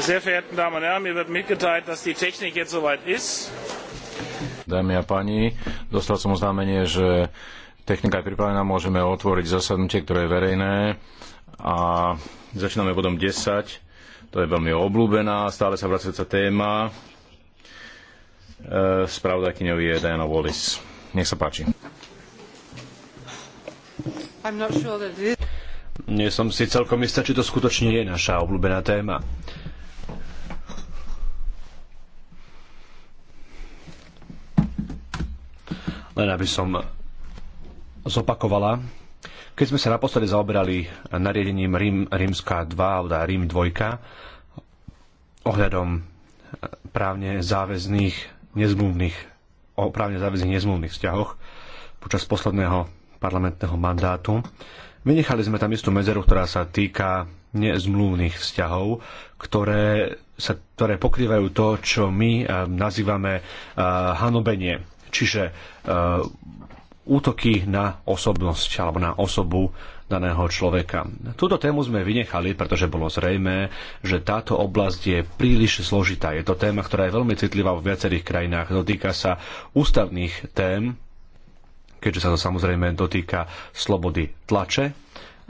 Sehr verehrten Damen und Herren, mir wird mitgeteilt, dass die Technik jetzt soweit ist. Dámy a páni, dostal som oznámenie, že technika je pripravená, môžeme otvoriť zasadnutie, ktoré je verejné a začíname bodom 10. To je veľmi obľúbená, stále sa vracajúca téma. E, Spravodajkyňou je Diana Wallis. Nech sa páči. Sure Nie som si celkom istá, či to skutočne je naša obľúbená téma. len aby som zopakovala. Keď sme sa naposledy zaoberali nariadením Rím, Rímska 2 alebo teda Rím 2 ohľadom eh, právne záväzných nezmluvných o právne záväzných nezmluvných vzťahoch počas posledného parlamentného mandátu. Vynechali sme tam istú medzeru, ktorá sa týka nezmluvných vzťahov, ktoré, sa, ktoré pokrývajú to, čo my eh, nazývame eh, hanobenie Čiže eh, útoky na osobnosť alebo na osobu daného človeka. Túto tému sme vynechali, pretože bolo zrejmé, že táto oblasť je príliš zložitá. Je to téma, ktorá je veľmi citlivá v viacerých krajinách. Dotýka sa ústavných tém, keďže sa to samozrejme dotýka slobody tlače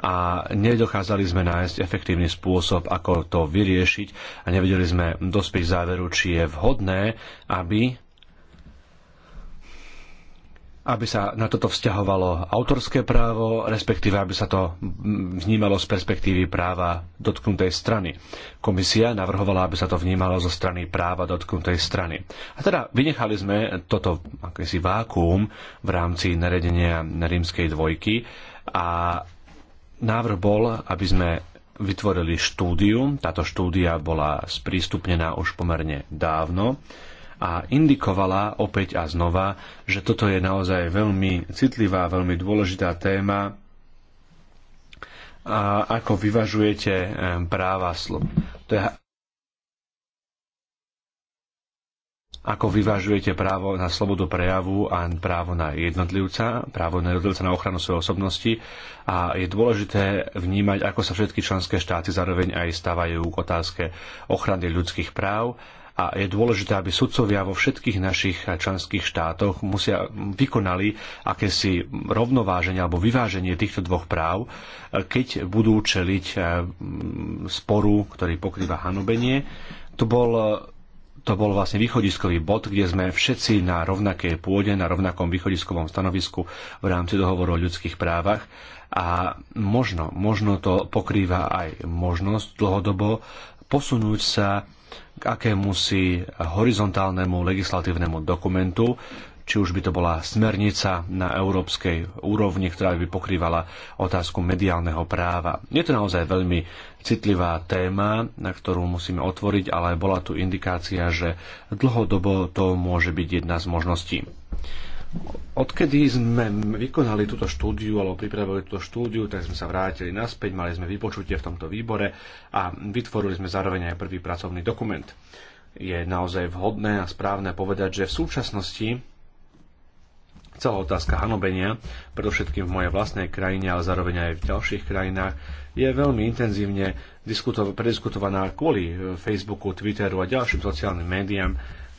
a nedokázali sme nájsť efektívny spôsob, ako to vyriešiť a nevedeli sme dospieť záveru, či je vhodné, aby aby sa na toto vzťahovalo autorské právo, respektíve aby sa to vnímalo z perspektívy práva dotknutej strany. Komisia navrhovala, aby sa to vnímalo zo strany práva dotknutej strany. A teda vynechali sme toto akýsi vákuum v rámci naredenia rímskej dvojky a návrh bol, aby sme vytvorili štúdium. Táto štúdia bola sprístupnená už pomerne dávno a indikovala opäť a znova, že toto je naozaj veľmi citlivá, veľmi dôležitá téma, a ako vyvažujete eh, práva slob. To je ako vyvážujete právo na slobodu prejavu a právo na jednotlivca, právo na jednotlivca na ochranu svojej osobnosti a je dôležité vnímať, ako sa všetky členské štáty zároveň aj stavajú k otázke ochrany ľudských práv a je dôležité, aby sudcovia vo všetkých našich členských štátoch musia vykonali akési rovnováženie alebo vyváženie týchto dvoch práv, keď budú čeliť eh, sporu, ktorý pokrýva hanobenie. To bol to bol vlastne východiskový bod, kde sme všetci na rovnakej pôde, na rovnakom východiskovom stanovisku v rámci dohovoru o ľudských právach a možno, možno to pokrýva aj možnosť dlhodobo posunúť sa k akémusi horizontálnemu legislatívnemu dokumentu, či už by to bola smernica na európskej úrovni, ktorá by pokrývala otázku mediálneho práva. Je to naozaj veľmi citlivá téma, na ktorú musíme otvoriť, ale bola tu indikácia, že dlhodobo to môže byť jedna z možností. Odkedy sme vykonali túto štúdiu alebo pripravili túto štúdiu, tak sme sa vrátili naspäť, mali sme vypočutie v tomto výbore a vytvorili sme zároveň aj prvý pracovný dokument. Je naozaj vhodné a správne povedať, že v súčasnosti celá otázka hanobenia, predovšetkým v mojej vlastnej krajine, ale zároveň aj v ďalších krajinách, je veľmi intenzívne prediskutovaná kvôli eh, Facebooku, Twitteru a ďalším sociálnym médiám,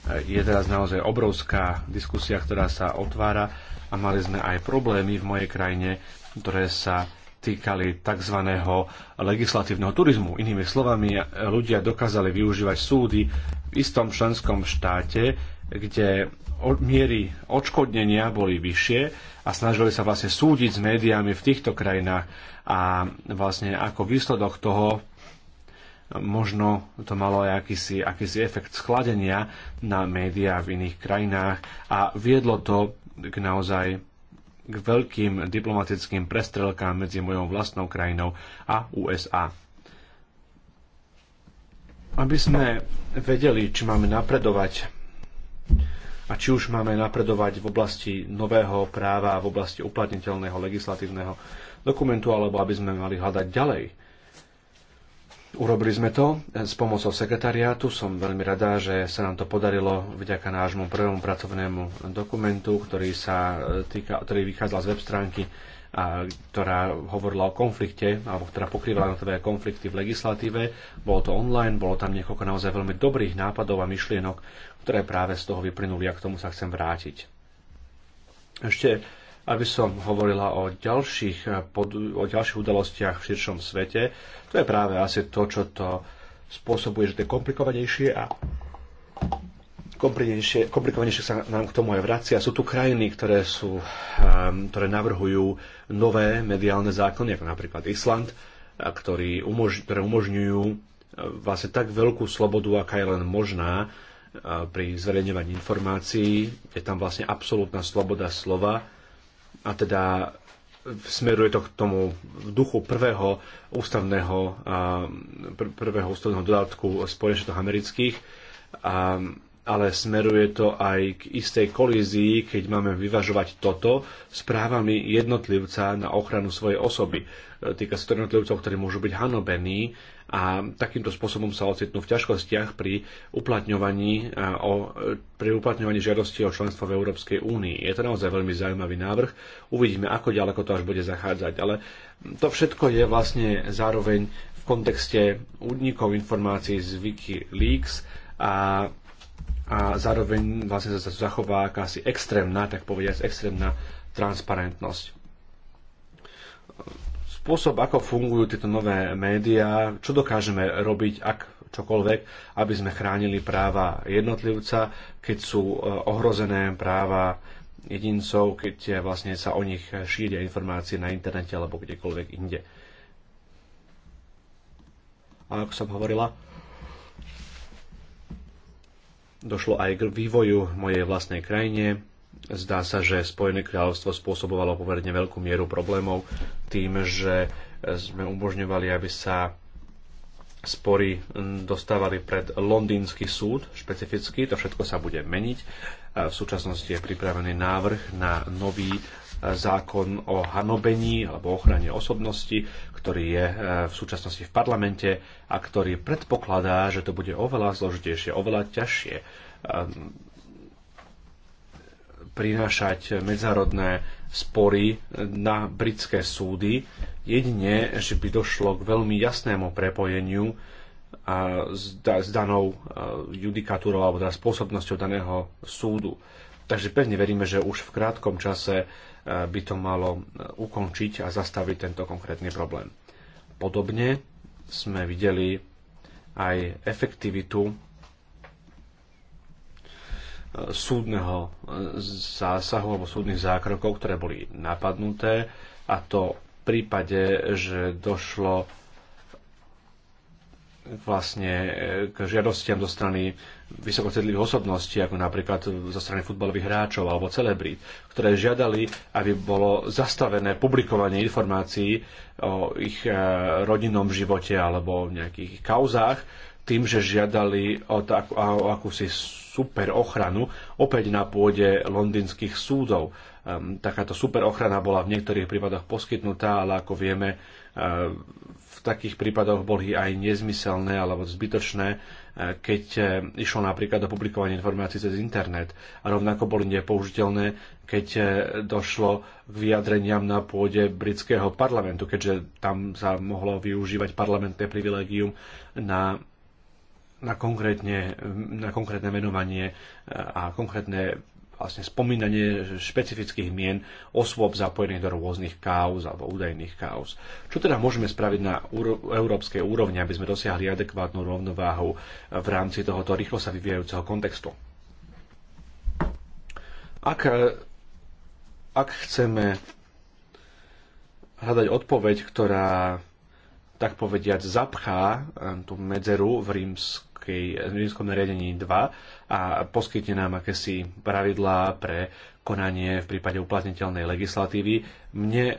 je teraz naozaj obrovská diskusia, ktorá sa otvára a mali sme aj problémy v mojej krajine, ktoré sa týkali tzv. legislatívneho turizmu. Inými slovami, ľudia dokázali využívať súdy v istom členskom štáte, kde miery odškodnenia boli vyššie a snažili sa vlastne súdiť s médiami v týchto krajinách a vlastne ako výsledok toho možno to malo aj akýsi, akýsi efekt schladenia na médiá v iných krajinách a viedlo to k naozaj k veľkým diplomatickým prestrelkám medzi mojou vlastnou krajinou a USA. Aby sme vedeli, či máme napredovať a či už máme napredovať v oblasti nového práva a v oblasti uplatniteľného legislatívneho dokumentu, alebo aby sme mali hľadať ďalej Urobili sme to eh, s pomocou sekretariátu. Som veľmi rada, že sa nám to podarilo vďaka nášmu prvému pracovnému dokumentu, ktorý, sa eh, týka, ktorý vychádzal z web stránky a ktorá hovorila o konflikte, alebo ktorá pokrývala jednotlivé konflikty v legislatíve. Bolo to online, bolo tam niekoľko naozaj veľmi dobrých nápadov a myšlienok, ktoré práve z toho vyplynuli a k tomu sa chcem vrátiť. Ešte aby som hovorila o ďalších, eh, o ďalších udalostiach v širšom svete. To je práve asi to, čo to spôsobuje, že to je komplikovanejšie a komplikovanejšie, komplikovanejšie sa nám k tomu aj vracia. Sú tu krajiny, ktoré, sú, ehm, ktoré navrhujú nové mediálne zákony, ako napríklad Island, eh, ktorý umož, ktoré umožňujú eh, vlastne tak veľkú slobodu, aká je len možná pri zverejňovaní informácií. Je tam vlastne absolútna sloboda slova a teda smeruje to k tomu v duchu prvého ústavného, prvého ústavného dodatku Spojených amerických. A ale smeruje to aj k istej kolízii, keď máme vyvažovať toto s právami jednotlivca na ochranu svojej osoby. E, týka sa to jednotlivcov, ktorí môžu byť hanobení a takýmto spôsobom sa ocitnú v ťažkostiach pri uplatňovaní, e, o, e, pri uplatňovaní žiadosti o členstvo v Európskej únii. Je to naozaj veľmi zaujímavý návrh. Uvidíme, ako ďaleko to až bude zachádzať. Ale to všetko je vlastne zároveň v kontexte únikov informácií z Wikileaks a a zároveň vlastne sa zachová akási extrémna, tak povediať, extrémna transparentnosť. Spôsob, ako fungujú tieto nové médiá, čo dokážeme robiť, ak čokoľvek, aby sme chránili práva jednotlivca, keď sú e, ohrozené práva jedincov, keď vlastne sa o nich šíria informácie na internete alebo kdekoľvek inde. A ako som hovorila, Došlo aj k vývoju mojej vlastnej krajine. Zdá sa, že Spojené kráľovstvo spôsobovalo pomerne veľkú mieru problémov tým, že sme umožňovali, aby sa spory dostávali pred londýnsky súd špecificky. To všetko sa bude meniť. V súčasnosti je pripravený návrh na nový zákon o hanobení alebo ochrane osobnosti, ktorý je e, v súčasnosti v parlamente a ktorý predpokladá, že to bude oveľa zložitejšie, oveľa ťažšie ehm, prinášať medzárodné spory na britské súdy, jedine, že by došlo k veľmi jasnému prepojeniu e, s danou e, judikatúrou alebo teda spôsobnosťou daného súdu. Takže pevne veríme, že už v krátkom čase by to malo e, ukončiť a zastaviť tento konkrétny problém. Podobne sme videli aj efektivitu e, súdneho e, zásahu alebo súdnych zákrokov, ktoré boli napadnuté a to v prípade, že došlo vlastne eh, k žiadostiam zo strany vysokocitlivých osobností, ako napríklad zo strany futbalových hráčov alebo celebrít, ktoré žiadali, aby bolo zastavené publikovanie informácií o ich eh, rodinnom živote alebo nejakých kauzách, tým, že žiadali o, tak, o akúsi super ochranu opäť na pôde londýnskych súdov. Ehm, takáto super ochrana bola v niektorých prípadoch poskytnutá, ale ako vieme, ehm, takých prípadoch boli aj nezmyselné alebo zbytočné, e, keď e, išlo napríklad o publikovanie informácií cez internet a rovnako boli nepoužiteľné, keď e, došlo k vyjadreniam na pôde britského parlamentu, keďže tam sa mohlo využívať parlamentné privilegium na na konkrétne, na konkrétne menovanie a konkrétne vlastne spomínanie špecifických mien osôb zapojených do rôznych káuz alebo údajných káuz. Čo teda môžeme spraviť na európskej úrovni, aby sme dosiahli adekvátnu rovnováhu v rámci tohoto rýchlo sa vyvíjajúceho kontextu? Ak, ak chceme hľadať odpoveď, ktorá tak povediať zapchá eh, tú medzeru v rímsk Rímskom nariadení 2 a poskytne nám akési pravidlá pre konanie v prípade uplatniteľnej legislatívy. Mne e,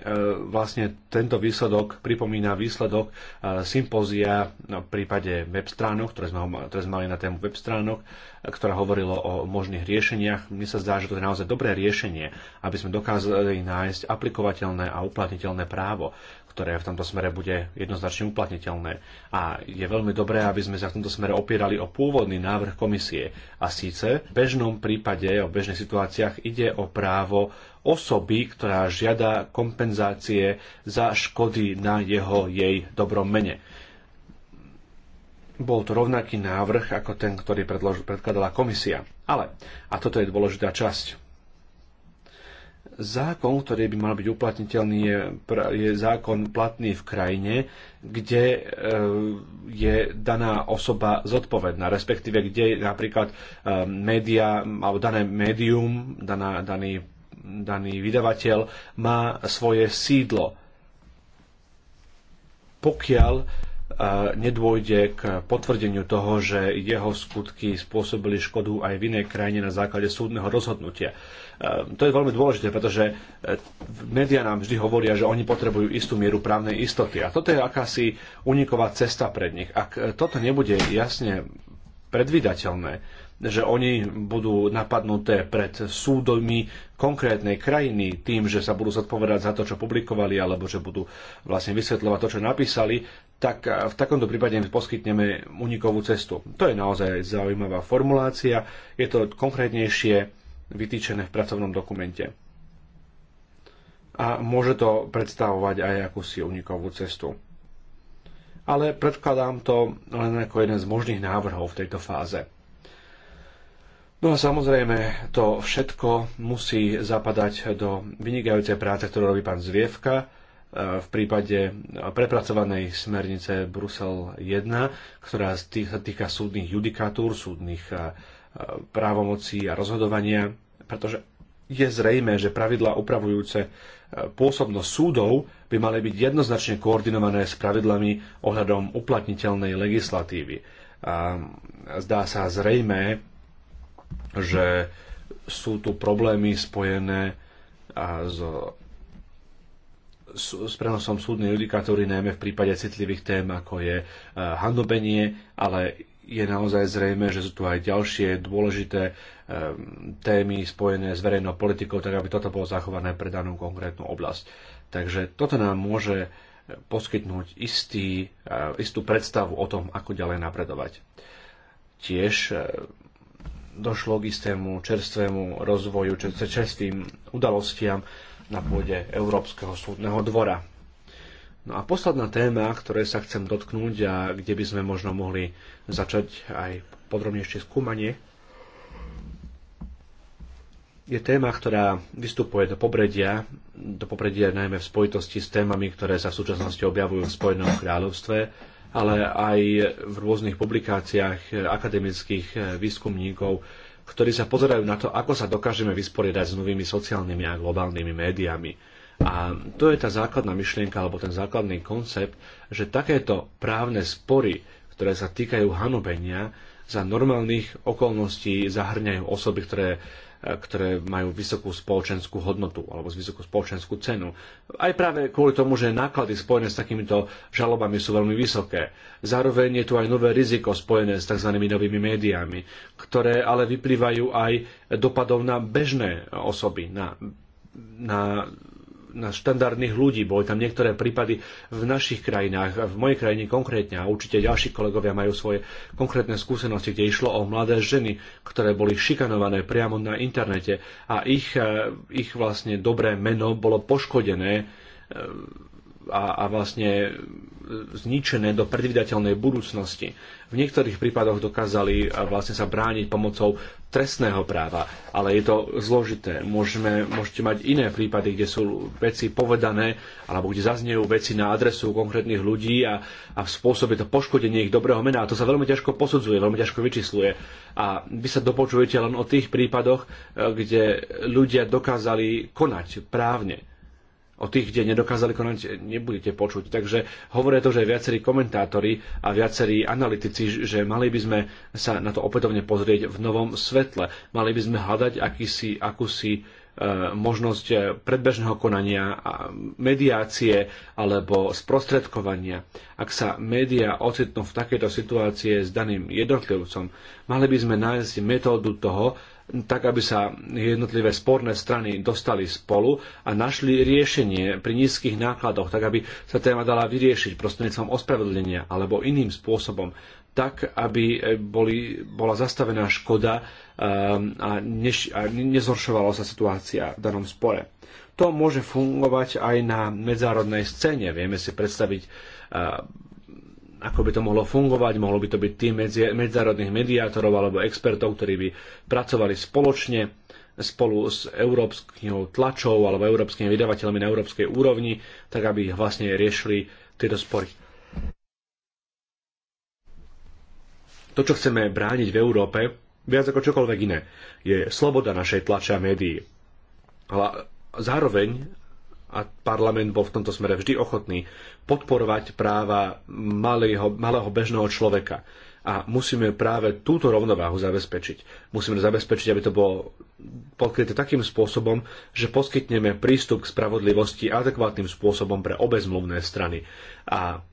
vlastne tento výsledok pripomína výsledok sympozia e, sympózia no, v prípade web stránok, ktoré sme, ktoré sme mali na tému web stránok, ktorá hovorilo o možných riešeniach. Mne sa zdá, že to je naozaj dobré riešenie, aby sme dokázali nájsť aplikovateľné a uplatniteľné právo ktoré v tomto smere bude jednoznačne uplatniteľné. A je veľmi dobré, aby sme sa v tomto smere opierali o pôvodný návrh komisie. A síce v bežnom prípade, o bežných situáciách ide o právo osoby, ktorá žiada kompenzácie za škody na jeho jej dobrom mene. Bol to rovnaký návrh ako ten, ktorý predkladala komisia. Ale, a toto je dôležitá časť zákon, ktorý by mal byť uplatniteľný, je, je zákon platný v krajine, kde e, je daná osoba zodpovedná, respektíve kde je napríklad e, média alebo dané médium, daná, daný, daný vydavateľ má svoje sídlo. Pokiaľ e, nedôjde k potvrdeniu toho, že jeho skutky spôsobili škodu aj v inej krajine na základe súdneho rozhodnutia. Ehm, to je veľmi dôležité, pretože e, médiá nám vždy hovoria, že oni potrebujú istú mieru právnej istoty. A toto je akási uniková cesta pred nich. Ak e, toto nebude jasne predvydateľné, že oni budú napadnuté pred súdmi konkrétnej krajiny tým, že sa budú zodpovedať za to, čo publikovali, alebo že budú vlastne vysvetľovať to, čo napísali, tak e, v takomto prípade im poskytneme unikovú cestu. To je naozaj zaujímavá formulácia, je to konkrétnejšie, vytýčené v pracovnom dokumente. A môže to predstavovať aj akúsi unikovú cestu. Ale predkladám to len ako jeden z možných návrhov v tejto fáze. No a samozrejme, to všetko musí zapadať do vynikajúcej práce, ktorú robí pán Zvievka e, v prípade prepracovanej smernice Brusel 1, ktorá sa týka súdnych judikatúr, súdnych e, právomocí a rozhodovania, pretože je zrejme, že pravidlá upravujúce e, pôsobnosť súdov by mali byť jednoznačne koordinované s pravidlami ohľadom uplatniteľnej legislatívy. A zdá sa zrejme, že sú tu problémy spojené s, s prenosom súdnej judikatúry, najmä v prípade citlivých tém, ako je e, hanobenie, ale je naozaj zrejme, že sú tu aj ďalšie dôležité témy spojené s verejnou politikou, tak aby toto bolo zachované pre danú konkrétnu oblasť. Takže toto nám môže eh, poskytnúť istý, eh, istú predstavu o tom, ako ďalej napredovať. Tiež eh, došlo k istému čerstvému rozvoju, čerstvým udalostiam na pôde Európskeho súdneho dvora. No a posledná téma, ktoré sa chcem dotknúť a kde by sme možno mohli začať aj podrobnejšie skúmanie, je téma, ktorá vystupuje do pobredia, do pobredia najmä v spojitosti s témami, ktoré sa v súčasnosti objavujú v Spojenom kráľovstve, ale aj v rôznych publikáciách akademických výskumníkov, ktorí sa pozerajú na to, ako sa dokážeme vysporiadať s novými sociálnymi a globálnymi médiami. A to je tá základná myšlienka alebo ten základný koncept, že takéto právne spory, ktoré sa týkajú hanobenia, za normálnych okolností zahrňajú osoby, ktoré e, ktoré majú vysokú spoločenskú hodnotu alebo vysokú spoločenskú cenu. Aj práve kvôli tomu, že náklady spojené s takýmito žalobami sú veľmi vysoké. Zároveň je tu aj nové riziko spojené s tzv. novými médiami, ktoré ale vyplývajú aj dopadov na bežné osoby, na, na na štandardných ľudí. Boli tam niektoré prípady v našich krajinách, v mojej krajine konkrétne a určite ďalší kolegovia majú svoje konkrétne skúsenosti, kde išlo o mladé ženy, ktoré boli šikanované priamo na internete a ich, eh, ich vlastne dobré meno bolo poškodené eh, a, a vlastne zničené do predvydateľnej budúcnosti. V niektorých prípadoch dokázali vlastne sa brániť pomocou trestného práva, ale je to zložité. Môžeme, môžete mať iné prípady, kde sú veci povedané alebo kde zaznejú veci na adresu konkrétnych ľudí a, a spôsobe to poškodenie ich dobrého mena. A to sa veľmi ťažko posudzuje, veľmi ťažko vyčísluje. A vy sa dopočujete len o tých prípadoch, e, kde ľudia dokázali konať právne o tých, kde nedokázali konať, nebudete počuť. Takže hovoria to, že viacerí komentátori a viacerí analytici, že mali by sme sa na to opätovne pozrieť v novom svetle. Mali by sme hľadať akýsi, akúsi e, možnosť predbežného konania, a mediácie alebo sprostredkovania. Ak sa médiá ocitnú v takejto situácie s daným jednotlivcom, mali by sme nájsť metódu toho, tak aby sa jednotlivé sporné strany dostali spolu a našli riešenie pri nízkych nákladoch, tak aby sa téma dala vyriešiť prostredníctvom ospravedlenia alebo iným spôsobom, tak aby e, boli, bola zastavená škoda e, a, neš, a nezhoršovala sa situácia v danom spore. To môže fungovať aj na medzárodnej scéne. Vieme si predstaviť e, ako by to mohlo fungovať, mohlo by to byť tým medzárodných mediátorov alebo expertov, ktorí by pracovali spoločne spolu s európskou tlačou alebo európskymi vydavateľmi na európskej úrovni, tak aby ich vlastne riešili tieto spory. To, čo chceme brániť v Európe, viac ako čokoľvek iné, je sloboda našej tlače a médií. Ale zároveň a parlament bol v tomto smere vždy ochotný podporovať práva malého, malého bežného človeka. A musíme práve túto rovnováhu zabezpečiť. Musíme zabezpečiť, aby to bolo pokryté takým spôsobom, že poskytneme prístup k spravodlivosti adekvátnym spôsobom pre obe zmluvné strany. A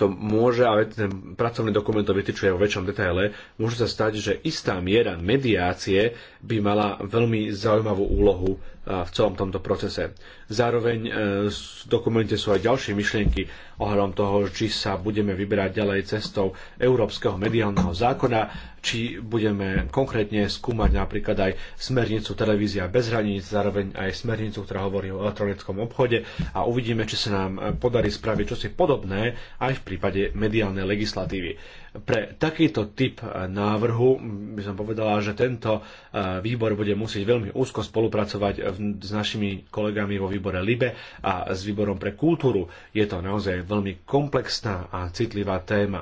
to môže, ale ten pracovný dokument to vytýčuje vo väčšom detaile, môže sa stať, že istá miera mediácie by mala veľmi zaujímavú úlohu v celom tomto procese. Zároveň v e, dokumente sú aj ďalšie myšlienky ohľadom toho, či sa budeme vyberať ďalej cestou Európskeho mediálneho zákona, či budeme konkrétne skúmať napríklad aj smernicu televízia bez hraníc, zároveň aj smernicu, ktorá hovorí o elektronickom obchode a uvidíme, či sa nám podarí spraviť čosi podobné aj v prípade mediálnej legislatívy. Pre takýto typ e, návrhu by som povedala, že tento e, výbor bude musieť veľmi úzko spolupracovať e, s našimi kolegami vo výbore LIBE a s výborom pre kultúru. Je to naozaj veľmi komplexná a citlivá téma.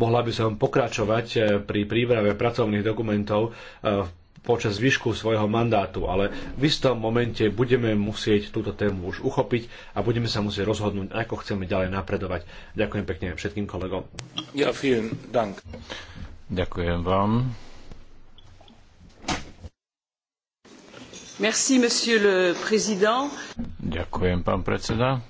Mohla by som pokračovať pri príprave pracovných dokumentov v počas zvyšku svojho mandátu, ale v istom momente budeme musieť túto tému už uchopiť a budeme sa musieť rozhodnúť, ako chceme ďalej napredovať. Ďakujem pekne všetkým kolegom. Ja, vielen dank. Ďakujem vám. Merci, monsieur le président. Ďakujem, pán predseda.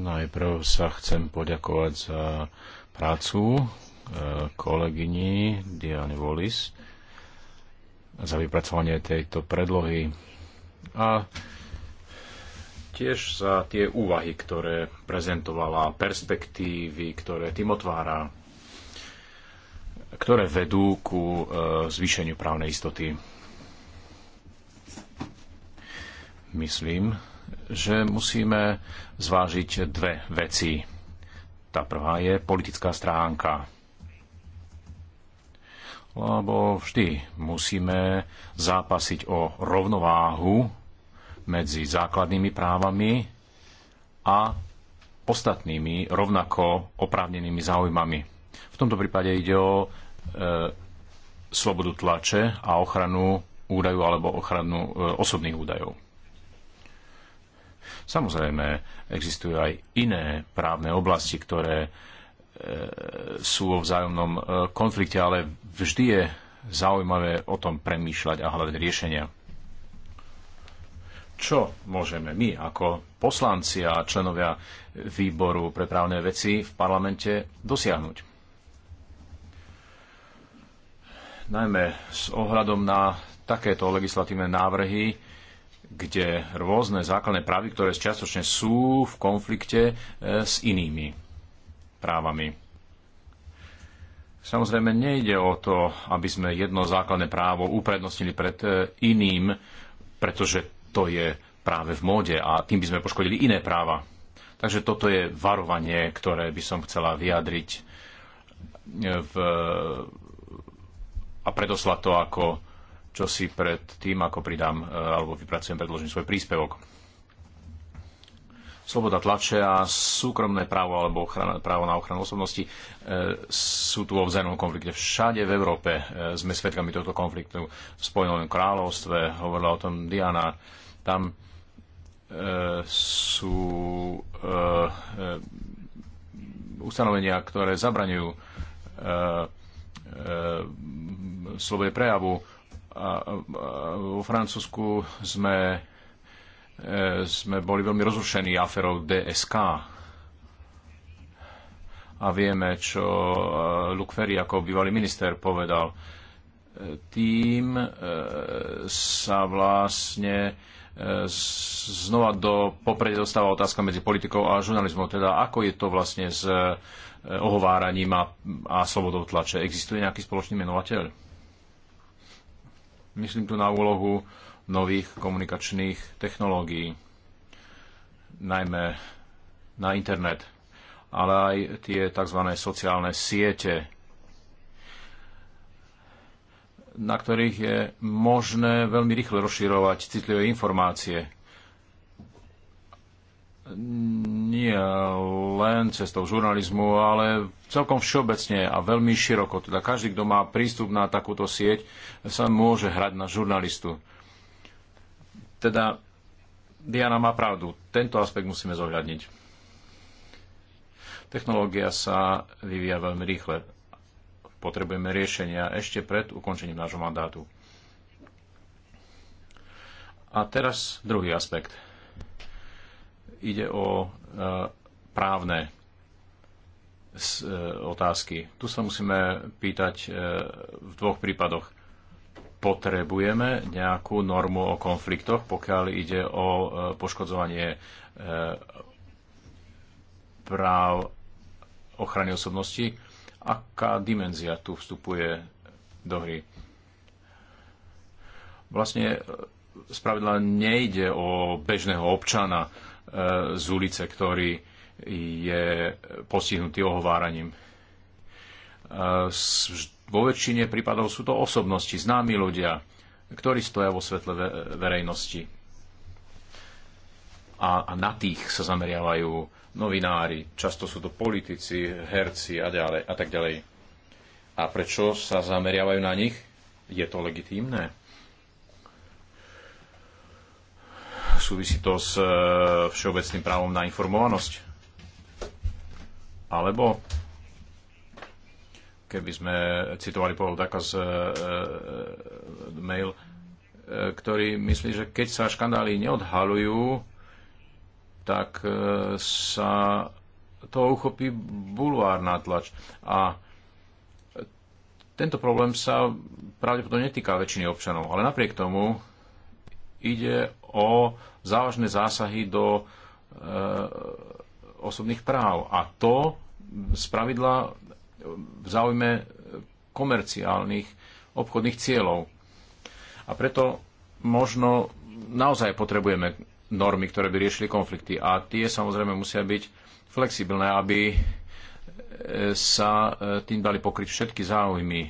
Najprv sa chcem poďakovať za prácu e, kolegyni Diane Wallis za vypracovanie tejto predlohy a tiež za tie úvahy, ktoré prezentovala, perspektívy, ktoré tým otvára, ktoré vedú ku e, zvýšeniu právnej istoty. Myslím, že musíme zvážiť dve veci tá prvá je politická stránka. Lebo vždy musíme zápasiť o rovnováhu medzi základnými právami a ostatnými rovnako oprávnenými záujmami. V tomto prípade ide o e, slobodu tlače a ochranu údajov alebo ochranu e, osobných údajov. Samozrejme, existujú aj iné právne oblasti, ktoré e, sú vo vzájomnom e, konflikte, ale vždy je zaujímavé o tom premýšľať a hľadať riešenia. Čo môžeme my ako poslanci a členovia výboru pre právne veci v parlamente dosiahnuť? Najmä s ohľadom na takéto legislatívne návrhy, kde rôzne základné právy, ktoré častočne sú v konflikte e, s inými právami. Samozrejme, nejde o to, aby sme jedno základné právo uprednostnili pred e, iným, pretože to je práve v móde a tým by sme poškodili iné práva. Takže toto je varovanie, ktoré by som chcela vyjadriť e, v, a predoslať to ako čo si pred tým, ako pridám e, alebo vypracujem, predložím svoj príspevok. Sloboda tlače a súkromné právo alebo ochrana, právo na ochranu osobnosti e, sú tu vo vzájomnom konflikte. Všade v Európe e, sme svedkami tohto konfliktu. V Spojenom kráľovstve hovorila o tom Diana. Tam e, sú e, e, ustanovenia, ktoré zabraňujú e, e, slobode prejavu vo Francúzsku sme, e, sme boli veľmi rozrušení aferou DSK. A vieme, čo e, Luc Ferry ako bývalý minister povedal. E, tým sa vlastne znova do popredia dostáva otázka medzi politikou a žurnalizmom. Teda ako je to vlastne s ohováraním a, a slobodou tlače? Existuje nejaký spoločný menovateľ? Myslím tu na úlohu nových komunikačných technológií, najmä na internet, ale aj tie tzv. sociálne siete, na ktorých je možné veľmi rýchle rozširovať citlivé informácie nie len cestou žurnalizmu, ale celkom všeobecne a veľmi široko. Teda každý, kto má prístup na takúto sieť, sa môže hrať na žurnalistu. Teda Diana má pravdu. Tento aspekt musíme zohľadniť. Technológia sa vyvíja veľmi rýchle. Potrebujeme riešenia ešte pred ukončením nášho mandátu. A teraz druhý aspekt ide o e, právne e, otázky. Tu sa musíme pýtať e, v dvoch prípadoch. Potrebujeme nejakú normu o konfliktoch, pokiaľ ide o poškodzovanie práv ochrany osobnosti? Aká dimenzia tu vstupuje do hry? Vlastne spravidla nejde o bežného občana, Eh, z ulice, ktorý je postihnutý ohováraním. Eh, vo väčšine prípadov sú to osobnosti, známi ľudia, ktorí stoja vo svetle verejnosti. A, na tých sa zameriavajú novinári, často sú to politici, herci a, ďalej, a tak ďalej. A prečo sa zameriavajú na nich? Je to legitímne? súvisí to s e, všeobecným právom na informovanosť? Alebo keby sme citovali Paul z e, e, mail, e, ktorý myslí, že keď sa škandály neodhalujú, tak e, sa to uchopí bulvárna tlač. A tento problém sa pravdepodobne netýka väčšiny občanov, ale napriek tomu ide o závažné zásahy do e, osobných práv. A to z pravidla v záujme komerciálnych obchodných cieľov. A preto možno naozaj potrebujeme normy, ktoré by riešili konflikty. A tie samozrejme musia byť flexibilné, aby e, sa e, tým dali pokryť všetky záujmy.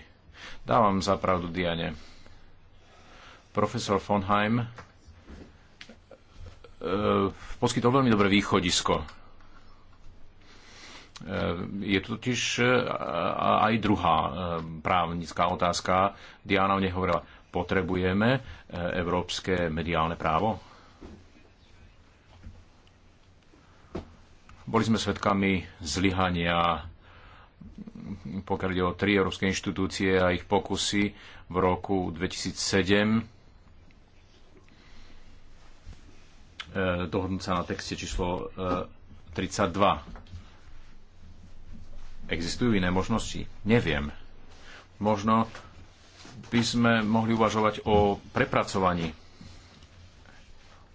Dávam za pravdu Diane. Profesor von Heim E, poskytol veľmi dobré východisko. E, je to totiž e, aj druhá právnická otázka. Diana o nej hovorila. Potrebujeme európske mediálne právo? Boli sme svedkami zlyhania pokiaľ ide o tri európske inštitúcie a ich pokusy v roku 2007 Eh, dohodnúť sa na texte číslo 32. Eh, Existujú iné možnosti? Neviem. Možno by sme mohli uvažovať o prepracovaní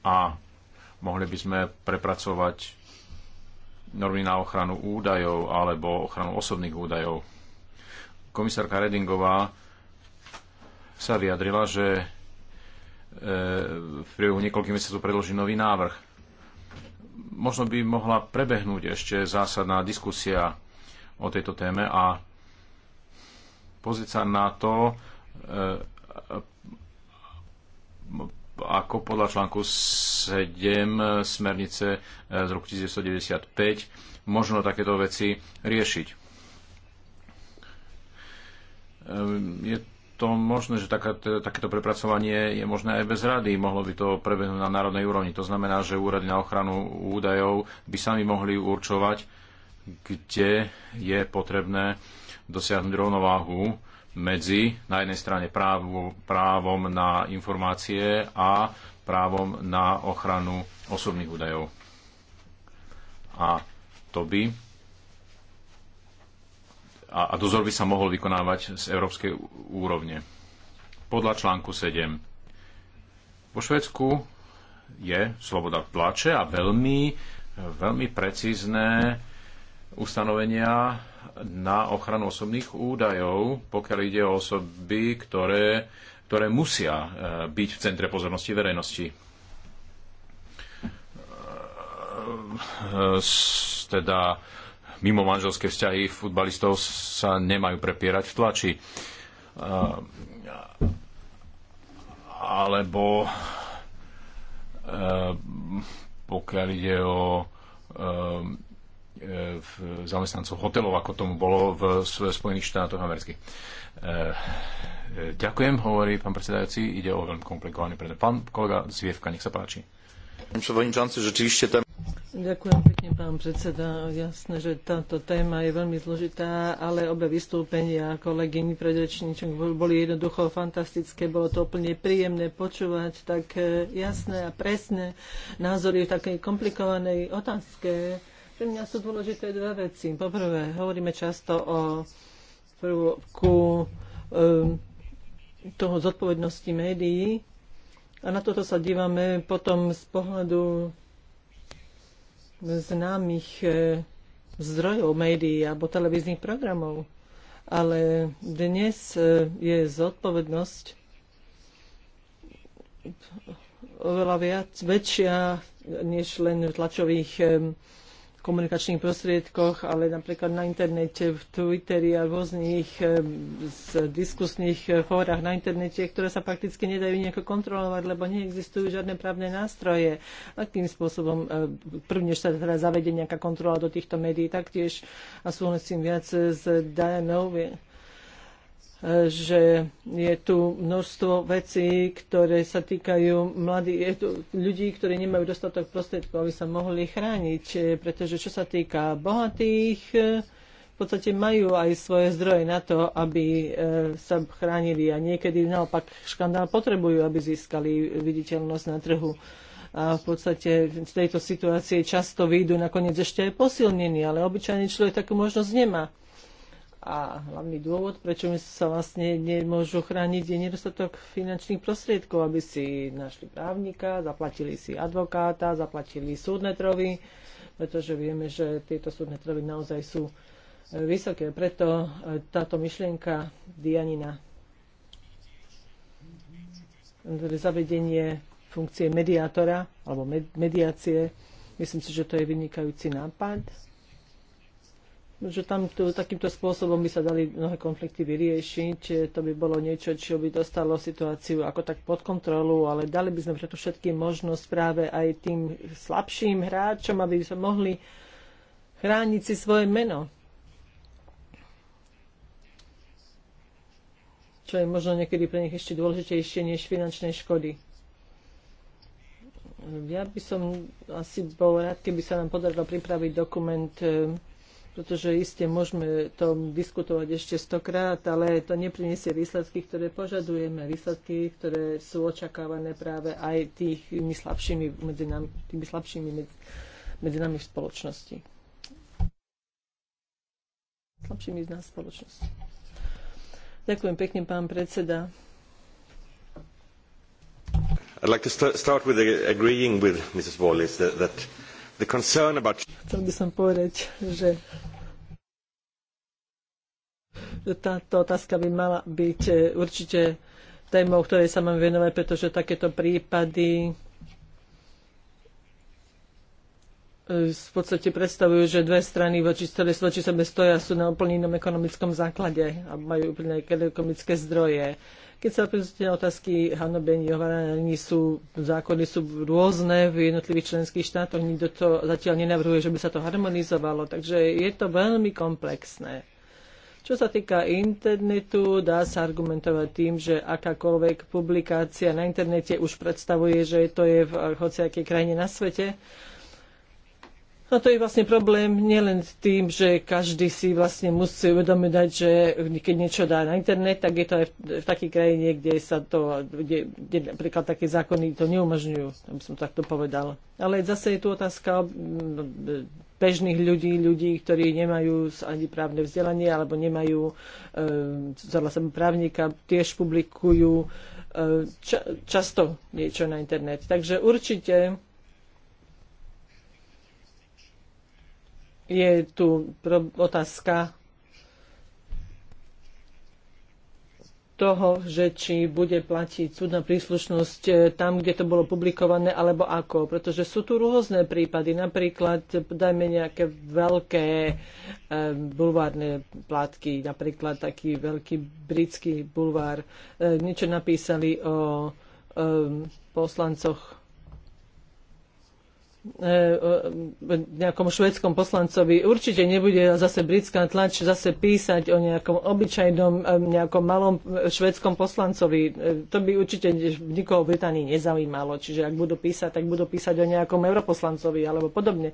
a mohli by sme prepracovať normy na ochranu údajov alebo ochranu osobných údajov. Komisárka Redingová sa vyjadrila, že v priebehu niekoľkých mesiacov predloží nový návrh. Možno by mohla prebehnúť ešte zásadná diskusia o tejto téme a pozrieť sa na to, e, ako podľa článku 7 smernice z roku 1995 možno takéto veci riešiť. E, je to možné, že taká, takéto prepracovanie je možné aj bez rady. Mohlo by to prebehnúť na národnej úrovni. To znamená, že úrady na ochranu údajov by sami mohli určovať, kde je potrebné dosiahnuť rovnováhu medzi na jednej strane právom, právom na informácie a právom na ochranu osobných údajov. A to by a, a dozor by sa mohol vykonávať z európskej úrovne. Podľa článku 7. Vo Švedsku je sloboda tlače a veľmi, veľmi precízne ustanovenia na ochranu osobných údajov, pokiaľ ide o osoby, ktoré, ktoré musia e, byť v centre pozornosti verejnosti. E, teda mimo manželské vzťahy futbalistov sa nemajú prepierať v tlači. Alebo e, pokiaľ ide o e, e, zamestnancov hotelov, ako tomu bolo v Spojených štátoch amerických. Ďakujem, hovorí pán predsedajúci. Ide o veľmi komplikovaný predmet. Pán kolega Zvievka, nech sa páči. Pán przewodniczący, rzeczywiście Ďakujem pekne, pán predseda. Jasné, že táto téma je veľmi zložitá, ale obe vystúpenia kolegyni predrečníčok boli jednoducho fantastické. Bolo to úplne príjemné počúvať tak e, jasné a presné názory v takej komplikovanej otázke. Pre mňa sú dôležité dva veci. Poprvé, hovoríme často o prvku um, toho zodpovednosti médií a na toto sa dívame potom z pohľadu známych e, zdrojov médií alebo televíznych programov. Ale dnes e, je zodpovednosť oveľa viac, väčšia než len v tlačových e, komunikačných prostriedkoch, ale napríklad na internete, v Twitteri a rôznych eh, z diskusných eh, fórach na internete, ktoré sa prakticky nedajú nejako kontrolovať, lebo neexistujú žiadne právne nástroje. Akým spôsobom, eh, prvne, sa teda zavedie nejaká kontrola do týchto médií, taktiež a súhlasím viac s Dianou, že je tu množstvo vecí, ktoré sa týkajú mladých je tu ľudí, ktorí nemajú dostatok prostriedkov, aby sa mohli chrániť. Pretože čo sa týka bohatých, v podstate majú aj svoje zdroje na to, aby e, sa chránili a niekedy naopak škandál potrebujú, aby získali viditeľnosť na trhu a v podstate v tejto situácii často výjdu nakoniec ešte aj posilnení, ale obyčajný človek takú možnosť nemá. A hlavný dôvod, prečo sa vlastne nemôžu chrániť, je nedostatok finančných prostriedkov, aby si našli právnika, zaplatili si advokáta, zaplatili súdne trovy, pretože vieme, že tieto súdne trovy naozaj sú e, vysoké. Preto e, táto myšlienka Dianina teda zavedenie funkcie mediátora alebo mediácie. Myslím si, že to je vynikajúci nápad že tam tu, takýmto spôsobom by sa dali mnohé konflikty vyriešiť. To by bolo niečo, čo by dostalo situáciu ako tak pod kontrolu, ale dali by sme preto všetkým možnosť práve aj tým slabším hráčom, aby sa mohli chrániť si svoje meno. Čo je možno niekedy pre nich ešte dôležitejšie než finančné škody. Ja by som asi bol rád, keby sa nám podarilo pripraviť dokument eh, pretože iste môžeme to diskutovať ešte stokrát, ale to nepriniesie výsledky, ktoré požadujeme, výsledky, ktoré sú očakávané práve aj tými slabšími medzi nami, tými slabšími medzi, medzi nami v spoločnosti. Slabšími z nás v spoločnosti. Ďakujem pekne, pán predseda. I'd like to start with agreeing with Mrs. Wallis that, that the concern about... Chcel by som povedať, že táto otázka by mala byť e, určite témou, ktorej sa mám venovať, pretože takéto prípady e, v podstate predstavujú, že dve strany voči, ktoré voči sebe stoja, sú na úplne inom ekonomickom základe a majú úplne ekonomické zdroje. Keď sa pozrite otázky hanobení, hovorení sú, zákony sú rôzne v jednotlivých členských štátoch, nikto to zatiaľ nenavrhuje, že by sa to harmonizovalo, takže je to veľmi komplexné. Čo sa týka internetu, dá sa argumentovať tým, že akákoľvek publikácia na internete už predstavuje, že to je v hociakej krajine na svete. No to je vlastne problém nielen tým, že každý si vlastne musí uvedomiť, že keď niečo dá na internet, tak je to aj v, v takej krajine, kde sa to, kde, kde napríklad také zákony to neumožňujú, aby som takto povedal. Ale zase je tu otázka no, bežných ľudí, ľudí, ktorí nemajú ani právne vzdelanie alebo nemajú e, som právnika, tiež publikujú e, ča, často niečo na internet. Takže určite je tu otázka toho, že či bude platiť súdna príslušnosť e, tam, kde to bolo publikované, alebo ako. Pretože sú tu rôzne prípady. Napríklad, dajme nejaké veľké e, bulvárne plátky, napríklad taký veľký britský bulvár. E, niečo napísali o e, poslancoch E, e, nejakom švedskom poslancovi. Určite nebude zase britská tlač zase písať o nejakom obyčajnom, e, nejakom malom švedskom poslancovi. To by určite nikoho v Británii nezaujímalo. Čiže ak budú písať, tak budú písať o nejakom europoslancovi alebo podobne.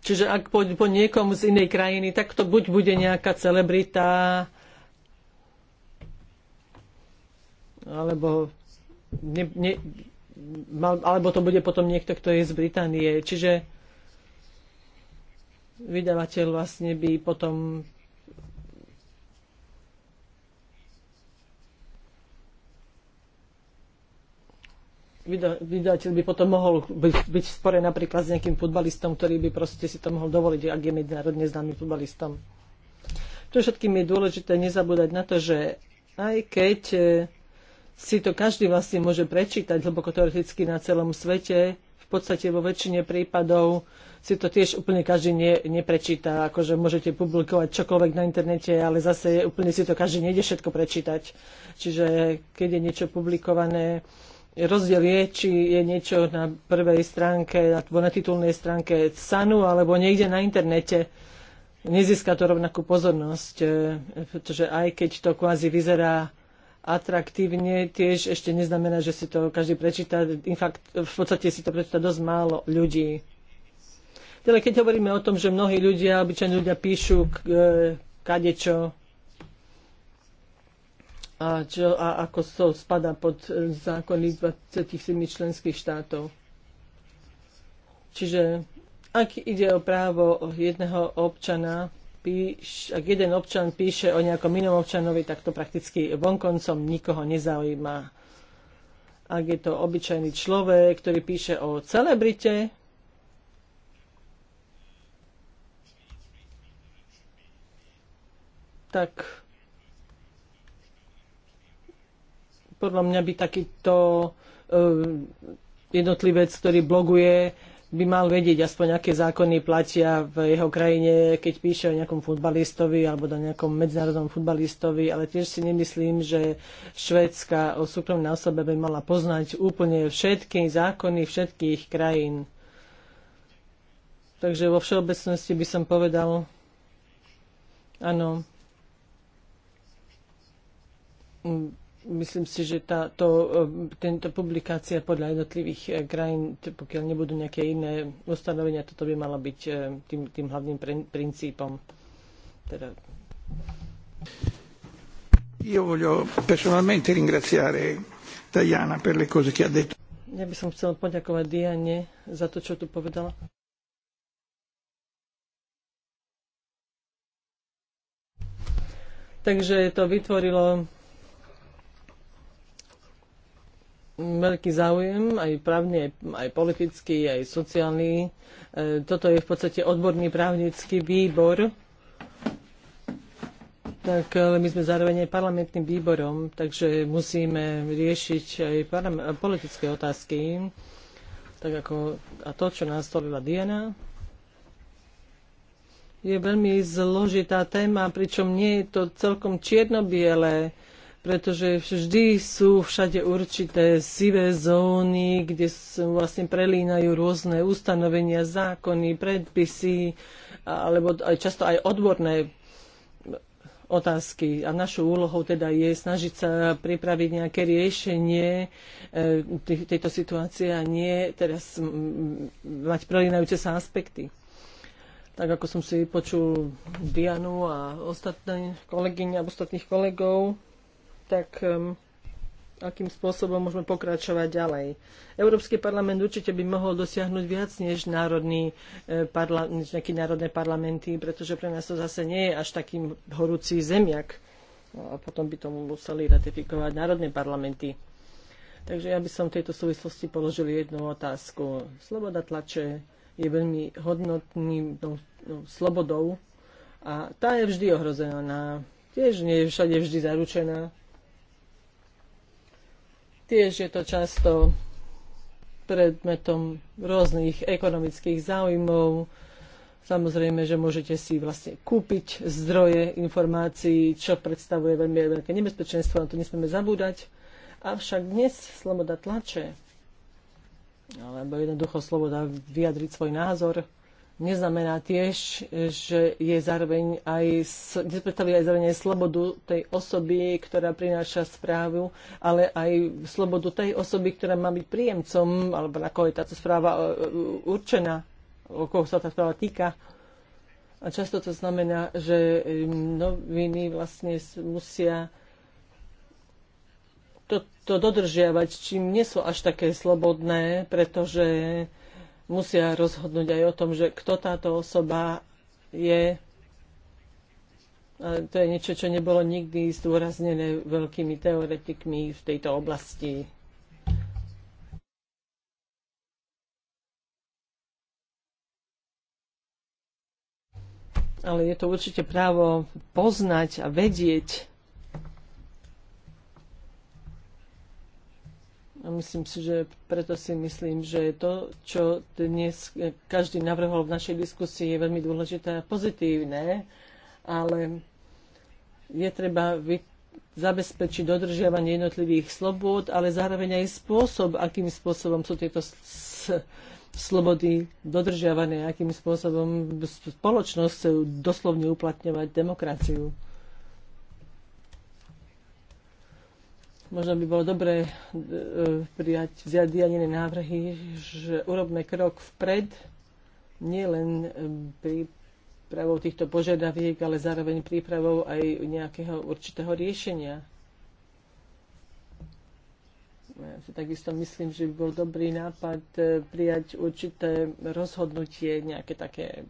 Čiže ak po, po niekom z inej krajiny, tak to buď bude nejaká celebrita, alebo ne, ne, alebo to bude potom niekto, kto je z Británie. Čiže vydavateľ vlastne by potom vydateľ by potom mohol byť, byť v spore napríklad s nejakým futbalistom, ktorý by proste si to mohol dovoliť, ak je medzinárodne známym futbalistom. Čo všetkým je dôležité nezabúdať na to, že aj keď eh, si to každý vlastne môže prečítať hlboko teoreticky na celom svete. V podstate vo väčšine prípadov si to tiež úplne každý ne, neprečíta. Akože môžete publikovať čokoľvek na internete, ale zase úplne si to každý nejde všetko prečítať. Čiže keď je niečo publikované, rozdiel je, či je niečo na prvej stránke, alebo na titulnej stránke SANu, alebo niekde na internete. Nezíska to rovnakú pozornosť, e, pretože aj keď to kvázi vyzerá atraktívne tiež ešte neznamená, že si to každý prečíta. Infakt, v podstate si to prečíta dosť málo ľudí. Teda keď hovoríme o tom, že mnohí ľudia, obyčajní ľudia píšu k, k, e, kadečo a, čo, a ako to spada pod zákony 27 členských štátov. Čiže ak ide o právo jedného občana píš, ak jeden občan píše o nejakom inom občanovi, tak to prakticky vonkoncom nikoho nezaujíma. Ak je to obyčajný človek, ktorý píše o celebrite, tak podľa mňa by takýto eh, jednotlivec, ktorý bloguje, by mal vedieť aspoň, aké zákony platia v jeho krajine, keď píše o nejakom futbalistovi alebo o nejakom medzinárodnom futbalistovi, ale tiež si nemyslím, že Švedska o súkromnej osobe by mala poznať úplne všetky zákony všetkých krajín. Takže vo všeobecnosti by som povedal, áno, myslím si, že táto, e, tento publikácia podľa jednotlivých e, krajín, pokiaľ nebudú nejaké iné ustanovenia, toto by mala byť e, tým, tým hlavným princípom. Teda... Io voglio personalmente ringraziare Diana per le cose che ha detto. Ja by som chcel poďakovať Diane za to, čo tu povedala. Takže to vytvorilo veľký záujem, aj právne, aj politický, aj sociálny. E, toto je v podstate odborný právnický výbor, tak ale my sme zároveň aj parlamentným výborom, takže musíme riešiť aj politické otázky. Tak ako, a to, čo stolila Diana, je veľmi zložitá téma, pričom nie je to celkom čierno-biele pretože vždy sú všade určité sivé zóny, kde sú vlastne prelínajú rôzne ustanovenia, zákony, predpisy, alebo aj často aj odborné otázky. A našou úlohou teda je snažiť sa pripraviť nejaké riešenie e, tejto situácie a nie teraz mať prelínajúce sa aspekty. Tak ako som si počul Dianu a ostatné kolegyne a ostatných kolegov, tak um, akým spôsobom môžeme pokračovať ďalej. Európsky parlament určite by mohol dosiahnuť viac než, národný, eh, parla, než nejaké národné parlamenty, pretože pre nás to zase nie je až takým horúci zemiak. No, a potom by tomu museli ratifikovať národné parlamenty. Takže ja by som v tejto súvislosti položil jednu otázku. Sloboda tlače je veľmi hodnotným no, no, slobodou a tá je vždy ohrozená. Tiež nie je všade vždy zaručená Tiež je to často predmetom rôznych ekonomických záujmov. Samozrejme, že môžete si vlastne kúpiť zdroje informácií, čo predstavuje veľmi veľké nebezpečenstvo, na to nesmieme zabúdať. Avšak dnes sloboda tlače, alebo jednoducho sloboda vyjadriť svoj názor, neznamená tiež, že je zároveň aj, nepredstavuje aj zároveň aj slobodu tej osoby, ktorá prináša správu, ale aj slobodu tej osoby, ktorá má byť príjemcom, alebo na koho je táto správa e, e, určená, o koho sa tá správa týka. A často to znamená, že noviny vlastne musia to, to dodržiavať, čím nie sú až také slobodné, pretože musia rozhodnúť aj o tom, že kto táto osoba je. Ale to je niečo, čo nebolo nikdy zdôraznené veľkými teoretikmi v tejto oblasti. Ale je to určite právo poznať a vedieť Myslím si, že preto si myslím, že to, čo dnes každý navrhol v našej diskusii, je veľmi dôležité a pozitívne, ale je treba zabezpečiť dodržiavanie jednotlivých slobôd, ale zároveň aj spôsob, akým spôsobom sú tieto slobody dodržiavané, akým spôsobom spoločnosť chce doslovne uplatňovať demokraciu. možno by bolo dobré e, prijať zjadianené návrhy, že urobme krok vpred, pri e, prípravou týchto požiadaviek, ale zároveň prípravou aj nejakého určitého riešenia. Ja si takisto myslím, že by bol dobrý nápad e, prijať určité rozhodnutie, nejaké také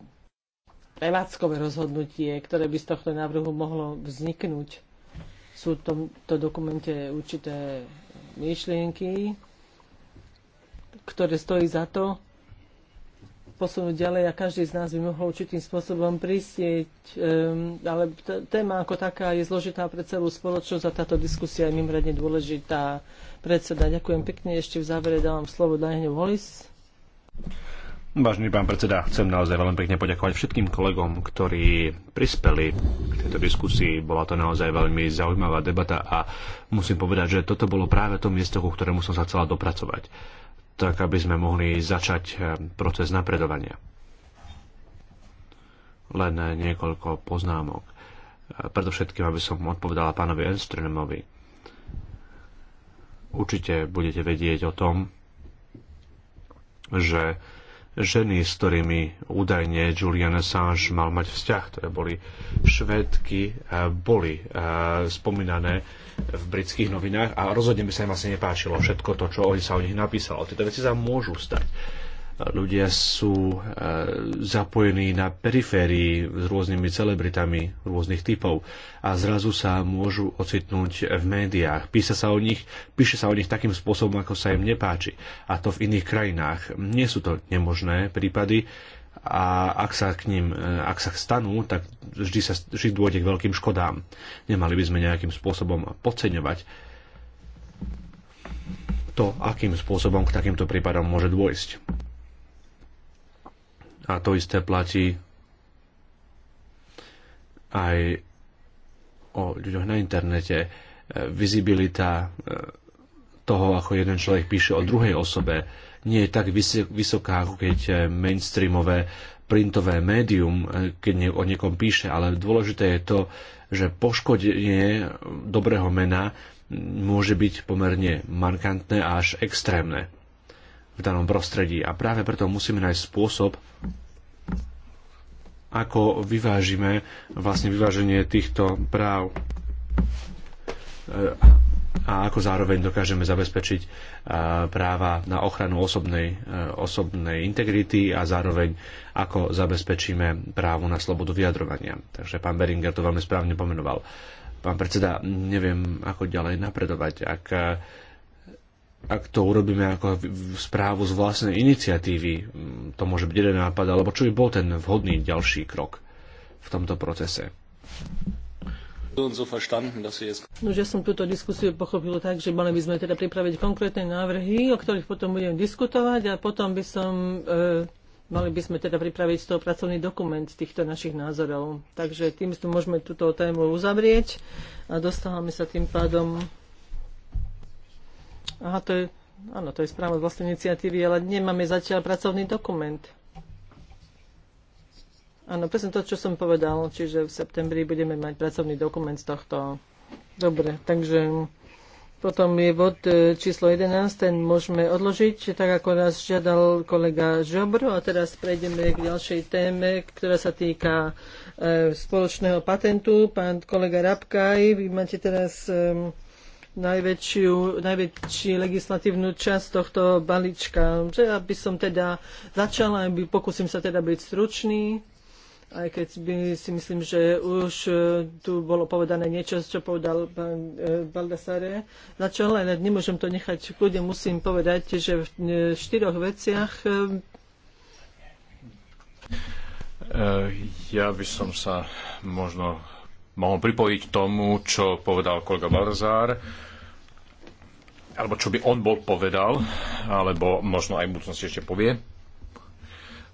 prevádzkové rozhodnutie, ktoré by z tohto návrhu mohlo vzniknúť sú v tomto dokumente určité myšlienky, ktoré stojí za to posunúť ďalej a každý z nás by mohol určitým spôsobom prisieť. Um, ehm, ale téma ako taká je zložitá pre celú spoločnosť a táto diskusia je mimoriadne dôležitá. Predseda, ďakujem pekne. Ešte v závere dávam slovo Dajne Wallis. Vážený pán predseda, chcem naozaj veľmi pekne poďakovať všetkým kolegom, ktorí prispeli k tejto diskusii. Bola to naozaj veľmi zaujímavá debata a musím povedať, že toto bolo práve to miesto, ku ktorému som sa chcela dopracovať, tak aby sme mohli začať eh, proces napredovania. Len niekoľko poznámok. Eh, predovšetkým, aby som odpovedala pánovi Enströmovi. Určite budete vedieť o tom, že ženy, s ktorými údajne Julian Assange mal mať vzťah, ktoré boli švédky, e, boli e, spomínané v britských novinách a rozhodne by sa im asi nepáčilo všetko to, čo oni sa o nich napísalo. Tieto veci sa môžu stať ľudia sú e, zapojení na periférii s rôznymi celebritami rôznych typov a zrazu sa môžu ocitnúť v médiách. Písa sa o nich, píše sa o nich takým spôsobom, ako sa im nepáči. A to v iných krajinách. Nie sú to nemožné prípady, a ak sa k ním, e, ak sa stanú, tak vždy sa vždy dôjde k veľkým škodám. Nemali by sme nejakým spôsobom podceňovať to, akým spôsobom k takýmto prípadom môže dôjsť. A to isté platí aj o ľuďoch na internete. E, vizibilita e, toho, ako jeden človek píše o druhej osobe, nie je tak vysoká, ako keď e, mainstreamové printové médium, keď o niekom píše, ale dôležité je to, že poškodenie dobrého mena môže byť pomerne markantné a až extrémne v danom prostredí. A práve preto musíme nájsť spôsob, ako vyvážime vlastne vyváženie týchto práv e, a ako zároveň dokážeme zabezpečiť e, práva na ochranu osobnej, e, osobnej integrity a zároveň ako zabezpečíme právo na slobodu vyjadrovania. Takže pán Beringer to veľmi správne pomenoval. Pán predseda, neviem, ako ďalej napredovať. Ak ak to urobíme ako správu z vlastnej iniciatívy, mm, to môže byť jeden nápad, alebo čo by bol ten vhodný ďalší krok v tomto procese? No, ja som túto diskusiu pochopil tak, že mali by sme teda pripraviť konkrétne návrhy, o ktorých potom budem diskutovať a potom by som, e, mali by sme teda pripraviť z toho pracovný dokument týchto našich názorov. Takže tým môžeme túto tému uzavrieť a dostávame sa tým pádom Aha, to je, áno, to je správa z vlastnej iniciatívy, ale nemáme zatiaľ pracovný dokument. Áno, presne to, čo som povedal, čiže v septembri budeme mať pracovný dokument z tohto. Dobre, takže potom je bod e, číslo 11, ten môžeme odložiť, tak ako nás žiadal kolega Žobro. A teraz prejdeme k ďalšej téme, ktorá sa týka e, spoločného patentu. Pán kolega Rabkaj, vy máte teraz e, najväčšiu, najväčší legislatívnu časť tohto balíčka. Že ja by som teda začala, aby, pokúsim sa teda byť stručný, aj keď by si myslím, že už e, tu bolo povedané niečo, čo povedal pán e, Baldassare. Začala, ale nemôžem to nechať v kľude, musím povedať, že v e, štyroch veciach ja by som sa možno mohol pripojiť tomu, čo povedal kolega Balzár, alebo čo by on bol povedal, alebo možno aj v budúcnosti ešte povie.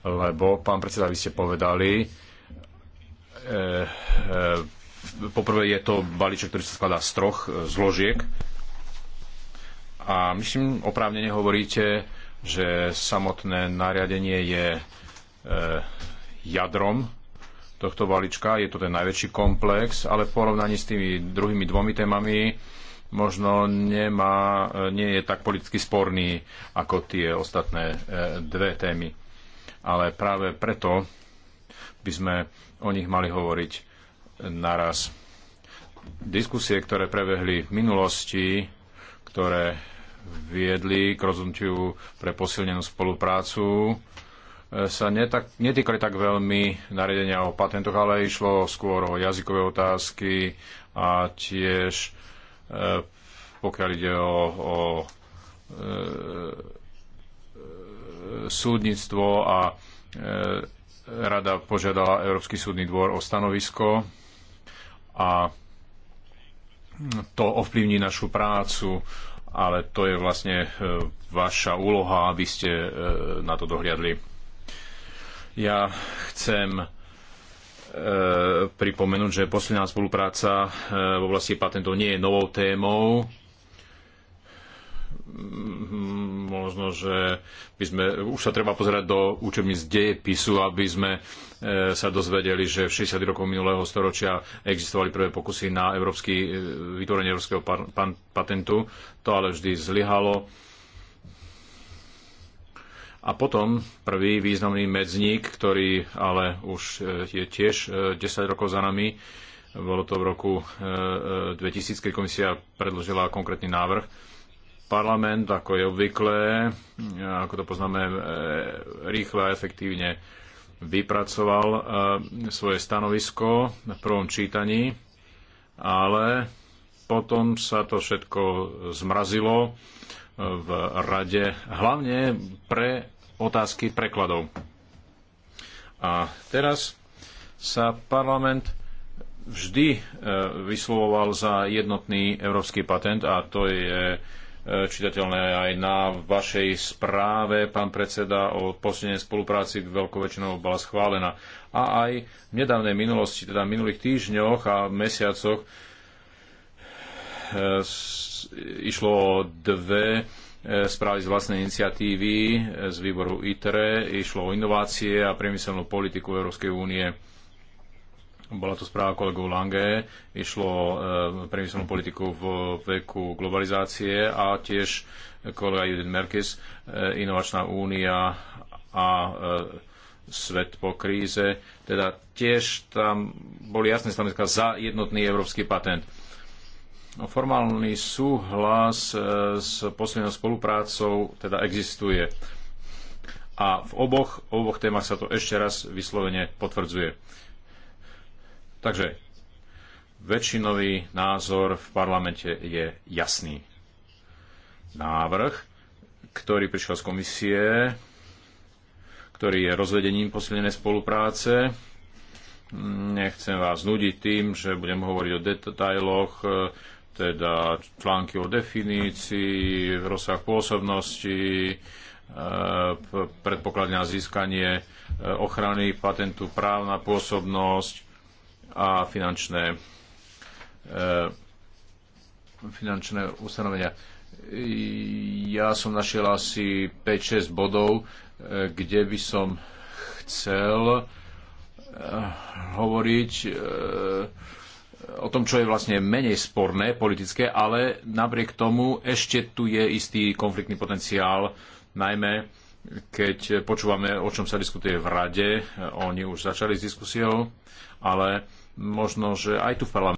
Lebo, pán predseda, vy ste povedali, e, e, poprvé je to balíček, ktorý sa skladá z troch eh, zložiek. A myslím, oprávne hovoríte, že samotné nariadenie je e, jadrom tohto balíčka. Je to ten najväčší komplex, ale v porovnaní s tými druhými dvomi témami možno nemá, nie je tak politicky sporný ako tie ostatné e, dve témy. Ale práve preto by sme o nich mali hovoriť naraz. Diskusie, ktoré prebehli v minulosti, ktoré viedli k rozhodnutiu pre posilnenú spoluprácu, sa netak, netýkali tak veľmi nariadenia o patentoch, ale išlo skôr o jazykové otázky a tiež e, pokiaľ ide o, o e, súdnictvo a e, rada požiadala Európsky súdny dvor o stanovisko a to ovplyvní našu prácu ale to je vlastne e, vaša úloha, aby ste e, na to dohliadli. Ja chcem e, pripomenúť, že posledná spolupráca e, v oblasti patentov nie je novou témou. Mm, možno, že by sme, už sa treba pozerať do učebníc dejepisu, aby sme e, sa dozvedeli, že v 60 rokov minulého storočia existovali prvé pokusy na európsky, vytvorenie európskeho patentu. To ale vždy zlyhalo a potom prvý významný medzník, ktorý ale už e, je tiež 10 e, rokov za nami, bolo to v roku 2000, e, keď komisia predložila konkrétny návrh. Parlament, ako je obvykle, ako to poznáme, rýchle a efektívne vypracoval svoje stanovisko v prvom čítaní, ale potom sa to všetko zmrazilo v rade, hlavne pre otázky prekladov. A teraz sa parlament vždy e, vyslovoval za jednotný európsky patent a to je e, čitateľné aj na vašej správe, pán predseda, o posilnenej spolupráci veľkou väčšinou bola schválená. A aj v nedávnej minulosti, teda minulých týždňoch a mesiacoch, e, išlo o dve e, správy z vlastnej iniciatívy e, z výboru ITRE. Išlo o inovácie a priemyselnú politiku Európskej únie. Bola to správa kolegov Lange. Išlo o e, priemyselnú politiku v veku globalizácie a tiež kolega Judith Merkis, Inovačná únia a svet po kríze. Teda tiež tam boli jasné stanoviska za jednotný európsky patent. No, formálny súhlas e, s poslednou spoluprácou teda existuje. A v oboch, v oboch témach sa to ešte raz vyslovene potvrdzuje. Takže väčšinový názor v parlamente je jasný. Návrh, ktorý prišiel z komisie, ktorý je rozvedením posilnenej spolupráce, nechcem vás nudiť tým, že budem hovoriť o detailoch, teda články o definícii, rozsah pôsobnosti, eh, predpoklady na získanie eh, ochrany patentu, právna pôsobnosť a finančné, eh, finančné ustanovenia. Ja som našiel asi 5-6 bodov, kde by som chcel hovoriť o tom, čo je vlastne menej sporné politické, ale napriek tomu ešte tu je istý konfliktný potenciál, najmä keď počúvame, o čom sa diskutuje v rade. Oni už začali s diskusiou, ale možno, že aj tu v parlamente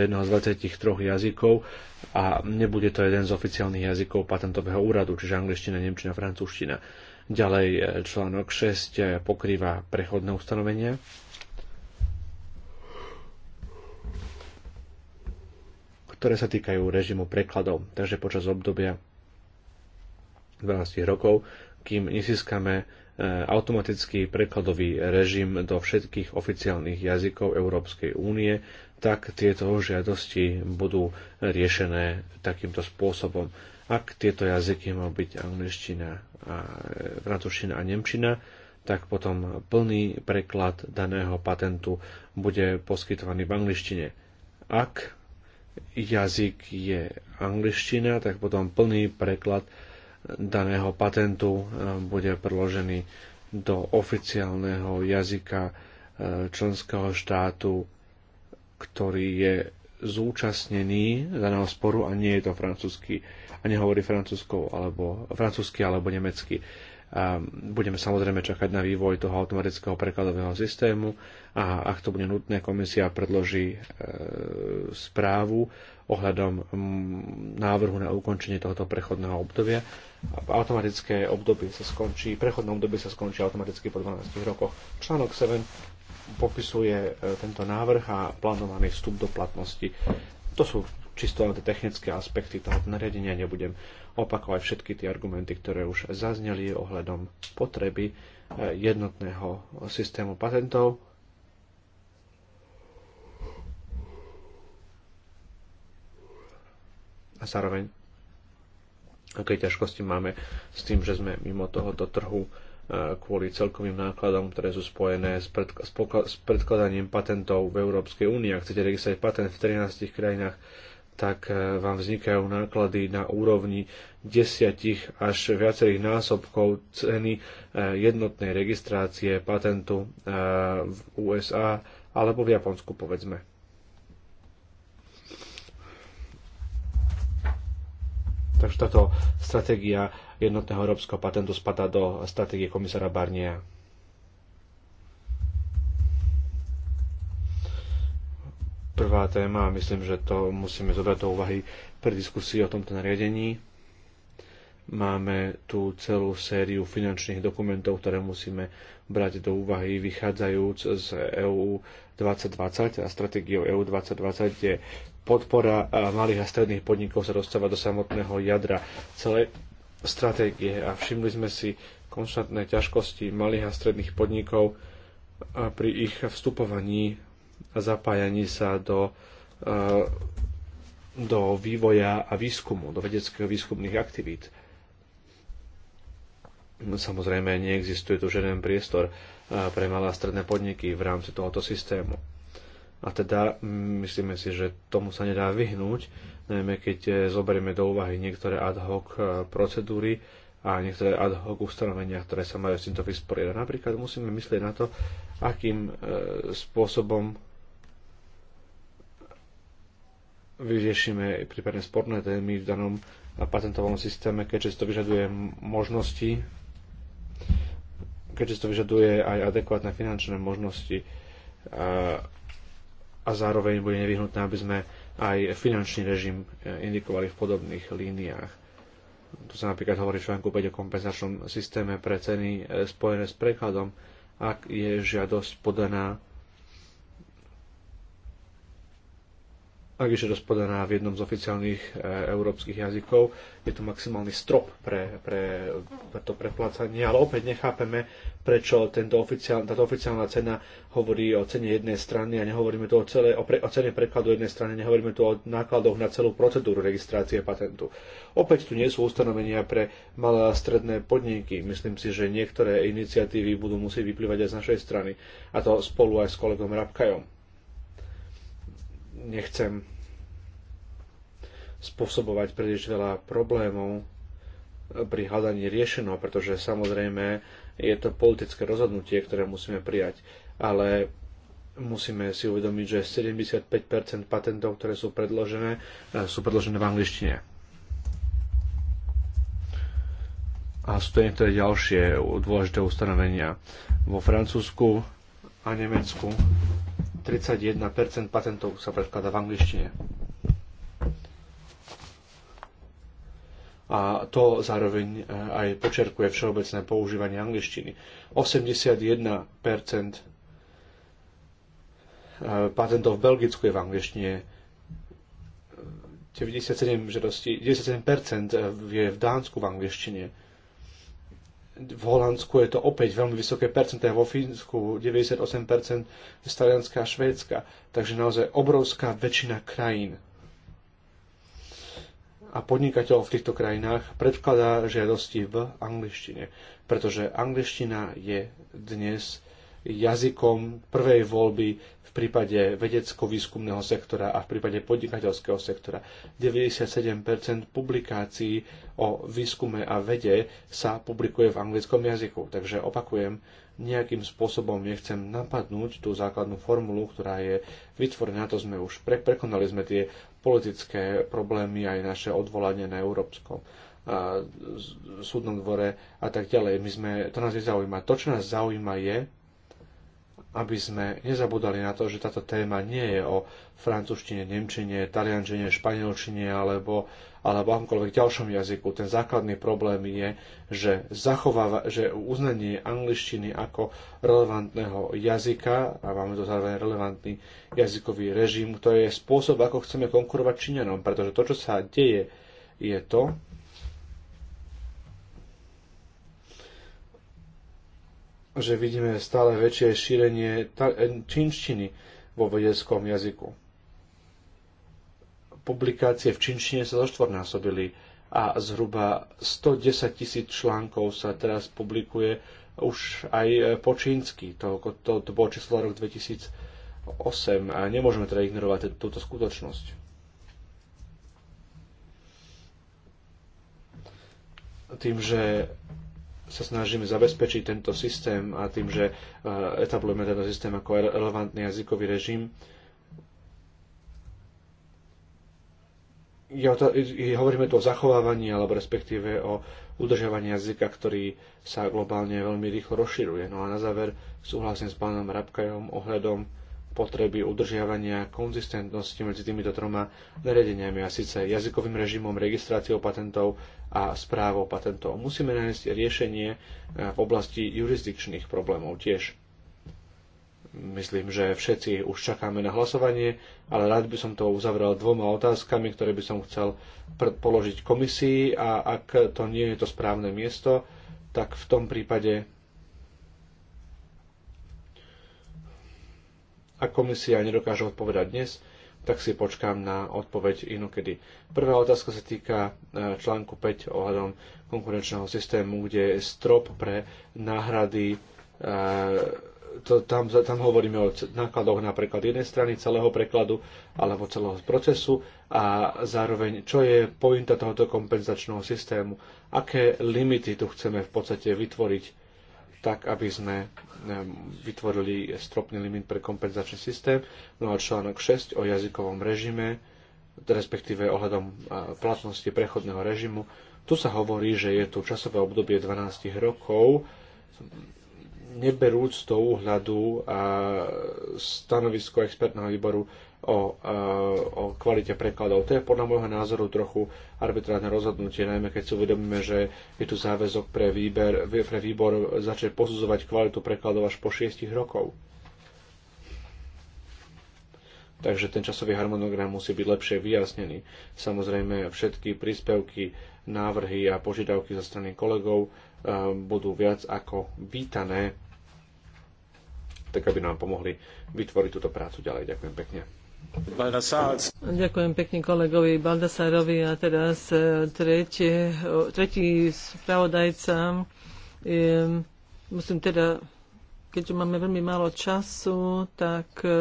jedného z 23 jazykov a nebude to jeden z oficiálnych jazykov patentového úradu, čiže angličtina, nemčina, francúzština. Ďalej e, článok 6 e, pokrýva prechodné ustanovenia. ktoré sa týkajú režimu prekladov. Takže počas obdobia 12 rokov, kým nesískame E, automatický prekladový režim do všetkých oficiálnych jazykov Európskej únie, tak tieto žiadosti budú riešené takýmto spôsobom. Ak tieto jazyky majú byť angličtina, a e, francúzština a nemčina, tak potom plný preklad daného patentu bude poskytovaný v angličtine. Ak jazyk je angličtina, tak potom plný preklad daného patentu e, bude preložený do oficiálneho jazyka e, členského štátu, ktorý je zúčastnený daného sporu a nie je to francúzsky a nehovorí francúzsky alebo francúzsky alebo nemecky. Budeme samozrejme čakať na vývoj toho automatického prekladového systému a ak to bude nutné, komisia predloží e, správu ohľadom mm, návrhu na ukončenie tohoto prechodného obdobia. Automatické obdobie sa skončí, prechodné obdobie sa skončí automaticky po 12 rokoch. Článok 7 popisuje e, tento návrh a plánovaný vstup do platnosti. To sú čisto len tie technické aspekty toho nariadenia. Nebudem opakovať všetky tie argumenty, ktoré už zazneli ohľadom potreby e, jednotného systému patentov a zároveň aké ťažkosti máme s tým, že sme mimo tohoto trhu e, kvôli celkovým nákladom, ktoré sú spojené s, predk- s predkladaním patentov v Európskej únii. Ak chcete registrovať patent v 13 krajinách, tak e, vám vznikajú náklady na úrovni desiatich až viacerých násobkov ceny e, jednotnej registrácie patentu v USA alebo v Japonsku, povedzme. Takže táto stratégia jednotného európskeho patentu spadá do stratégie komisára Barniera. Prvá téma, myslím, že to musíme zobrať do úvahy pri diskusii o tomto nariadení. Máme tú celú sériu finančných dokumentov, ktoré musíme brať do úvahy, vychádzajúc z EU 2020 a stratégiou EU 2020, kde podpora malých a stredných podnikov sa dostáva do samotného jadra celej stratégie a všimli sme si konštantné ťažkosti malých a stredných podnikov a pri ich vstupovaní a zapájaní sa do, do vývoja a výskumu, do vedeckých výskumných aktivít. Samozrejme, neexistuje tu žiaden priestor eh, pre malé a stredné podniky v rámci tohoto systému. A teda mm, myslíme si, že tomu sa nedá vyhnúť, najmä keď eh, zoberieme do úvahy niektoré ad hoc eh, procedúry a niektoré ad hoc ustanovenia, ktoré sa majú s týmto vysporiadať. Napríklad musíme myslieť na to, akým spôsobom vyriešime prípadne sporné témy v danom patentovom systéme, keďže to vyžaduje možnosti keďže to vyžaduje aj adekvátne finančné možnosti a, a zároveň bude nevyhnutné, aby sme aj finančný režim e, indikovali v podobných líniách. Tu sa napríklad hovorí v článku 5 o kompenzačnom systéme pre ceny e, spojené s prekladom, ak je žiadosť podaná Ak je rozpodaná v jednom z oficiálnych e, európskych jazykov. Je to maximálny strop pre, pre, pre to preplácanie, ale opäť nechápeme, prečo tento oficiál, táto oficiálna cena hovorí o cene jednej strany a nehovoríme tu o, celé, o, pre, o cene prekladu jednej strany, nehovoríme tu o nákladoch na celú procedúru registrácie patentu. Opäť tu nie sú ustanovenia pre malé a stredné podniky. Myslím si, že niektoré iniciatívy budú musieť vyplývať aj z našej strany, a to spolu aj s kolegom Rabkajom nechcem spôsobovať príliš veľa problémov pri hľadaní riešenia, pretože samozrejme je to politické rozhodnutie, ktoré musíme prijať. Ale musíme si uvedomiť, že 75% patentov, ktoré sú predložené, e, sú predložené v angličtine. A sú to niektoré ďalšie dôležité ustanovenia vo Francúzsku a Nemecku 31% patentov sa predkladá v angličtine. A to zároveň e, aj počerkuje všeobecné používanie angličtiny. 81% e, patentov v Belgicku je v angličtine, 97, e, 97% je v Dánsku v angličtine, v Holandsku je to opäť veľmi vysoké percenté, vo Fínsku 98% z Talianska a Švédska. Takže naozaj obrovská väčšina krajín a podnikateľov v týchto krajinách predkladá žiadosti v angličtine, pretože angličtina je dnes jazykom prvej voľby prípade vedecko-výskumného sektora a v prípade podnikateľského sektora. 97% publikácií o výskume a vede sa publikuje v anglickom jazyku. Takže opakujem, nejakým spôsobom nechcem napadnúť tú základnú formulu, ktorá je vytvorená, to sme už pre, prekonali sme tie politické problémy aj naše odvolanie na európskom a, súdnom dvore a tak ďalej. My sme, to nás nezaujíma. To, čo nás zaujíma je, aby sme nezabudali na to, že táto téma nie je o francúzštine, nemčine, taliančine, španielčine alebo, alebo akomkoľvek ďalšom jazyku. Ten základný problém je, že, zachováva, že uznanie angličtiny ako relevantného jazyka, a máme to zároveň relevantný jazykový režim, to je spôsob, ako chceme konkurovať Číňanom, pretože to, čo sa deje, je to, že vidíme stále väčšie šírenie e, čínštiny vo vedeckom jazyku. Publikácie v čínštine sa zoštvornásobili a zhruba 110 tisíc článkov sa teraz publikuje už aj e, po čínsky. To, to, to bolo číslo rok 2008 a nemôžeme teda ignorovať túto skutočnosť. Tým, že sa snažíme zabezpečiť tento systém a tým, že e, etablujeme tento systém ako relevantný jazykový režim, je, hovoríme tu o zachovávaní alebo respektíve o udržiavaní jazyka, ktorý sa globálne veľmi rýchlo rozširuje. No a na záver súhlasím s pánom Rabkajom ohľadom potreby udržiavania konzistentnosti medzi týmito troma nariadeniami a síce jazykovým režimom, registráciou patentov a správou patentov. Musíme nájsť riešenie eh, v oblasti jurisdikčných problémov tiež. Myslím, že všetci už čakáme na hlasovanie, ale rád by som to uzavrel dvoma otázkami, ktoré by som chcel položiť komisii a ak to nie je to správne miesto, tak v tom prípade Ak komisia nedokáže odpovedať dnes, tak si počkám na odpoveď inokedy. Prvá otázka sa týka e, článku 5 ohľadom konkurenčného systému, kde je strop pre náhrady. E, to, tam, tam hovoríme o nákladoch na preklad jednej strany, celého prekladu alebo celého procesu a zároveň, čo je pointa tohoto kompenzačného systému, aké limity tu chceme v podstate vytvoriť tak aby sme vytvorili stropný limit pre kompenzačný systém, no a článok 6 o jazykovom režime, respektíve ohľadom platnosti prechodného režimu. Tu sa hovorí, že je tu časové obdobie 12 rokov, neberúc do úhľadu stanovisko expertného výboru o, eh, o kvalite prekladov. To je podľa môjho názoru trochu arbitrárne rozhodnutie, najmä keď si uvedomíme, že je tu záväzok pre, výber, pre výbor začať posudzovať kvalitu prekladov až po šiestich rokov. Takže ten časový harmonogram musí byť lepšie vyjasnený. Samozrejme, všetky príspevky, návrhy a požiadavky zo strany kolegov eh, budú viac ako vítané, tak aby nám pomohli vytvoriť túto prácu ďalej. Ďakujem pekne. Ďakujem pekne kolegovi Baldasárovi a teraz e, tretie, tretí spravodajca. musím teda, keďže máme veľmi málo času, tak e,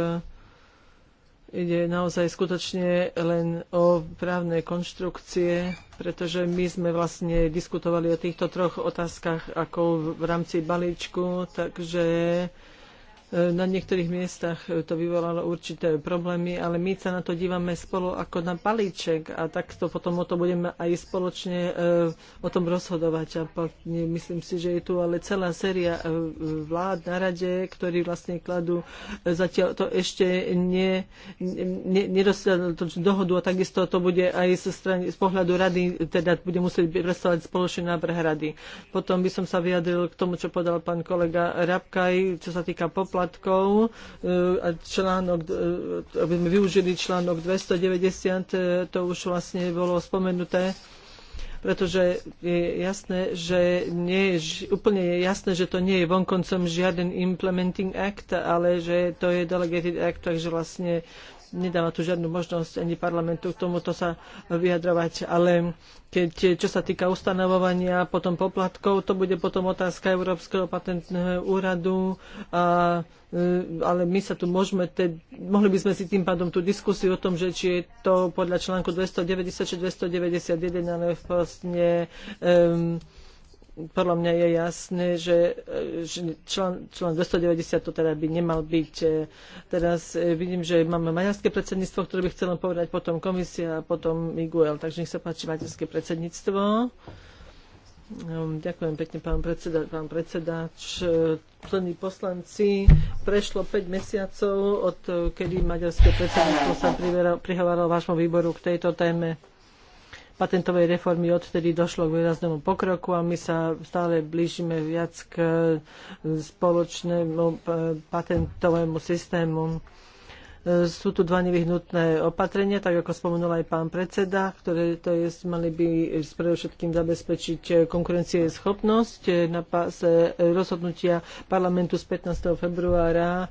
ide naozaj skutočne len o právne konštrukcie, pretože my sme vlastne diskutovali o týchto troch otázkach ako v rámci balíčku, takže na niektorých miestach to vyvolalo určité problémy, ale my sa na to dívame spolu ako na palíček a takto potom o to budeme aj spoločne e, o tom rozhodovať. A myslím si, že je tu ale celá séria e, vlád na rade, ktorí vlastne kladú e, zatiaľ to ešte ne, ne, dohodu a takisto to bude aj z, strany, z pohľadu rady, teda bude musieť predstavať spoločný návrh rady. Potom by som sa vyjadril k tomu, čo podal pán kolega Rabkaj, čo sa týka poplatky poplatkov e, a článok, e, aby sme využili článok 290, e, to už vlastne bolo spomenuté pretože je jasné, že nie je, úplne je jasné, že to nie je vonkoncom žiaden implementing act, ale že to je delegated act, takže vlastne nedáva tu žiadnu možnosť ani parlamentu k tomuto sa vyjadrovať, ale keď, čo sa týka ustanovovania potom poplatkov, to bude potom otázka Európskeho patentného úradu, a, e, ale my sa tu môžeme, te, mohli by sme si tým pádom tú diskusiu o tom, že či je to podľa článku 296-291, ale vlastne um, podľa mňa je jasné, že e, člen, člen 290 to teda by nemal byť. E, teraz e, vidím, že máme maďarské predsedníctvo, ktoré by chcel povedať potom komisia a potom Miguel. Takže nech sa páči maďarské predsedníctvo. Hm, ďakujem pekne, pán predseda, pán predsedač, plní poslanci. Prešlo 5 mesiacov od kedy maďarské predsedníctvo sa prihováralo vášmu výboru k tejto téme patentovej reformy odtedy došlo k výraznému pokroku a my sa stále blížime viac k e, spoločnému e, patentovému systému. E, sú tu dva nevyhnutné opatrenia, tak ako spomenul aj pán predseda, ktoré to je, mali by predovšetkým zabezpečiť konkurencieschopnosť. Na páse rozhodnutia parlamentu z 15. februára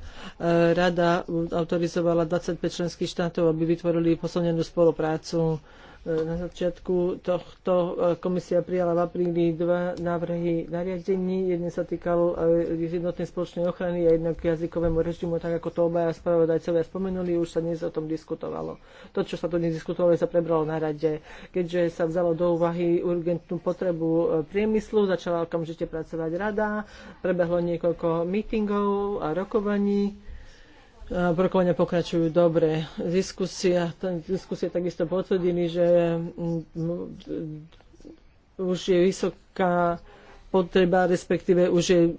rada autorizovala 25 členských štátov, aby vytvorili posilnenú spoluprácu na začiatku tohto e, komisia prijala v apríli dva návrhy nariadení. Jedne sa týkal e, jednotnej spoločnej ochrany a jednak jazykovému režimu, tak ako to obaja spravodajcovia spomenuli, už sa dnes o tom diskutovalo. To, čo sa tu nediskutovalo, sa prebralo na rade. Keďže sa vzalo do úvahy urgentnú potrebu e, priemyslu, začala okamžite pracovať rada, prebehlo niekoľko mítingov a rokovaní rokovania pokračujú dobre. Diskusia, diskusie takisto potvrdili, že mm, mm, už je vysoká potreba, respektíve už je mm,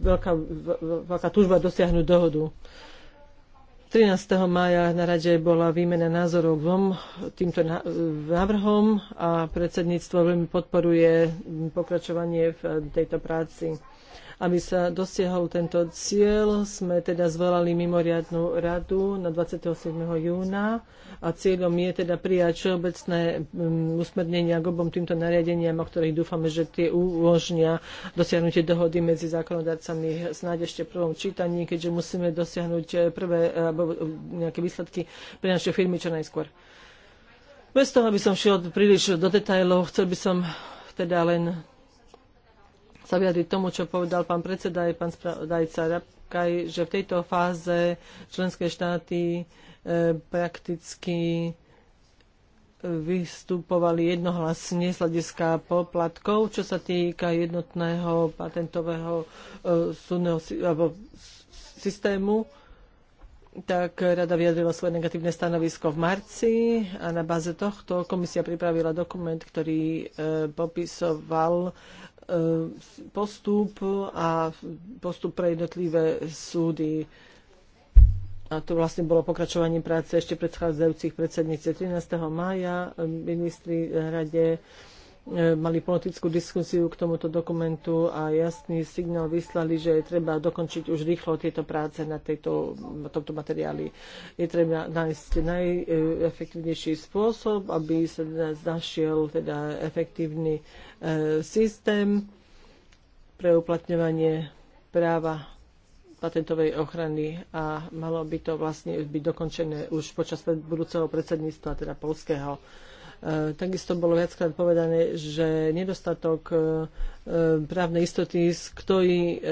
veľká, veľká túžba dosiahnuť dohodu. 13. maja na rade bola výmena názorov k týmto návrhom a predsedníctvo veľmi podporuje pokračovanie v tejto práci. Aby sa dosiahol tento cieľ, sme teda zvolali mimoriadnú radu na 27. júna a cieľom je teda prijať všeobecné mm, usmernenia k obom týmto nariadeniam, o ktorých dúfame, že tie uložnia dosiahnutie dohody medzi zákonodarcami snáď ešte v prvom čítaní, keďže musíme dosiahnuť eh, prvé eh, alebo eh, nejaké výsledky pre naše firmy čo najskôr. Bez toho, aby som šiel príliš do detajlov, chcel by som teda len sa vyjadriť tomu, čo povedal pán predseda aj pán spravodajca Rabkaj, že v tejto fáze členské štáty e, prakticky vystupovali jednohlasne z hľadiska poplatkov, čo sa týka jednotného patentového e, súdneho alebo systému tak rada vyjadrila svoje negatívne stanovisko v marci a na báze tohto komisia pripravila dokument, ktorý e, popisoval E, postup a postup pre jednotlivé súdy. A to vlastne bolo pokračovanie práce ešte predchádzajúcich predsedníce 13. mája. E, ministri rade E, mali politickú diskusiu k tomuto dokumentu a jasný signál vyslali, že je treba dokončiť už rýchlo tieto práce na, tejto, tomto materiáli. Je treba nájsť najefektívnejší spôsob, aby sa teda našiel teda efektívny e, systém pre uplatňovanie práva patentovej ochrany a malo by to vlastne byť dokončené už počas budúceho predsedníctva, teda polského. E, takisto bolo viackrát povedané, že nedostatok e, e, právnej istoty, z ktorý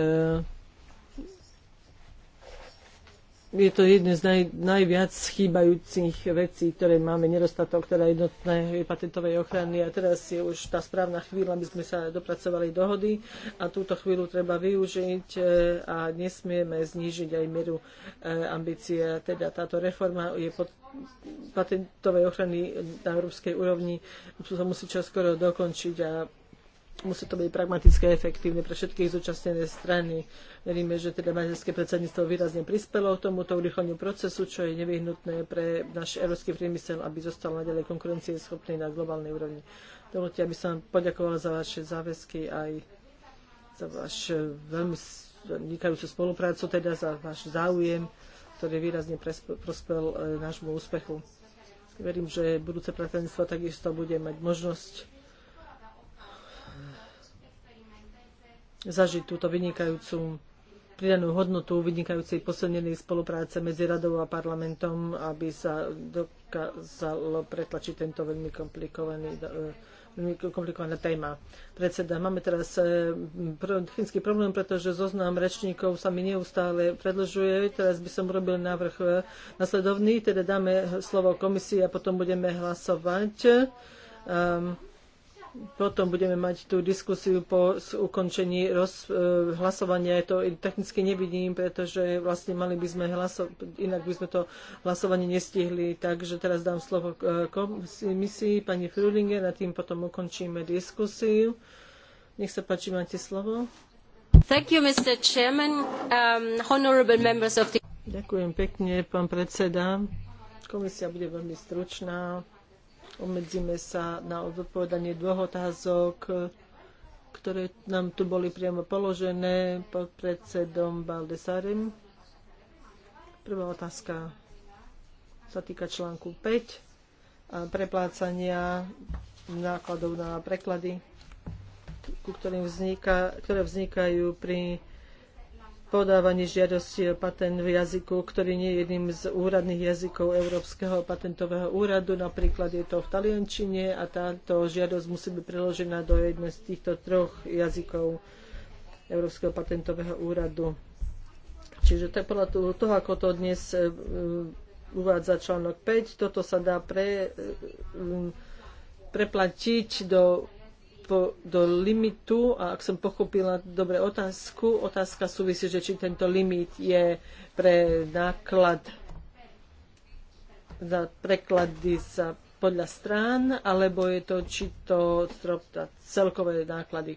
je to jedna z naj, najviac chýbajúcich vecí, ktoré máme nedostatok teda jednotnej patentovej ochrany a teraz je už tá správna chvíľa, aby sme sa dopracovali dohody a túto chvíľu treba využiť e, a nesmieme znížiť aj mieru e, ambície. Teda táto reforma je pod patentovej ochrany na európskej úrovni sa musí čoskoro dokončiť a musí to byť pragmatické a efektívne pre všetky zúčastnené strany. Veríme, že teda maďarské predsedníctvo výrazne prispelo k tomuto urychleniu procesu, čo je nevyhnutné pre náš európsky priemysel, aby zostal naďalej konkurencieschopný na globálnej úrovni. Dovolte, aby som poďakoval za vaše záväzky aj za vaš eh, veľmi vynikajúcu spoluprácu, teda za váš záujem, ktorý výrazne prospel eh, nášmu úspechu. Verím, že budúce predsedníctvo takisto bude mať možnosť zažiť túto vynikajúcu pridanú hodnotu vynikajúcej posilnenej spolupráce medzi radou a parlamentom, aby sa dokázalo pretlačiť tento veľmi komplikovaný e, veľmi komplikovaná téma. Predseda, máme teraz e, technický problém, pretože zoznam rečníkov sa mi neustále predlžuje. Teraz by som urobil návrh e, nasledovný, teda dáme slovo komisii a potom budeme hlasovať. Um, potom budeme mať tú diskusiu po ukončení roz, e, hlasovania. Ja to technicky nevidím, pretože vlastne mali by sme hlasovať, inak by sme to hlasovanie nestihli. Takže teraz dám slovo e, komisii pani Frulinger a tým potom ukončíme diskusiu. Nech sa páči, máte slovo. Thank you, Mr. Chairman, um, honorable members of the... Ďakujem pekne, pán predseda. Komisia bude veľmi stručná. Obmedzíme sa na odpovedanie dvoch otázok, ktoré nám tu boli priamo položené pod predsedom Baldesarem. Prvá otázka sa týka článku 5 a preplácania nákladov na preklady, ku ktorým vzniká, ktoré vznikajú pri podávanie žiadosti o patent v jazyku, ktorý nie je jedným z úradných jazykov Európskeho patentového úradu. Napríklad je to v taliančine a táto žiadosť musí byť preložená do jedného z týchto troch jazykov Európskeho patentového úradu. Čiže to podľa toho, ako to dnes e, e, uvádza článok 5, toto sa dá pre, e, preplatiť do po, do limitu a ak som pochopila dobre otázku, otázka súvisí, že či tento limit je pre náklad za preklady sa podľa strán, alebo je to či to strop, celkové náklady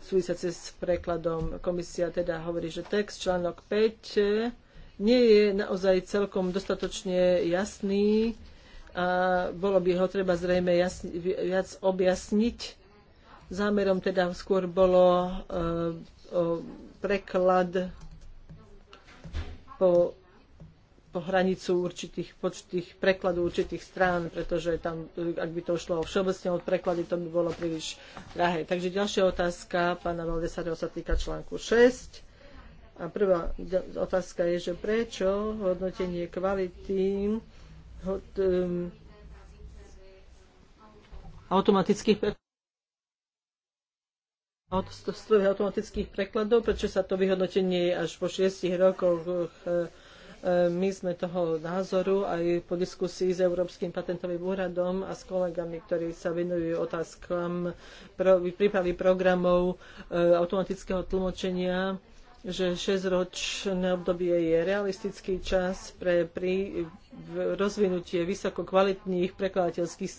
súvisiace s prekladom. Komisia teda hovorí, že text článok 5 nie je naozaj celkom dostatočne jasný a bolo by ho treba zrejme viac objasniť Zámerom teda skôr bolo eh, preklad po, po hranicu určitých počtých prekladov určitých strán, pretože tam, ak by to šlo všeobecne od preklady, to by bolo príliš drahé. Takže ďalšia otázka pána Valdesareho sa týka článku 6. A prvá otázka je, že prečo hodnotenie kvality hod, um, automatických od automatických prekladov, prečo sa to vyhodnotenie je až po šiestich rokoch. Eh, eh, my sme toho názoru aj po diskusii s Európskym patentovým úradom a s kolegami, ktorí sa venujú otázkam prípravy programov eh, automatického tlmočenia že 6-ročné obdobie je realistický čas pre pri rozvinutie vysokokvalitných prekladateľských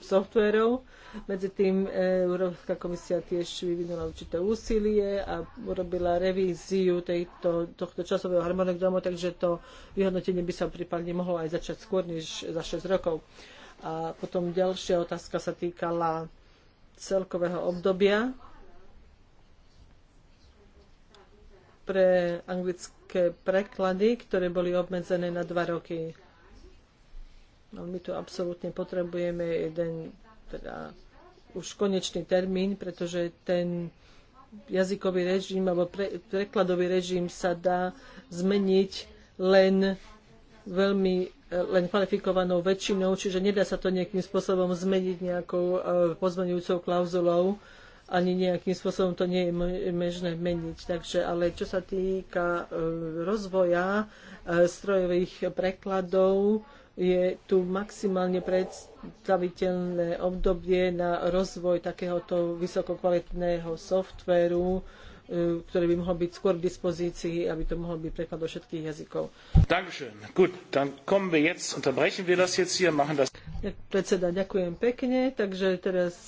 softverov. Medzi tým e, Európska komisia tiež vyvinula určité úsilie a urobila revíziu tejto, tohto časového harmonogramu, takže to vyhodnotenie by sa prípadne mohlo aj začať skôr než za 6 rokov. A potom ďalšia otázka sa týkala celkového obdobia pre anglické preklady, ktoré boli obmedzené na dva roky. No, my tu absolútne potrebujeme jeden teda, už konečný termín, pretože ten jazykový režim alebo pre, prekladový režim sa dá zmeniť len veľmi len kvalifikovanou väčšinou, čiže nedá sa to nejakým spôsobom zmeniť nejakou pozmenujúcou eh, pozmeňujúcou klauzulou ani nejakým spôsobom to nie je možné meniť. Takže, ale čo sa týka e, rozvoja e, strojových prekladov, je tu maximálne predstaviteľné obdobie na rozvoj takéhoto vysokokvalitného softvéru, e, ktorý by mohol byť skôr k dispozícii, aby to mohol byť preklad do všetkých jazykov. Gut, dann wir jetzt, wir das jetzt hier, das... Predseda, ďakujem pekne, takže teraz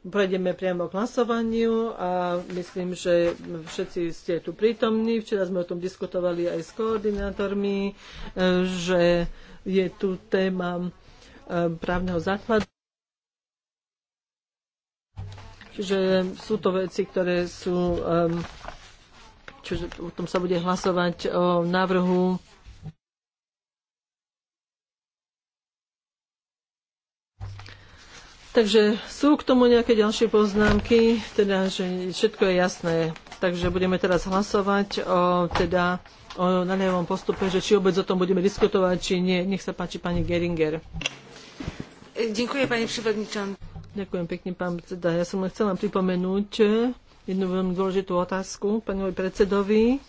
Prejdeme priamo k hlasovaniu a myslím, že všetci ste tu prítomní. Včera sme o tom diskutovali aj s koordinátormi, e, že je tu téma e, právneho základu. Čiže sú to veci, ktoré sú... Čiže o tom sa bude hlasovať o návrhu Takže sú k tomu nejaké ďalšie poznámky, teda, že všetko je jasné. Takže budeme teraz hlasovať o, teda, o danévom postupe, že či vôbec o tom budeme diskutovať, či nie. Nech sa páči pani Geringer. Ďakujem, pani przewodnicząca. Ďakujem pekne, pán predseda. Ja som chcela pripomenúť jednu veľmi dôležitú otázku pánovi predsedovi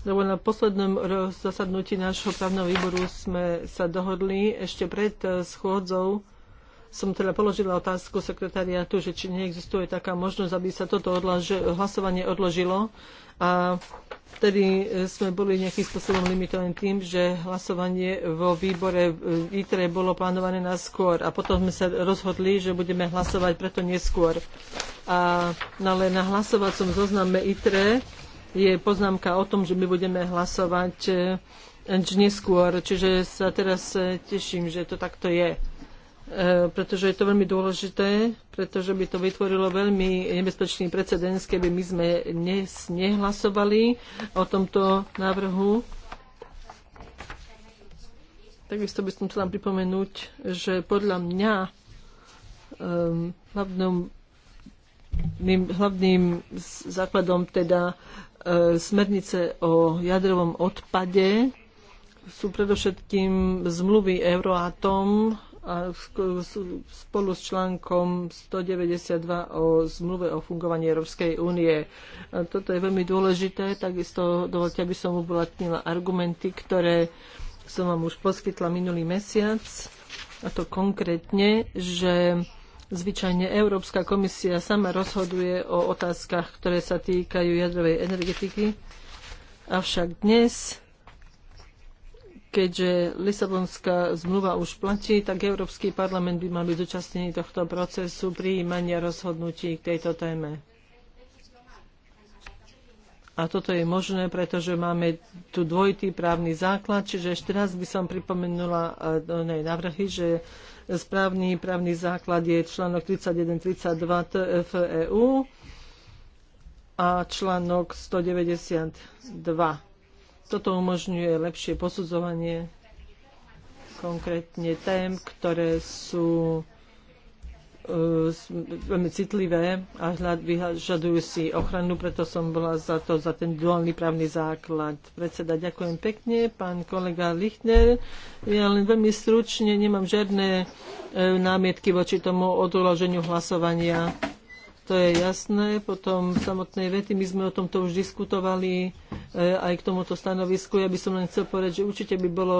lebo na poslednom zasadnutí nášho právneho výboru sme sa dohodli ešte pred eh, schôdzou som teda položila otázku sekretariatu, že či neexistuje taká možnosť, aby sa toto odlož- hlasovanie odložilo. A vtedy e, sme boli nejakým spôsobom limitovaní tým, že hlasovanie vo výbore e, ITRE bolo plánované na skôr. A potom sme sa rozhodli, že budeme hlasovať preto neskôr. A, no ale na hlasovacom zozname ITRE je poznámka o tom, že my budeme hlasovať e, neskôr. Čiže sa teraz teším, že to takto je. E, pretože je to veľmi dôležité, pretože by to vytvorilo veľmi nebezpečný precedens, keby my sme dnes nehlasovali o tomto návrhu. Takisto by som chcela pripomenúť, že podľa mňa hlavným, hlavným základom teda e, smernice o jadrovom odpade sú predovšetkým zmluvy Euroatom a spolu s článkom 192 o zmluve o fungovaní Európskej únie. Toto je veľmi dôležité, takisto dovolte, aby som uvolatnila argumenty, ktoré som vám už poskytla minulý mesiac, a to konkrétne, že Zvyčajne Európska komisia sama rozhoduje o otázkach, ktoré sa týkajú jadrovej energetiky. Avšak dnes keďže Lisabonská zmluva už platí, tak Európsky parlament by mal byť zúčastnený tohto procesu prijímania rozhodnutí k tejto téme. A toto je možné, pretože máme tu dvojitý právny základ, čiže ešte raz by som pripomenula eh, no, nej, navrhy, že správny právny základ je článok 31-32 TFEU a článok 192 toto umožňuje lepšie posudzovanie konkrétne tém, ktoré sú e, veľmi citlivé a hľad vyžadujú si ochranu, preto som bola za to, za ten duálny právny základ. Predseda, ďakujem pekne. Pán kolega Lichtner, ja len veľmi stručne, nemám žiadne e, námietky voči tomu odloženiu hlasovania to je jasné. Potom v samotnej vety, my sme o tomto už diskutovali eh, aj k tomuto stanovisku. Ja by som len chcel povedať, že určite by bolo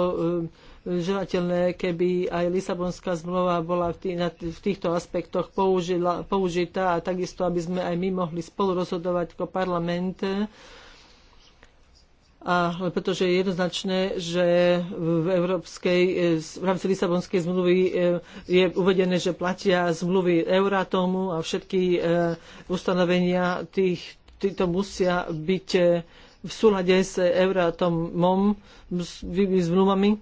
eh, želateľné, keby aj Lisabonská zmluva bola v, tých, v týchto aspektoch použila, použitá a takisto, aby sme aj my mohli spolurozhodovať ako parlament a pretože je jednoznačné, že v, európskej, e, v rámci Lisabonskej zmluvy e, je uvedené, že platia zmluvy Euratomu a všetky e, ustanovenia tých, títo musia byť v súlade s Euratomom, s zmluvami,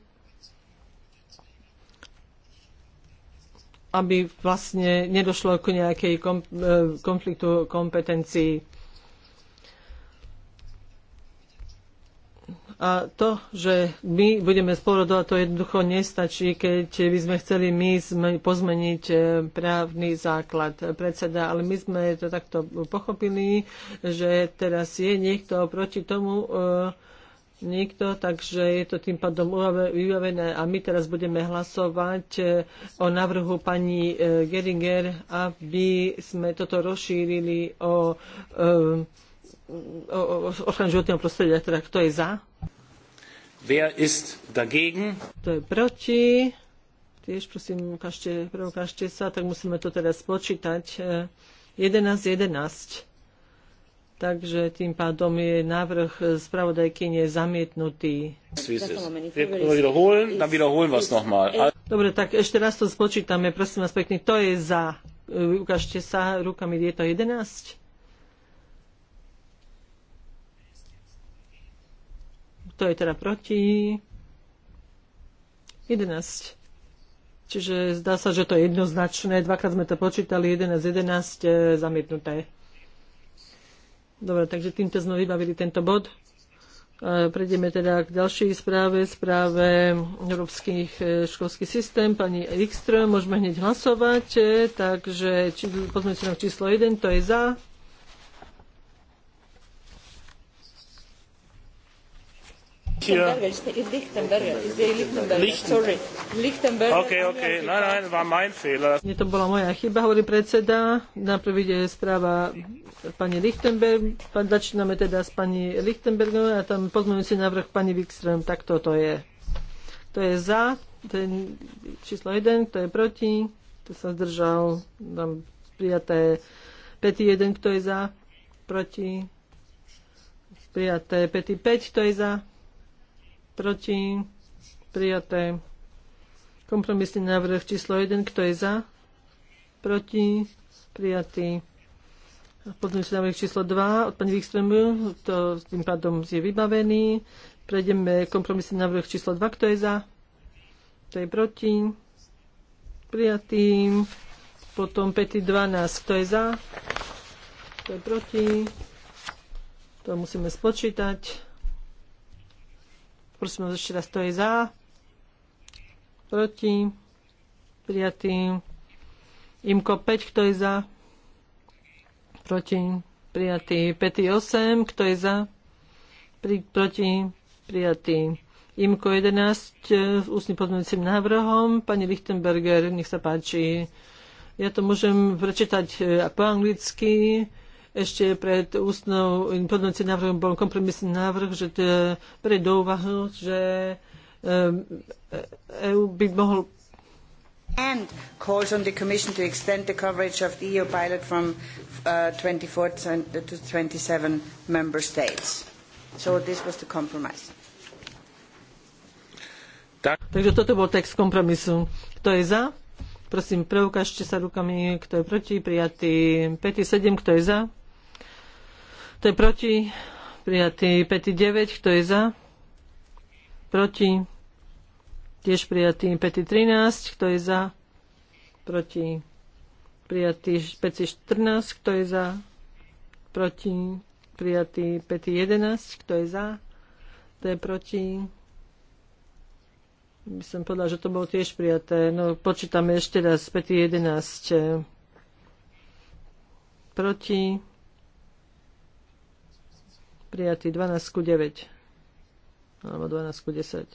aby vlastne nedošlo k nejakej konfliktu kompetencií A to, že my budeme spoludovať, to jednoducho nestačí, keď by sme chceli my pozmeniť e, právny základ e, predseda. Ale my sme to takto pochopili, že teraz je niekto proti tomu, e, niekto, takže je to tým pádom vyjavené. a my teraz budeme hlasovať o návrhu pani Geringer, aby sme toto rozšírili o ochranu životného prostredia, teda kto je za? Wer ist dagegen? Kto je proti? Tiež prosím, ukážte, preukážte sa, tak musíme to teraz spočítať. 11, e, 11. Takže tým pádom je návrh spravodajkyne zamietnutý. Dobre, tak ešte raz to spočítame. Prosím vás pekne, to je za. E, ukážte sa rukami, je to 11? Kto je teda proti? 11. Čiže zdá sa, že to je jednoznačné. Dvakrát sme to počítali, 11, 11 e, zamietnuté. Dobre, takže týmto sme vybavili tento bod. E, prejdeme teda k ďalšej správe, správe Európskych e, školský systém. Pani Ekström, môžeme hneď hlasovať. Takže pozmeňte číslo 1, to je za. hier. Lichtenberger, Okay, okay, nein, nein, war mein Fehler. Nie to bola moja chyba, hovorí predseda. Najprv ide správa pani Lichtenberg. Začíname teda s pani Lichtenbergovou a tam pozmeňujúci návrh pani Wikström. Tak toto je. To je za, to číslo 1, to je proti, to sa zdržal, tam prijaté 5-1, kto je za, proti, prijaté 5-5, kto je za, proti, prijaté. Kompromisný návrh číslo 1, kto je za, proti, prijatý. Pozmeňujúci návrh číslo 2 od pani Wikströmu, to tým pádom je vybavený. Prejdeme kompromisný návrh číslo 2, kto je za, kto je proti, prijatý. Potom 5 12, kto je za, kto je proti, to musíme spočítať. Prosím vás ešte raz, to je za, proti, prijatý. Imko 5, kto je za, proti, prijatý. Pety 8, kto je za, pri, proti, prijatý. Imko 11 ústny e, ústnym pozmeňujúcim návrhom. Pani Lichtenberger, nech sa páči. Ja to môžem prečítať e, po anglicky ešte pred ústnou podnocím návrhom bol kompromisný návrh, že to pre do úvahu, že EU e, e by mohol and calls on the Commission to extend the coverage of the EU pilot from uh, 24 to 27 member states. So this was the compromise. Tak. Takže toto bol text kompromisu. Kto je za? Prosím, preukážte sa rukami, kto je proti. Prijatý 5, 7, kto je za? Kto je proti? Prijatý. 5. 9. Kto je za? Proti. Tiež prijatý. 5. 13. Kto je za? Proti. Prijatý. 5. 14. Kto je za? Proti. Prijatý. 5. 11. Kto je za? Kto je proti? By som povedala, že to bolo tiež prijaté. No, počítame ešte raz. 5. 11. Proti prijatý 12 ku 9. Alebo 12 ku 10.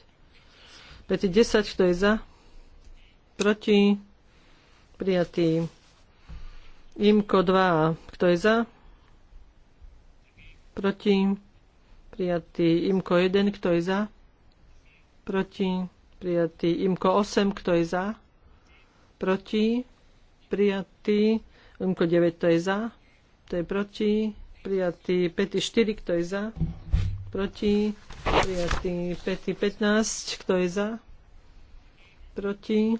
5 10, to je za? Proti? Prijatý. Imko 2, kto je za? Proti? Prijatý. Imko 1, kto je za? Proti? Prijatý. Imko 8, kto je za? Proti? Prijatý. Imko 9, to je za? To je proti? prijatý 5. 4, kto je za, proti, prijatý 5. 15, kto je za, proti,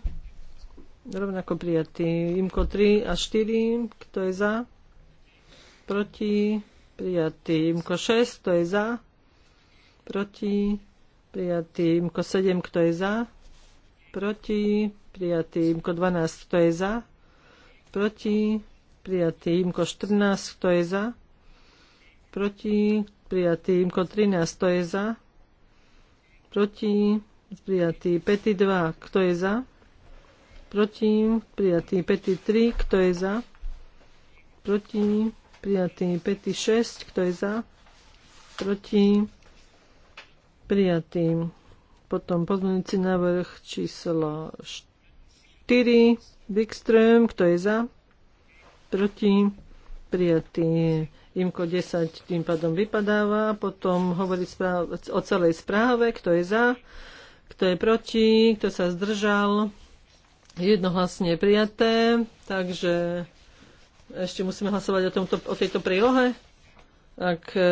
rovnako prijatý IMKO 3 a 4, kto je za, proti, prijatý IMKO 6, kto je za, proti, prijatý IMKO 7, kto je za, proti, prijatý IMKO 12, kto je za, proti, prijatý IMKO 14, kto je za, proti, prijatý IMKO 13, kto je za, proti, prijatý PETI 2, kto je za, proti, prijatý PETI 3, kto je za, proti, prijatý PETI 6, kto je za, proti, prijatý. Potom pozmeňujúci návrh číslo 4, Wikström, kto je za, proti, prijatý Imko 10 tým pádom vypadáva, potom hovorí o celej správe, kto je za, kto je proti, kto sa zdržal. Jednohlasne prijaté, takže ešte musíme hlasovať o, tomto, o tejto prílohe. Ak e,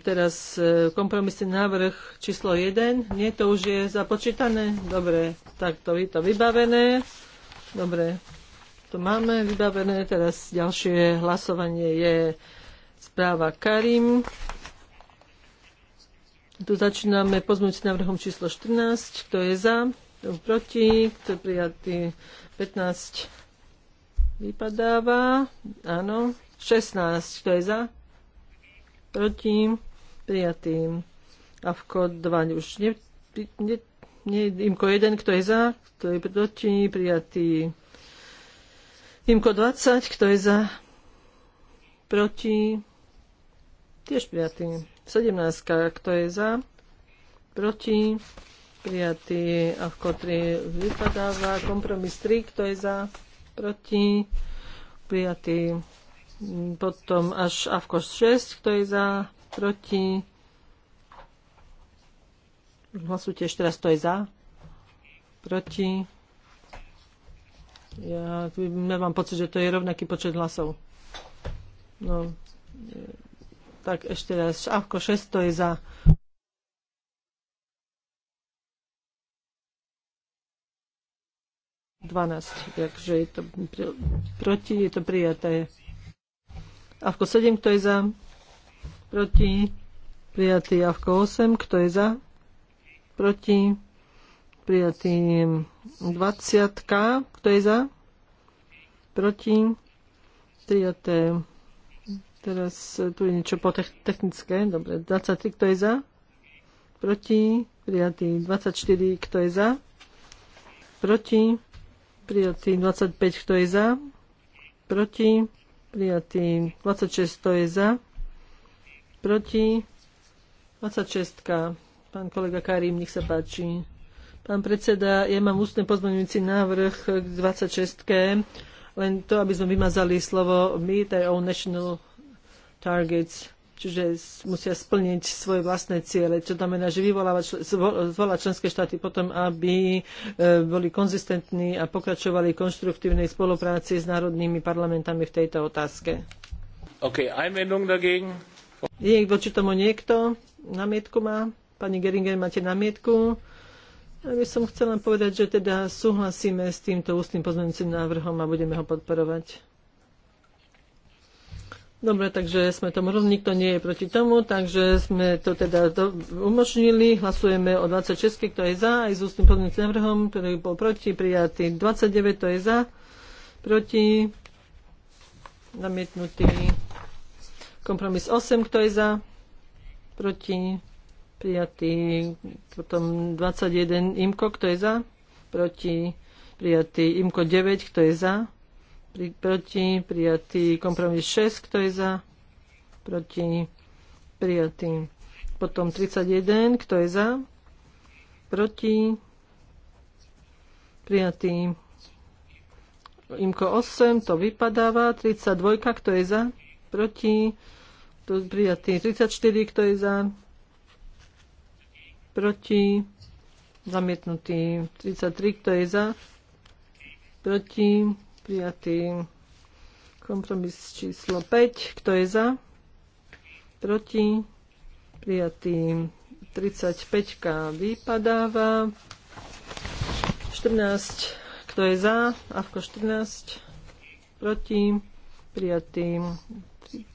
teraz e, kompromisný návrh číslo 1, nie, to už je započítané? Dobre, tak to je to vybavené. Dobre, to máme vybavené. Teraz ďalšie hlasovanie je správa Karim. Tu začíname pozmúť návrhom číslo 14. Kto je za? Kto proti? Kto je prijatý? 15 vypadáva. Áno. 16. Kto je za? Proti? Prijatý. A v kód 2 už ne, ne, ne, imko 1, kto je za, kto je proti, prijatý. Imko 20, kto je za, proti, Tiež prijatý. 17. Kto je za? Proti? Prijatý. A v kotri vypadáva kompromis 3. Kto je za? Proti? Prijatý. Potom až avko 6. Kto je za? Proti? Hlasujte ešte raz, kto je za? Proti? Ja mám pocit, že to je rovnaký počet hlasov. No, tak ešte raz, Avko 6 je za. Dvanáct, takže je to proti, je to prijaté. Avko 7, kto je za? Proti. Prijatý Avko 8, kto je za? Proti. Prijatý 20, kto je za? Proti. Prijaté Teraz e, tu je niečo technické. Dobre, 23, kto je za? Proti? Prijatý. 24, kto je za? Proti? Prijatý. 25, kto je za? Proti? Prijatý. 26, kto je za? Proti? 26. Pán kolega Karim, nech sa páči. Pán predseda, ja mám ústne pozmeňujúci návrh k 26. Len to, aby sme vymazali slovo meet our national targets, čiže musia splniť svoje vlastné ciele. Čo znamená, že vyvoláva, zvolá členské štáty potom, aby e, boli konzistentní a pokračovali konštruktívnej spolupráci s národnými parlamentami v tejto otázke. OK, Einwendung dagegen? Je voči tomu niekto? Namietku má? Pani Geringer, máte namietku? Ja by som chcela povedať, že teda súhlasíme s týmto ústnym pozmeňujúcim návrhom a budeme ho podporovať. Dobre, takže sme tomu rovni, nikto nie je proti tomu, takže sme to teda do, umožnili. Hlasujeme o 26, kto je za, aj s ústnym podmieným návrhom, ktorý bol proti, prijatý 29, to je za, proti, namietnutý. Kompromis 8, kto je za, proti, prijatý. Potom 21, imko, kto je za, proti, prijatý. Imko 9, kto je za, pri, proti, prijatý kompromis 6, kto je za, proti, prijatý. Potom 31, kto je za, proti, prijatý. Imko 8, to vypadáva. 32, kto je za, proti, to prijatý. 34, kto je za, proti, zamietnutý. 33, kto je za, proti, prijatý. Kompromis číslo 5. Kto je za? Proti? Prijatý. 35 vypadáva. 14. Kto je za? Avko 14. Proti? Prijatý.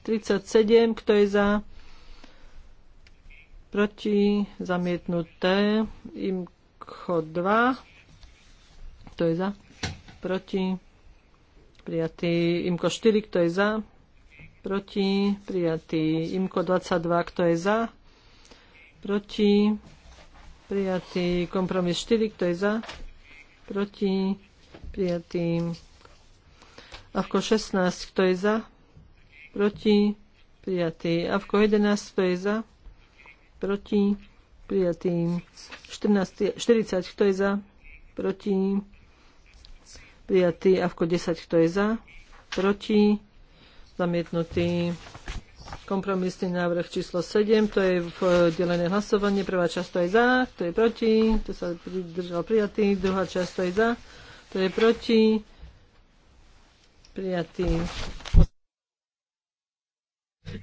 37. Kto je za? Proti? Zamietnuté. Imko 2. Kto je za? Proti? prijatý IMKO 4, kto je za, proti, prijatý IMKO 22, kto je za, proti, prijatý kompromis 4, kto je za, proti, prijatý AVKO 16, kto je za, proti, prijatý AVKO 11, kto je za, proti, prijatý 14, 40, kto je za, proti, prijatý vko 10, kto je za, proti, zamietnutý kompromisný návrh číslo 7, to je v e, delené hlasovanie, prvá časť to je za, to je proti, to sa držal prijatý, druhá časť to je za, to je proti, prijatý.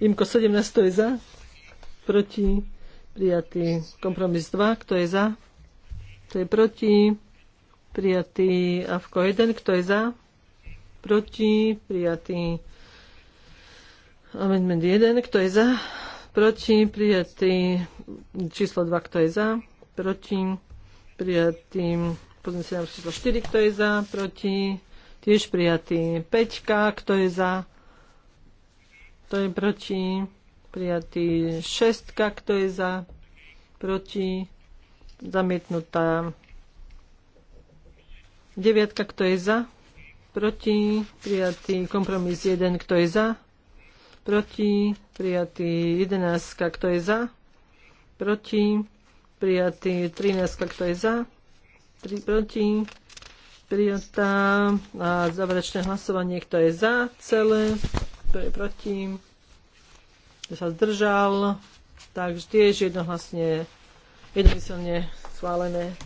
Imko 17, to je za, proti, prijatý. Kompromis 2, kto je za, to je proti, prijatý Avko 1, kto je za, proti, prijatý amendment 1, kto je za, proti, prijatý číslo 2, kto je za, proti, prijatý pozmeňujúci návrh číslo 4, kto je za, proti, tiež prijatý 5, kto je za, kto je proti, prijatý 6, kto je za, proti, zamietnutá Deviatka, kto je za? Proti. Prijatý kompromis 1, kto je za? Proti. Prijatý 11, kto je za? Proti. Prijatý 13, kto je za? Tri, proti. Prijatá. A záverečné hlasovanie, kto je za? Celé. Kto je proti? Kto sa zdržal? Takže tiež jednohlasne, jednomyselne schválené.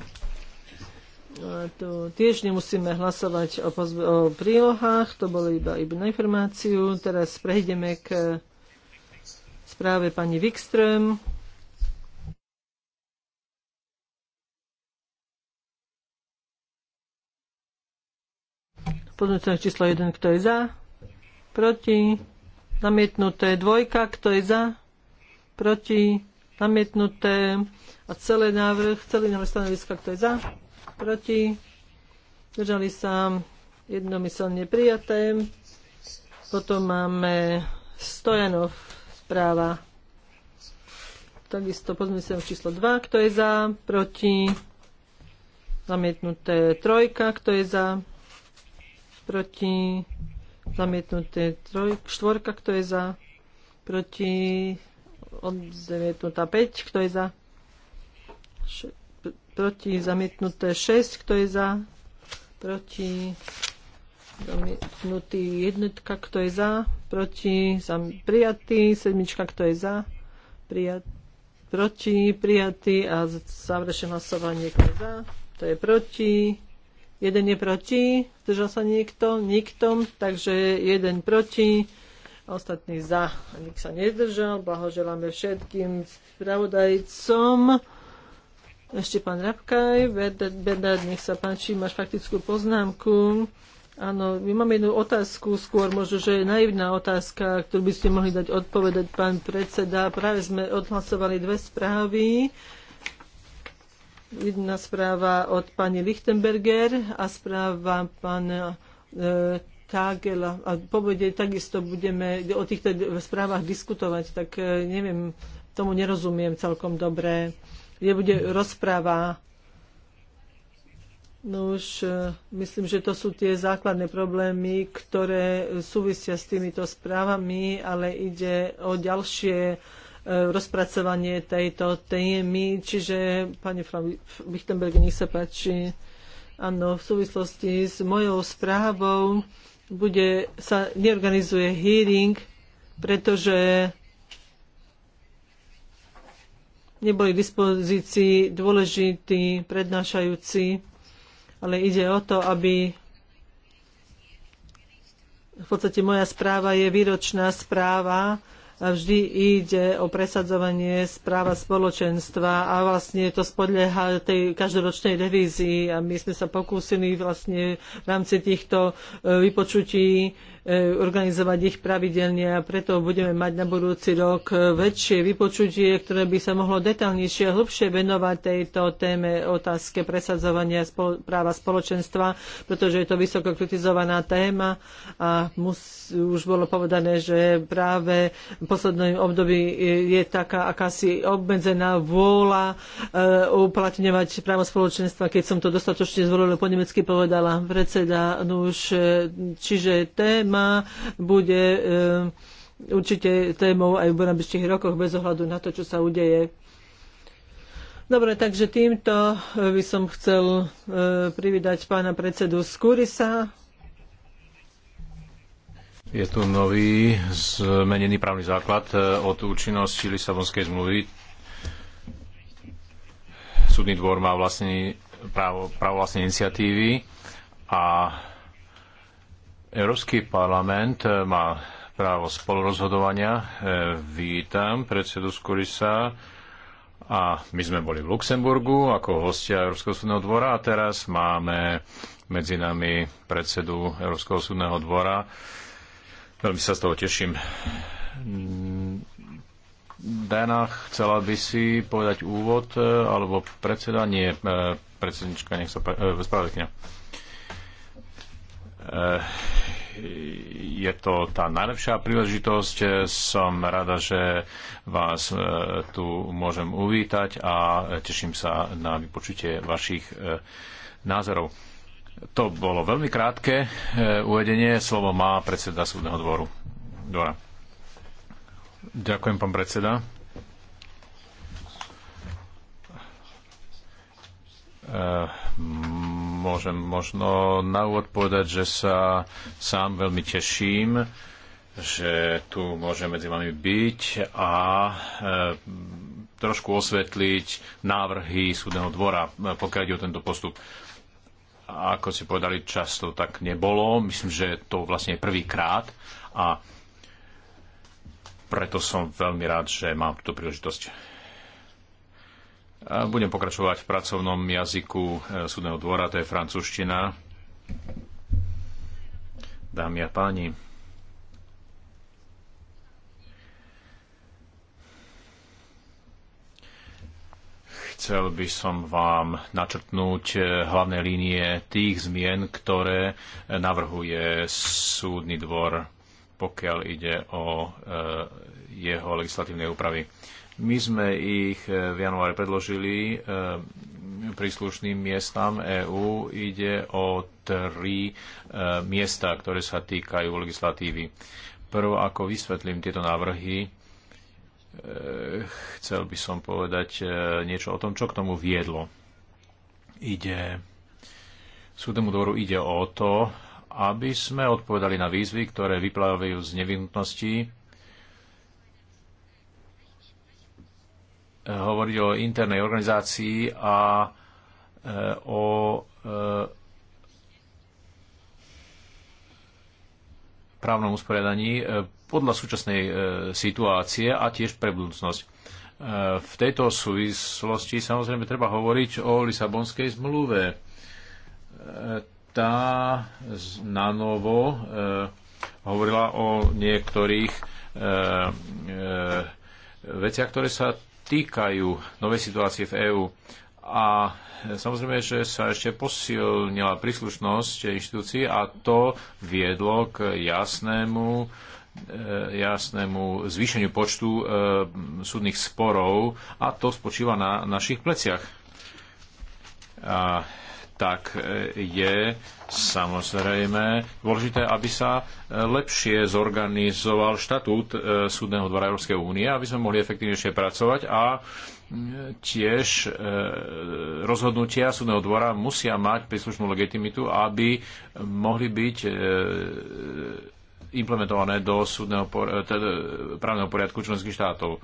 Tu tiež nemusíme hlasovať o, o prílohách, to bolo iba, iba na informáciu. Teraz prejdeme k správe pani Wikström. Pozmeňujúce číslo 1, kto je za? Proti? Namietnuté. Dvojka, kto je za? Proti? Namietnuté. A celý návrh, celý návrh stanoviska, kto je za? proti, držali sa jednomyselne prijaté. Potom máme Stojanov správa. Takisto pozmyslenie číslo 2, kto je za, proti, zamietnuté trojka, kto je za, proti, zamietnuté troj, štvorka, kto je za, proti, zamietnutá 5, kto je za, proti, zamietnuté 6, kto je za, proti, zamietnutý jednotka, kto je za, proti, zam, prijatý, sedmička, kto je za, prijat, proti, prijatý a záverečné hlasovanie, kto je za, kto je proti, jeden je proti, zdržal sa niekto, nikto, takže jeden proti, ostatný za, nik sa nedržal, blahoželáme všetkým spravodajcom. Ešte pán Rabkaj, Bedard, nech sa páči, máš faktickú poznámku. Áno, my máme jednu otázku, skôr možno, že je naivná otázka, ktorú by ste mohli dať odpovedať, pán predseda. Práve sme odhlasovali dve správy. Jedna správa od pani Lichtenberger a správa pán e, Kagela. A povede, takisto budeme o týchto správach diskutovať, tak e, neviem, tomu nerozumiem celkom dobre kde bude rozpráva. No už e, myslím, že to sú tie základné problémy, ktoré súvisia s týmito správami, ale ide o ďalšie e, rozpracovanie tejto témy. Čiže, pani Frau Wichtenberg, nech sa páči. Áno, v súvislosti s mojou správou bude, sa neorganizuje hearing, pretože neboli k dispozícii dôležití prednášajúci, ale ide o to, aby v podstate moja správa je výročná správa a vždy ide o presadzovanie správa spoločenstva a vlastne to spodlieha tej každoročnej revízii a my sme sa pokúsili vlastne v rámci týchto e, vypočutí E, organizovať ich pravidelne a preto budeme mať na budúci rok e, väčšie vypočutie, ktoré by sa mohlo detaľnejšie a hlbšie venovať tejto téme otázke presadzovania spolo- práva spoločenstva, pretože je to vysoko kritizovaná téma a mus- už bolo povedané, že práve v poslednom období je taká akási obmedzená vôľa e, uplatňovať právo spoločenstva, keď som to dostatočne zvolila po nemecky povedala predseda. No už, e, čiže téma téma bude eh, určite témou aj v najbližších rokoch bez ohľadu na to, čo sa udeje. Dobre, takže týmto by som chcel eh, privídať pána predsedu Skurisa. Je tu nový zmenený právny základ eh, od účinnosti Lisabonskej zmluvy. Súdny dvor má právo, právo vlastnej iniciatívy a Európsky parlament e, má právo spolurozhodovania. E, vítam predsedu Skurisa a my sme boli v Luxemburgu ako hostia Európskeho súdneho dvora a teraz máme medzi nami predsedu Európskeho súdneho dvora. Veľmi sa z toho teším. Mm, Dana, chcela by si povedať úvod, e, alebo predseda? Nie, predsednička, nech sa... Spravodajkňa. Eh, je to tá najlepšia príležitosť. Eh, som rada, že vás eh, tu môžem uvítať a teším sa na vypočutie vašich názorov. To bolo veľmi krátke uvedenie. Slovo má predseda súdneho dvoru. Dora. Ďakujem, pán predseda. Uh, môžem možno na úvod povedať, že sa sám veľmi teším, že tu môže medzi vami byť a e, trošku osvetliť návrhy súdneho dvora, e, pokiaľ ide o tento postup. A ako si povedali, často tak nebolo. Myslím, že to vlastne je prvýkrát a preto som veľmi rád, že mám túto príležitosť. Budem pokračovať v pracovnom jazyku e, súdneho dvora, to je francúzština. Dámy a páni, chcel by som vám načrtnúť e, hlavné línie tých zmien, ktoré e, navrhuje súdny dvor, pokiaľ ide o jeho legislatívnej úpravy my sme ich e, v januári predložili e, príslušným miestam EÚ. Ide o tri e, miesta, ktoré sa týkajú legislatívy. Prvo, ako vysvetlím tieto návrhy, chcel by som povedať niečo o tom, čo k tomu viedlo. Ide, súdnemu dvoru ide o to, aby sme odpovedali na výzvy, ktoré vyplávajú z nevyhnutnosti hovoriť o internej organizácii a e, o e, právnom usporiadaní e, podľa súčasnej situácie a tiež pre budúcnosť. V tejto súvislosti samozrejme treba hovoriť o Lisabonskej zmluve. Tá na novo hovorila o niektorých veciach, ktoré sa týkajú novej situácie v EÚ. A samozrejme, že sa ešte posilnila príslušnosť inštitúcií a to viedlo k jasnému e, jasnému zvýšeniu počtu e, súdnych sporov a to spočíva na našich pleciach. A tak e, je samozrejme dôležité, aby sa e, lepšie zorganizoval štatút e, Súdneho dvora Európskej únie, aby sme mohli efektívnejšie pracovať a tiež rozhodnutia súdneho dvora musia mať príslušnú legitimitu, aby mohli byť implementované do súdneho, teda, právneho poriadku členských štátov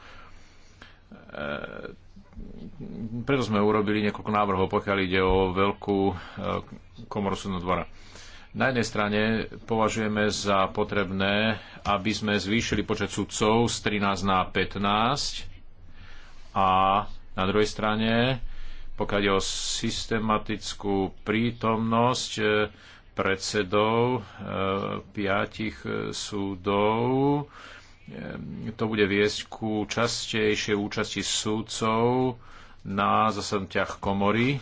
preto sme urobili niekoľko návrhov, pokiaľ ide o veľkú e, komoru súdnu dvora. Na jednej strane považujeme za potrebné, aby sme zvýšili počet sudcov z 13 na 15 a na druhej strane, pokiaľ ide o systematickú prítomnosť e, predsedov e, piatich súdov, to bude viesť ku častejšej účasti súdcov na zasadnutiach komory,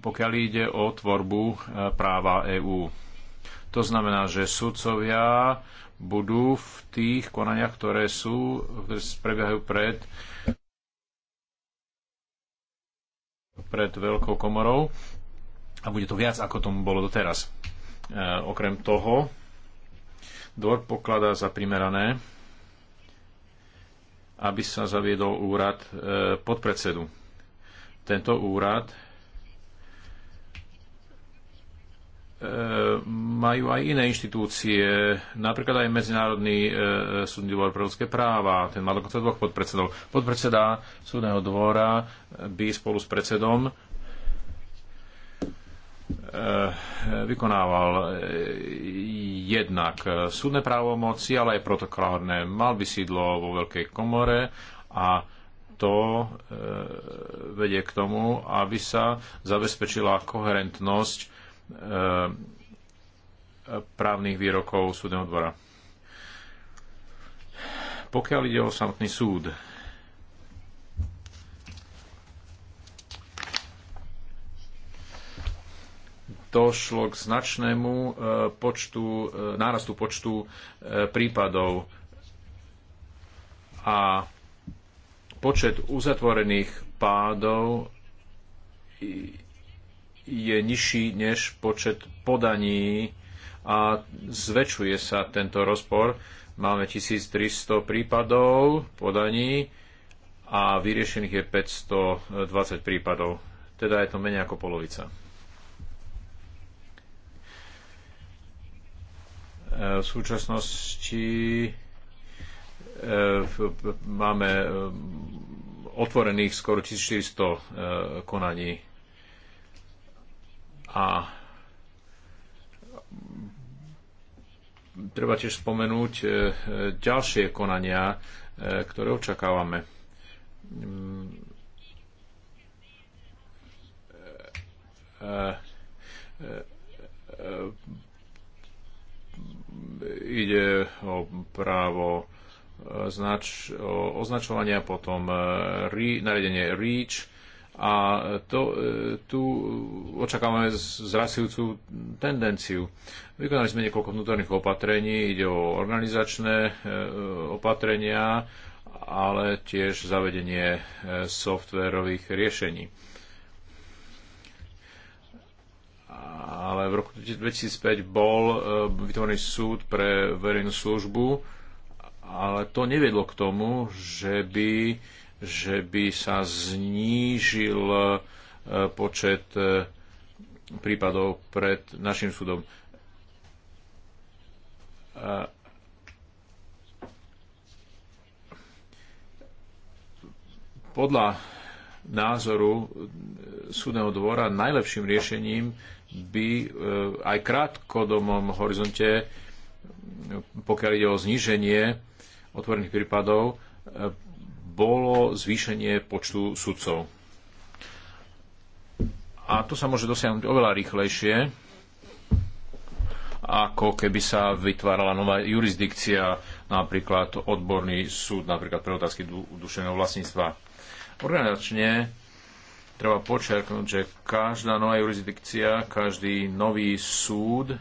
pokiaľ ide o tvorbu e, práva EÚ. To znamená, že súdcovia budú v tých konaniach, ktoré sú, ktoré prebiehajú pred pred Veľkou komorou a bude to viac, ako tomu bolo doteraz. E, okrem toho, Dvor pokladá za primerané, aby sa zaviedol úrad e, podpredsedu. Tento úrad e, majú aj iné inštitúcie, napríklad aj Medzinárodný e, súdny dvor pre ľudské práva, ten má dokonca dvoch podpredsedov. Podpredseda súdneho dvora by spolu s predsedom Eh, vykonával eh, jednak eh, súdne právomoci, ale aj protokolárne. Mal by sídlo vo Veľkej komore a to vedie k tomu, aby sa zabezpečila koherentnosť právnych výrokov súdneho dvora. Pokiaľ ide o samotný súd, došlo k značnému e, počtu, e, nárastu počtu e, prípadov a počet uzatvorených pádov je nižší než počet podaní a zväčšuje sa tento rozpor. Máme 1300 prípadov podaní a vyriešených je 520 prípadov. Teda je to menej ako polovica. V súčasnosti e, máme e, otvorených skoro 1400 e, konaní a treba tiež spomenúť ďalšie konania, ktoré očakávame. Mm, ide o právo e, znač, o označovania, potom e, rí, nariadenie REACH a to, e, tu očakávame zrasujúcu tendenciu. Vykonali sme niekoľko vnútorných opatrení, ide o organizačné opatrenia, ale tiež zavedenie softwarových riešení. A ale v roku 2005 bol e, vytvorený súd pre verejnú službu, ale to neviedlo k tomu, že by, že by sa znížil e, počet e, prípadov pred našim súdom. Podľa názoru súdneho dvora najlepším riešením by e, aj krátkodomom horizonte, e, pokiaľ ide o zníženie otvorených prípadov, e, bolo zvýšenie počtu sudcov. A to sa môže dosiahnuť oveľa rýchlejšie, ako keby sa vytvárala nová jurisdikcia, napríklad odborný súd, napríklad pre otázky duševného vlastníctva. Organizačne treba počerknúť, že každá nová jurisdikcia, každý nový súd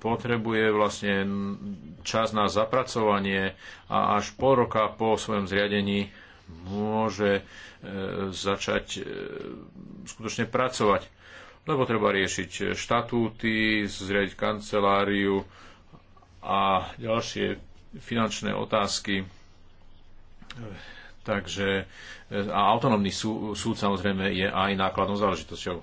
potrebuje vlastne čas na zapracovanie a až po roka po svojom zriadení môže e, začať e, skutočne pracovať. Lebo treba riešiť štatúty, zriadiť kanceláriu a ďalšie finančné otázky Takže e, a autonómny súd, súd samozrejme je aj nákladnou záležitosťou.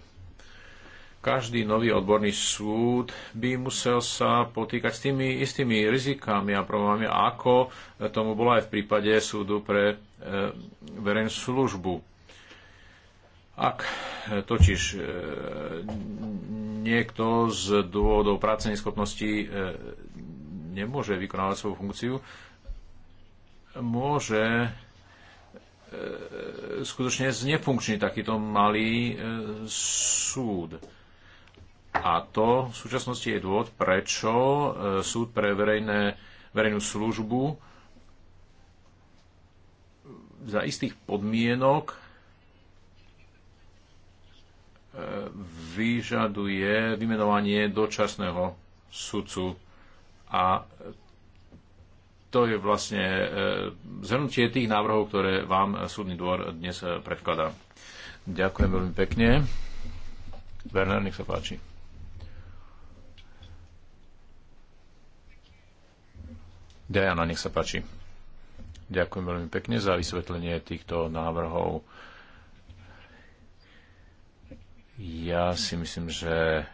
Každý nový odborný súd by musel sa potýkať s tými istými rizikami a problémami, ako tomu bolo aj v prípade súdu pre e, verejnú službu. Ak e, totiž e, niekto z dôvodov pracovnej schopnosti e, nemôže vykonávať svoju funkciu, môže E, skutočne znefunkční takýto malý e, súd. A to v súčasnosti je dôvod, prečo e, súd pre verejné, verejnú službu za istých podmienok vyžaduje vymenovanie dočasného sudcu a to je vlastne e, zhrnutie tých návrhov, ktoré vám súdny dvor dnes e, predkladá. Ďakujem veľmi pekne. Werner, nech sa páči. Diana, nech sa páči. Ďakujem veľmi pekne za vysvetlenie týchto návrhov. Ja si myslím, že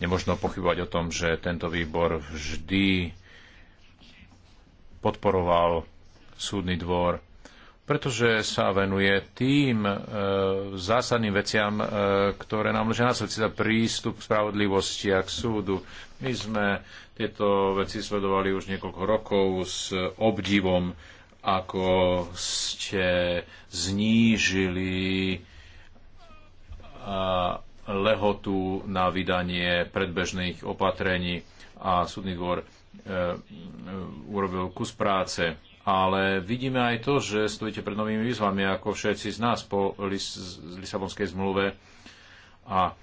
nemožno pochybovať o tom, že tento výbor vždy podporoval súdny dvor, pretože sa venuje tým e, zásadným veciam, e, ktoré nám ležia na srdci za prístup k spravodlivosti a k súdu. My sme tieto veci sledovali už niekoľko rokov s obdivom, ako ste znížili e, lehotu na vydanie predbežných opatrení a súdny dvor E, urobil kus práce, ale vidíme aj to, že stojíte pred novými výzvami, ako všetci z nás po Lis- Lisabonskej zmluve a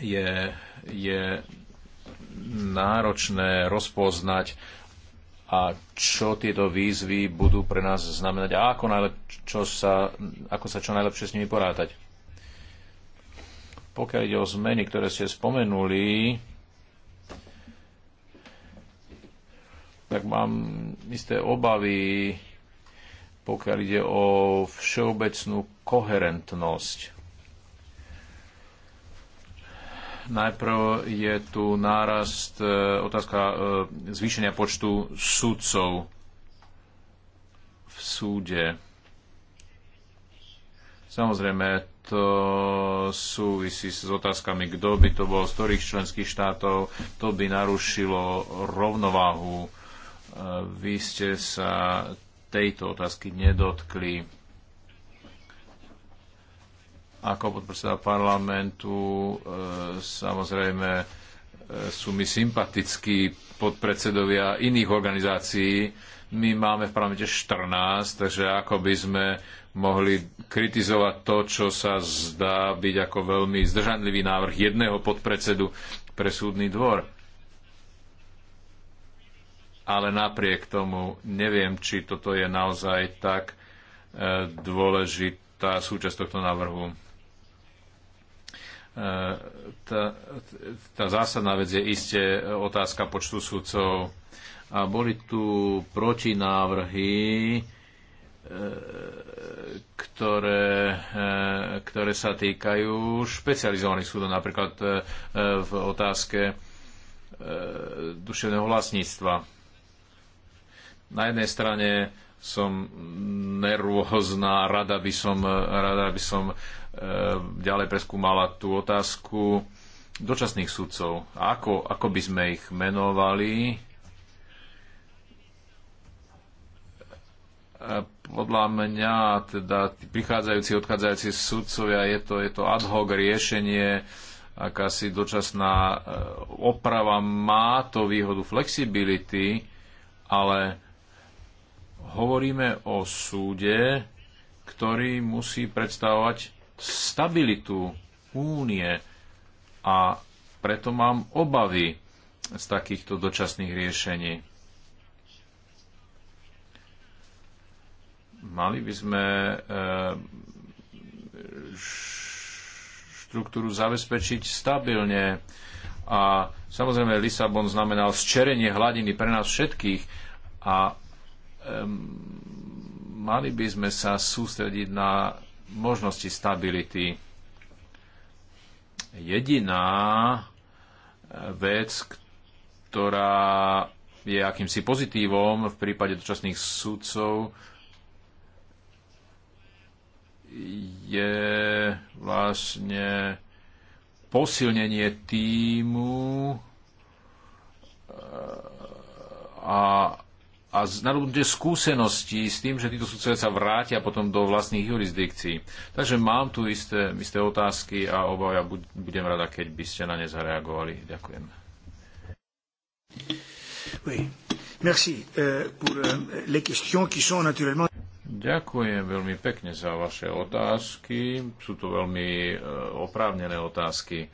je, je náročné rozpoznať, a čo tieto výzvy budú pre nás znamenať a ako, najlep- čo sa, ako sa čo najlepšie s nimi porátať. Pokiaľ ide o zmeny, ktoré ste spomenuli, tak mám isté obavy, pokiaľ ide o všeobecnú koherentnosť. Najprv je tu nárast, e, otázka e, zvýšenia počtu sudcov v súde. Samozrejme, to súvisí s otázkami, kto by to bol z ktorých členských štátov. To by narušilo rovnováhu vy ste sa tejto otázky nedotkli. Ako podpredseda parlamentu e, samozrejme e, sú mi sympatickí podpredsedovia iných organizácií. My máme v parlamente 14, takže ako by sme mohli kritizovať to, čo sa zdá byť ako veľmi zdržanlivý návrh jedného podpredsedu pre súdny dvor ale napriek tomu neviem, či toto je naozaj tak e, dôležitá súčasť tohto návrhu. E, tá, tá zásadná vec je iste otázka počtu sudcov. A boli tu protinávrhy, e, ktoré, ktoré sa týkajú špecializovaných súdov, napríklad v otázke duševného vlastníctva na jednej strane som nervózna, rada by som, rada by som e, ďalej preskúmala tú otázku dočasných sudcov. Ako, ako by sme ich menovali? E, podľa mňa teda tí prichádzajúci, odchádzajúci sudcovia, je to, je to ad hoc riešenie, akási dočasná e, oprava má to výhodu flexibility, ale hovoríme o súde, ktorý musí predstavovať stabilitu únie a preto mám obavy z takýchto dočasných riešení. Mali by sme eh, štruktúru zabezpečiť stabilne a samozrejme Lisabon znamenal zčerenie hladiny pre nás všetkých a mali by sme sa sústrediť na možnosti stability. Jediná eh, vec, ktorá je akýmsi pozitívom v prípade dočasných súdcov, je vlastne posilnenie týmu eh, a a nadobudnutie skúsenosti s tým, že títo sudcovia sa vrátia potom do vlastných jurisdikcií. Takže mám tu isté, isté otázky a obavia budem rada, keď by ste na ne zareagovali. Ďakujem. Oui. Merci euh, pour euh, les questions qui sont naturellement... Ďakujem veľmi pekne za vaše otázky. Sú to veľmi e, oprávnené otázky.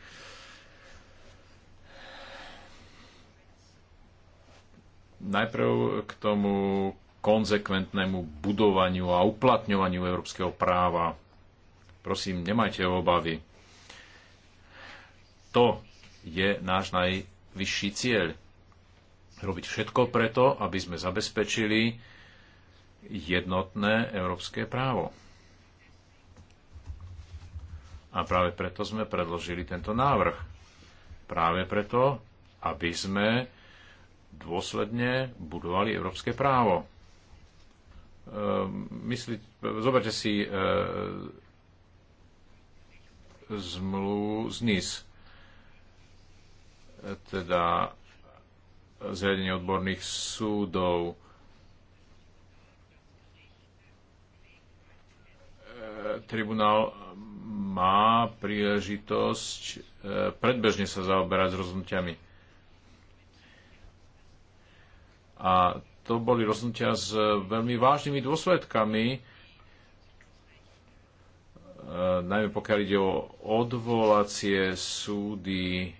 Najprv k tomu konzekventnému budovaniu a uplatňovaniu európskeho práva. Prosím, nemajte obavy. To je náš najvyšší cieľ. Robiť všetko preto, aby sme zabezpečili jednotné európske právo. A práve preto sme predložili tento návrh. Práve preto, aby sme dôsledne budovali európske právo. E, myslí, zoberte si e, zmluvu z NIS, e, teda zriadenie odborných súdov, tribunál má príležitosť predbežne sa zaoberať s rozhodnutiami A to boli rozhodnutia s e, veľmi vážnymi dôsledkami, e, najmä pokiaľ ide o odvolacie súdy.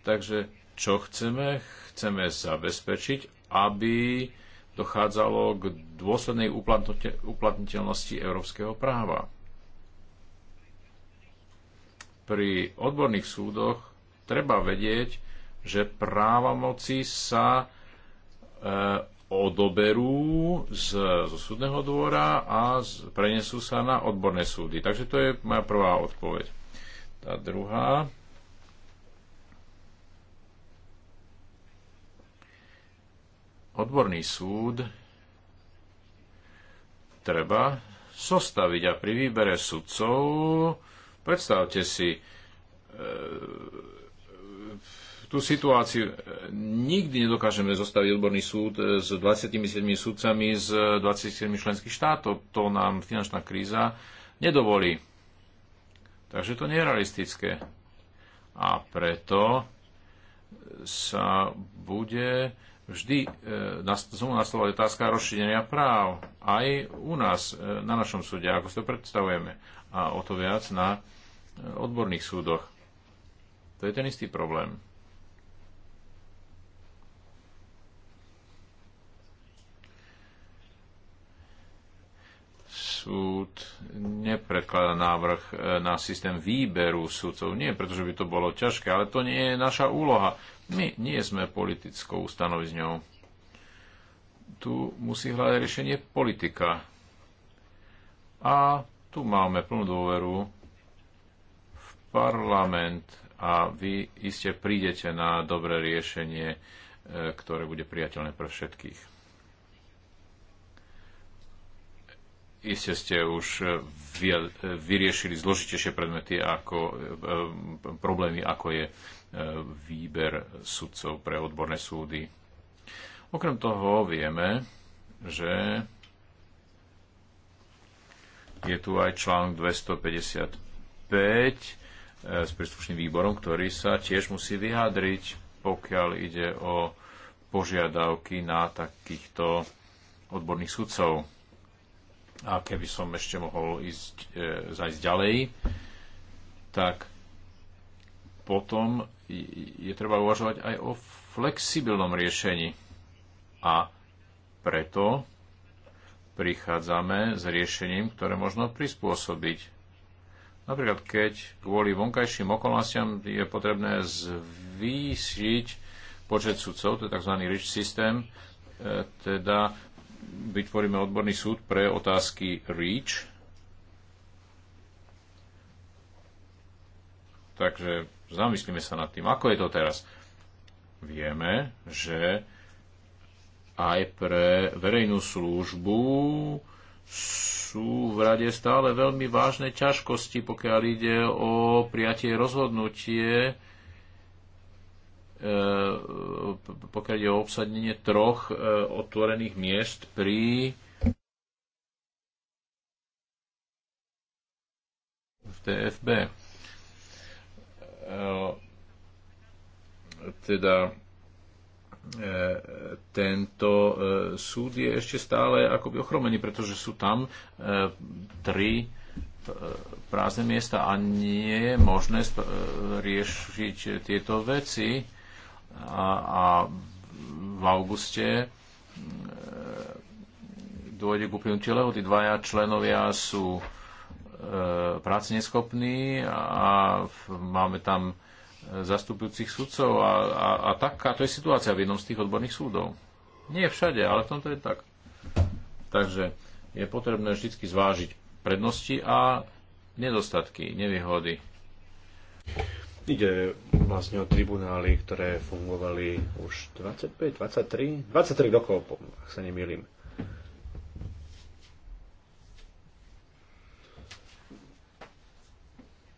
Takže čo chceme? Chceme zabezpečiť, aby dochádzalo k dôslednej uplatniteľnosti európskeho práva. Pri odborných súdoch treba vedieť, že právomoci sa e, odoberú z, zo súdneho dvora a z, prenesú sa na odborné súdy. Takže to je moja prvá odpoveď. Tá druhá. Odborný súd treba zostaviť a pri výbere sudcov predstavte si e, tú situáciu. Nikdy nedokážeme zostaviť odborný súd s 27 súdcami z 27 členských štátov. To nám finančná kríza nedovolí. Takže to nie je realistické. A preto sa bude vždy e, znovu nastavovať otázka rozšírenia práv aj u nás, e, na našom súde, ako si to predstavujeme. A o to viac na e, odborných súdoch. To je ten istý problém. súd nepredkladá návrh e, na systém výberu súdcov. Nie, pretože by to bolo ťažké, ale to nie je naša úloha. My nie sme politickou ustanovizňou. Tu musí hľadať riešenie politika. A tu máme plnú dôveru v parlament a vy iste prídete na dobré riešenie, e, ktoré bude priateľné pre všetkých. Iste ste už e, e, vyriešili zložitejšie predmety ako e, problémy, ako je výber sudcov pre odborné súdy. Okrem toho vieme, že je tu aj článok 255 s príslušným výborom, ktorý sa tiež musí vyjadriť, pokiaľ ide o požiadavky na takýchto odborných sudcov a keby som ešte mohol ísť, e, zajsť ďalej, tak potom je treba uvažovať aj o flexibilnom riešení. A preto prichádzame s riešením, ktoré možno prispôsobiť. Napríklad, keď kvôli vonkajším okolnostiam je potrebné zvýšiť počet sudcov, to je tzv. rich systém, e, teda vytvoríme odborný súd pre otázky REACH. Takže zamyslíme sa nad tým, ako je to teraz. Vieme, že aj pre verejnú službu sú v rade stále veľmi vážne ťažkosti, pokiaľ ide o prijatie rozhodnutie E, pokiaľ je o obsadnenie troch e, otvorených miest pri v TFB. E, teda tento súd je ešte stále akoby ochromený, pretože sú tam tri prázdne miesta a nie je možné riešiť tieto veci a v auguste e, dôjde k uplynutiu tí Dvaja členovia sú e, práce neschopní a máme tam e, zastupujúcich sudcov a, a, a taká to je situácia v jednom z tých odborných súdov. Nie všade, ale v tomto je tak. Takže je potrebné vždy zvážiť prednosti a nedostatky, nevýhody. Ide vlastne o tribunály, ktoré fungovali už 25, 23, 23 rokov, ak sa nemýlim.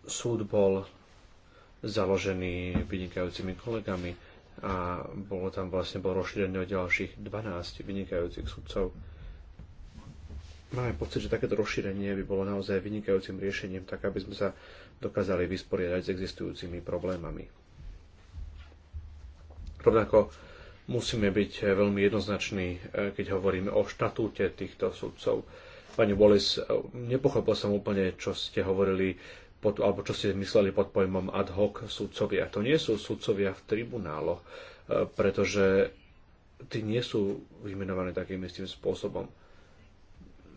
Súd bol založený vynikajúcimi kolegami a bolo tam vlastne bol rozšírený o ďalších 12 vynikajúcich sudcov. Máme pocit, že takéto rozšírenie by bolo naozaj vynikajúcim riešením, tak aby sme sa dokázali vysporiadať s existujúcimi problémami. Rovnako musíme byť veľmi jednoznační, e, keď hovoríme o štatúte týchto sudcov. Pani Wallis, e, nepochopil som úplne, čo ste hovorili, pod, alebo čo ste mysleli pod pojmom ad hoc sudcovia. To nie sú sudcovia v tribunáloch, e, pretože tí nie sú vymenovaní takým istým spôsobom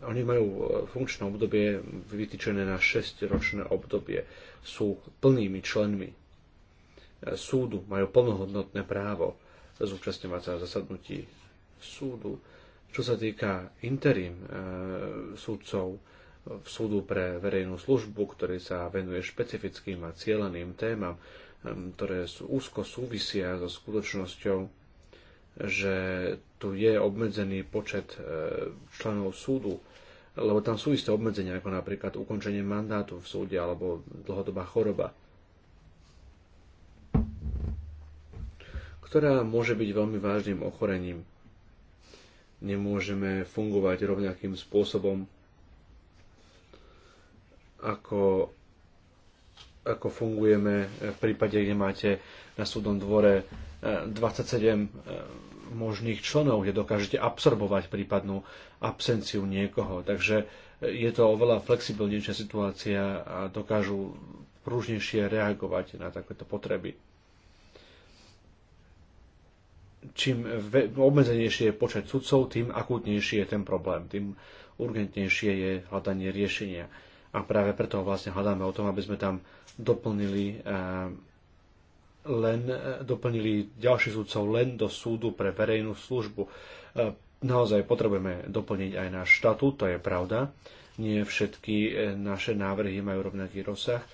oni majú e, funkčné obdobie vytýčené na 6-ročné obdobie. Sú plnými členmi e, súdu, majú plnohodnotné právo zúčastňovať sa zasadnutí súdu. Čo sa týka interim e, súdcov v súdu pre verejnú službu, ktorý sa venuje špecifickým a cieľaným témam, ktoré sú úzko súvisia so skutočnosťou, že tu je obmedzený počet členov súdu lebo tam sú isté obmedzenia, ako napríklad ukončenie mandátu v súde alebo dlhodobá choroba, ktorá môže byť veľmi vážnym ochorením. Nemôžeme fungovať rovnakým spôsobom, ako, ako fungujeme v prípade, kde máte na súdom dvore 27 eh, možných členov, kde dokážete absorbovať prípadnú absenciu niekoho. Takže e, je to oveľa flexibilnejšia situácia a dokážu prúžnejšie reagovať na takéto potreby. Čím obmedzenejšie je počet sudcov, tým akutnejší je ten problém, tým urgentnejšie je hľadanie riešenia. A práve preto vlastne hľadáme o tom, aby sme tam doplnili e, len e, doplnili ďalších súdcov len do súdu pre verejnú službu. E, naozaj potrebujeme doplniť aj náš štatút, to je pravda. Nie všetky e, naše návrhy majú rovnaký rozsah.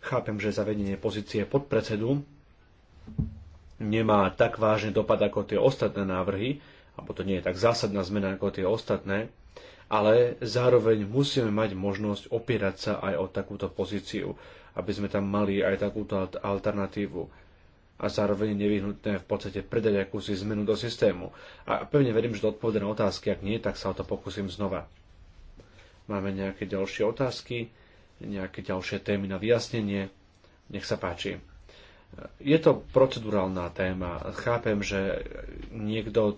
Chápem, že zavedenie pozície podpredsedu nemá tak vážny dopad ako tie ostatné návrhy, alebo to nie je tak zásadná zmena ako tie ostatné, ale zároveň musíme mať možnosť opierať sa aj o takúto pozíciu, aby sme tam mali aj takúto alternatívu a zároveň nevyhnutné v podstate predať akúsi zmenu do systému. A pevne verím, že to na otázky, ak nie, tak sa o to pokúsim znova. Máme nejaké ďalšie otázky, nejaké ďalšie témy na vyjasnenie. Nech sa páči. Je to procedurálna téma. Chápem, že niekto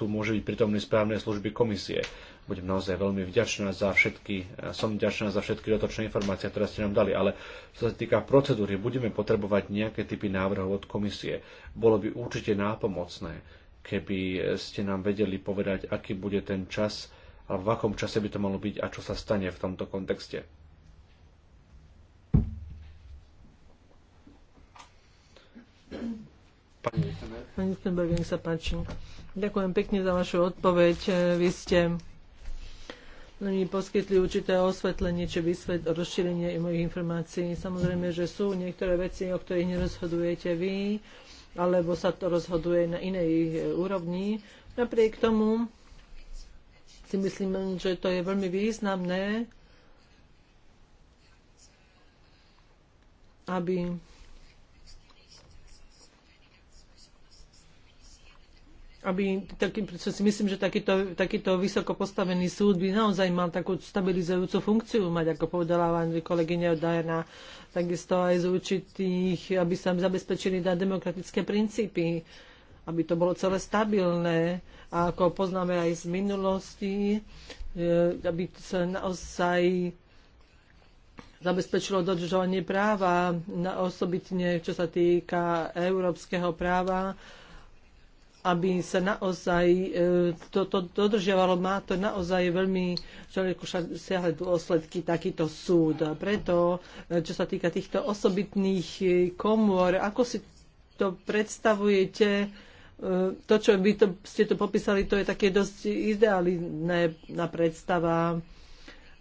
tu môže byť pritomný správnej služby komisie. Budem naozaj veľmi vďačná za všetky, som vďačná za všetky dotočné informácie, ktoré ste nám dali, ale čo sa týka procedúry, budeme potrebovať nejaké typy návrhov od komisie. Bolo by určite nápomocné, keby ste nám vedeli povedať, aký bude ten čas, alebo v akom čase by to malo byť a čo sa stane v tomto kontexte. Pani Stenberg, nech sa páči. Ďakujem pekne za vašu odpoveď. Vy ste mi poskytli určité osvetlenie či vysvet, rozšírenie mojich informácií. Samozrejme, že sú niektoré veci, o ktorých nerozhodujete vy, alebo sa to rozhoduje na inej e, úrovni. Napriek tomu si myslím, že to je veľmi významné, aby aby taký, si myslím, že takýto, takýto vysoko postavený súd by naozaj mal takú stabilizujúcu funkciu mať, ako povedala vám kolegyňa Diana, takisto aj z určitých, aby sa zabezpečili na demokratické princípy, aby to bolo celé stabilné. A ako poznáme aj z minulosti, e, aby sa naozaj zabezpečilo dodržovanie práva, osobitne čo sa týka európskeho práva, aby sa naozaj e, to, to dodržiavalo, má to naozaj veľmi človeku siahle dôsledky takýto súd. A preto, e, čo sa týka týchto osobitných e, komôr, ako si to predstavujete, to, čo by to, ste to popísali, to je také dosť ideálne predstava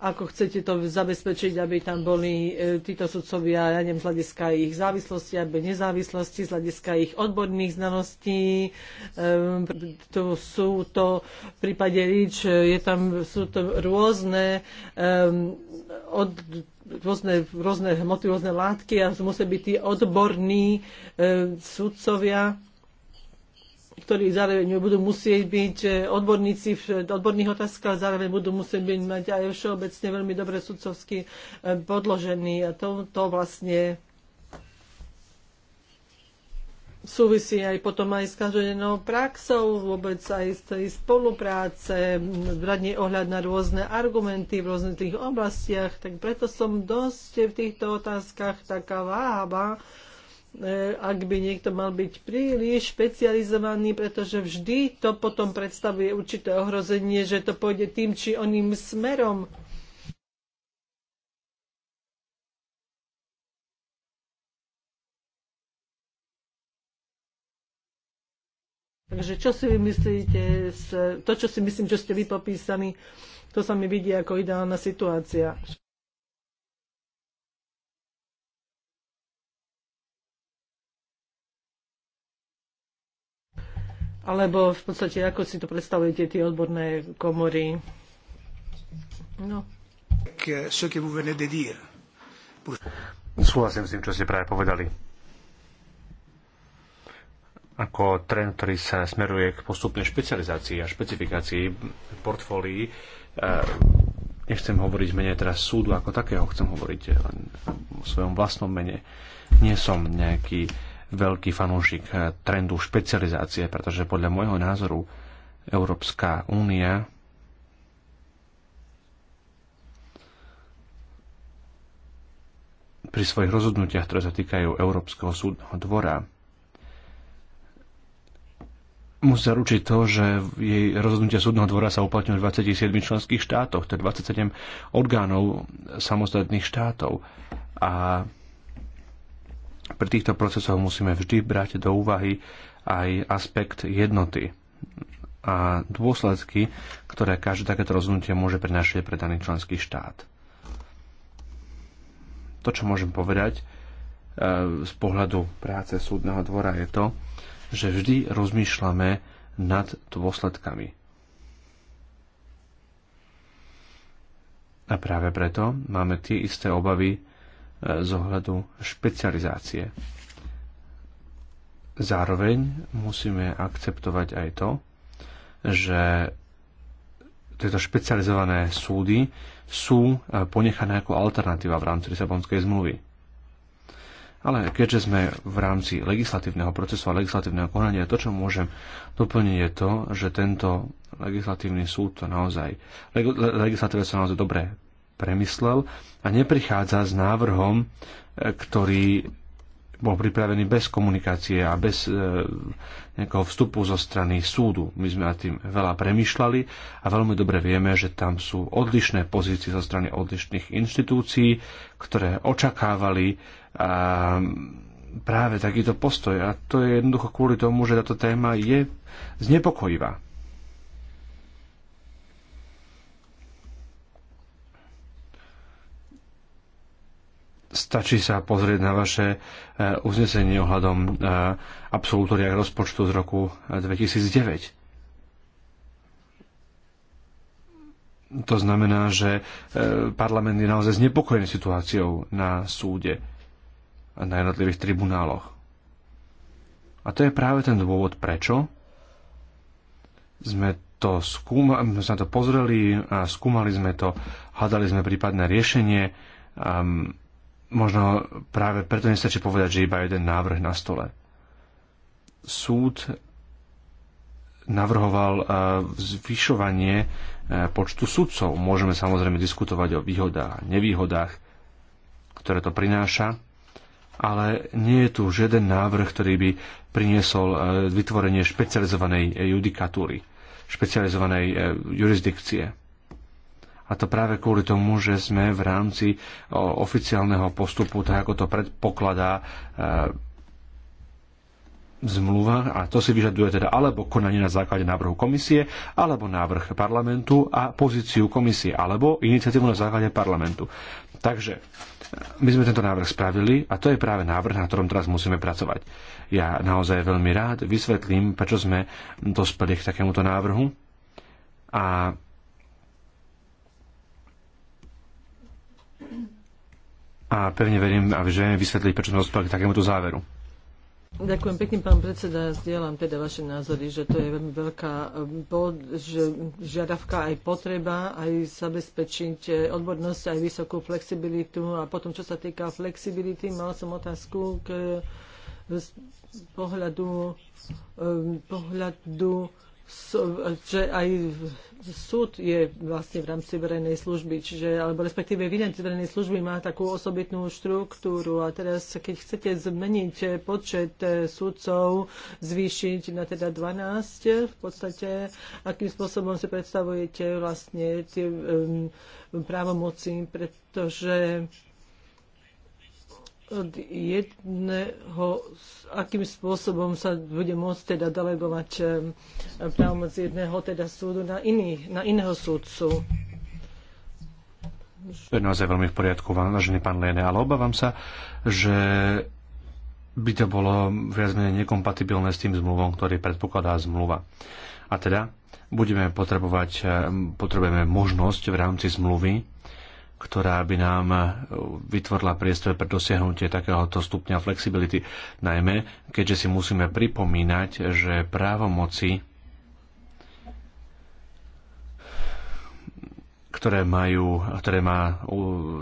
ako chcete to zabezpečiť, aby tam boli e, títo sudcovia, ja neviem, z hľadiska ich závislosti, aby nezávislosti, z hľadiska ich odborných znalostí. Tu ehm, to sú to v prípade RIČ, e, je tam, sú to rôzne ehm, od, rôzne, rôzne hmoty, rôzne látky a musia byť tí odborní e, sudcovia ktorí zároveň budú musieť byť e, odborníci v odborných otázkach, zároveň budú musieť byť mať aj všeobecne veľmi dobre sudcovsky e, podložení. A to, to vlastne súvisí aj potom aj s každodennou praxou, vôbec aj z tej spolupráce, radne ohľad na rôzne argumenty v rôznych tých oblastiach, tak preto som dosť v týchto otázkach taká váhava, E, ak by niekto mal byť príliš špecializovaný, pretože vždy to potom predstavuje určité ohrozenie, že to pôjde tým či oným smerom. Takže čo si myslíte, to, čo si myslím, čo ste vy popísali, to sa mi vidí ako ideálna situácia. Alebo v podstate, ako si to predstavujete, tie odborné komory? No. Súhlasím s tým, čo ste práve povedali. Ako trend, ktorý sa smeruje k postupnej špecializácii a špecifikácii portfólií, eh, nechcem hovoriť v mene teraz súdu ako takého, chcem hovoriť len o svojom vlastnom mene. Nie som nejaký veľký fanúšik eh, trendu špecializácie, pretože podľa môjho názoru Európska únia pri svojich rozhodnutiach, ktoré sa týkajú Európskeho súdneho dvora, musí zaručiť to, že jej rozhodnutia súdneho dvora sa uplatňujú v 27 členských štátoch, to je 27 orgánov samostatných štátov. A pri týchto procesoch musíme vždy brať do úvahy aj aspekt jednoty a dôsledky, ktoré každé takéto rozhodnutie môže prinášať pre daný členský štát. To, čo môžem povedať e, z pohľadu práce súdneho dvora je to, že vždy rozmýšľame nad dôsledkami. A práve preto máme tie isté obavy, z ohľadu špecializácie. Zároveň musíme akceptovať aj to, že tieto špecializované súdy sú e, ponechané ako alternatíva v rámci Lisabonskej zmluvy. Ale keďže sme v rámci legislatívneho procesu a legislatívneho konania, to, čo môžem doplniť, je to, že tento legislatívny súd to naozaj, legislatíve sa naozaj dobre premyslel a neprichádza s návrhom, e, ktorý bol pripravený bez komunikácie a bez e, nejakého vstupu zo strany súdu. My sme nad tým veľa premyšľali a veľmi dobre vieme, že tam sú odlišné pozície zo strany odlišných inštitúcií, ktoré očakávali a, práve takýto postoj. A to je jednoducho kvôli tomu, že táto téma je znepokojivá. Stačí sa pozrieť na vaše e, uznesenie ohľadom e, absolútoria rozpočtu z roku 2009. E, to znamená, že parlament je naozaj znepokojený situáciou na súde a na jednotlivých tribunáloch. A to je práve ten dôvod, prečo sme to skúma, sme sa to pozreli a skúmali sme to, hľadali sme prípadné riešenie. Možno práve preto nestačí povedať, že iba jeden návrh na stole. Súd navrhoval e, zvyšovanie e, počtu sudcov. Môžeme samozrejme diskutovať o výhodách a nevýhodách, ktoré to prináša, ale nie je tu žiaden návrh, ktorý by priniesol e, vytvorenie špecializovanej judikatúry, špecializovanej jurisdikcie. A to práve kvôli tomu, že sme v rámci oficiálneho postupu, tak ako to predpokladá e, zmluva a to si vyžaduje teda alebo konanie na základe návrhu komisie, alebo návrh parlamentu a pozíciu komisie, alebo iniciatívu na základe parlamentu. Takže e, my sme tento návrh spravili a to je práve návrh, na ktorom teraz musíme pracovať. Ja naozaj veľmi rád vysvetlím, prečo sme dospeli k takémuto návrhu a a pevne verím, že vieme vysvetliť, prečo sme dospeli k takémuto záveru. Ďakujem pekne, pán predseda. Zdieľam teda vaše názory, že to je veľmi veľká eh, pod, že žiadavka aj potreba, aj zabezpečiť eh, odbornosť, aj vysokú flexibilitu. A potom, čo sa týka flexibility, mal som otázku k eh, z pohľadu, pohľadu že aj súd je vlastne v rámci verejnej služby, čiže, alebo respektíve evident verejnej služby má takú osobitnú štruktúru a teraz, keď chcete zmeniť počet e, súdcov, zvýšiť na teda 12 v podstate, akým spôsobom si predstavujete vlastne tie um, právomoci, pretože od jedného, akým spôsobom sa bude môcť teda delegovať eh, právomoc jedného teda súdu na, iný, na iného súdcu. To je naozaj veľmi v poriadku, vážený pán Lene, ale obávam sa, že by to bolo viac menej nekompatibilné s tým zmluvom, ktorý predpokladá zmluva. A teda budeme potrebovať, eh, potrebujeme možnosť v rámci zmluvy ktorá by nám e, vytvorila priestor pre dosiahnutie takéhoto stupňa flexibility. Najmä, keďže si musíme pripomínať, že právomoci, ktoré, majú, ktoré má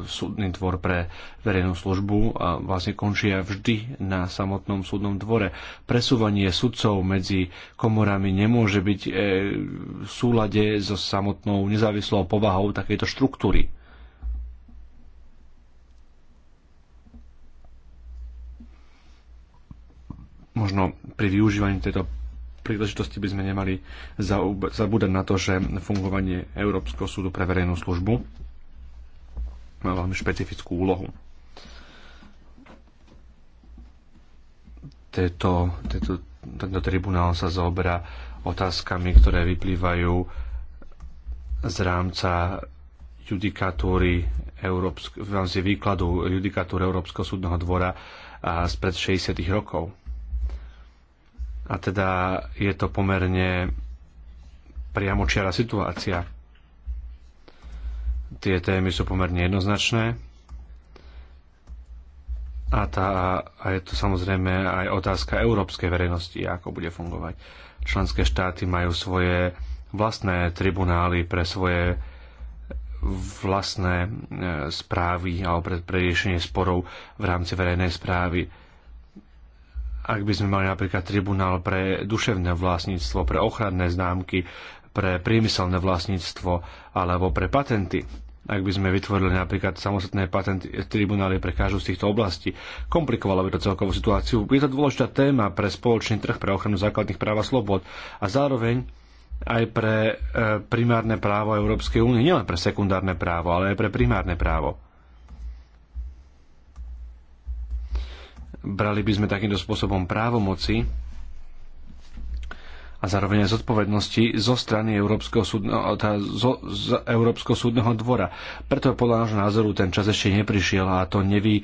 súdny dvor pre verejnú službu, a e, vlastne končia vždy na samotnom súdnom dvore. Presúvanie sudcov medzi komorami nemôže byť e, v súlade so samotnou nezávislou povahou takejto štruktúry možno pri využívaní tejto príležitosti by sme nemali zabúdať na to, že fungovanie Európskeho súdu pre verejnú službu má veľmi špecifickú úlohu. Tento, tento, tento tribunál sa zaoberá otázkami, ktoré vyplývajú z rámca judikatúry Európsk, výkladu judikatúry Európskeho súdneho dvora spred 60. rokov a teda je to pomerne priamočiara situácia. Tie témy sú pomerne jednoznačné. A, tá, a je to samozrejme aj otázka európskej verejnosti, ako bude fungovať. Členské štáty majú svoje vlastné tribunály pre svoje vlastné e, správy alebo pre, pre riešenie sporov v rámci verejnej správy ak by sme mali napríklad tribunál pre duševné vlastníctvo, pre ochranné známky, pre priemyselné vlastníctvo alebo pre patenty, ak by sme vytvorili napríklad samostatné patenty, tribunály pre každú z týchto oblastí. Komplikovalo by to celkovú situáciu. Je to dôležitá téma pre spoločný trh, pre ochranu základných práv a slobod a zároveň aj pre e, primárne právo Európskej únie, nielen pre sekundárne právo, ale aj pre primárne právo. brali by sme takýmto spôsobom právomoci a zároveň aj zodpovednosti zo strany Európskeho, súdneho, tá, zo, z Európskeho súdneho dvora. Preto podľa nášho názoru ten čas ešte neprišiel a to nevy, e,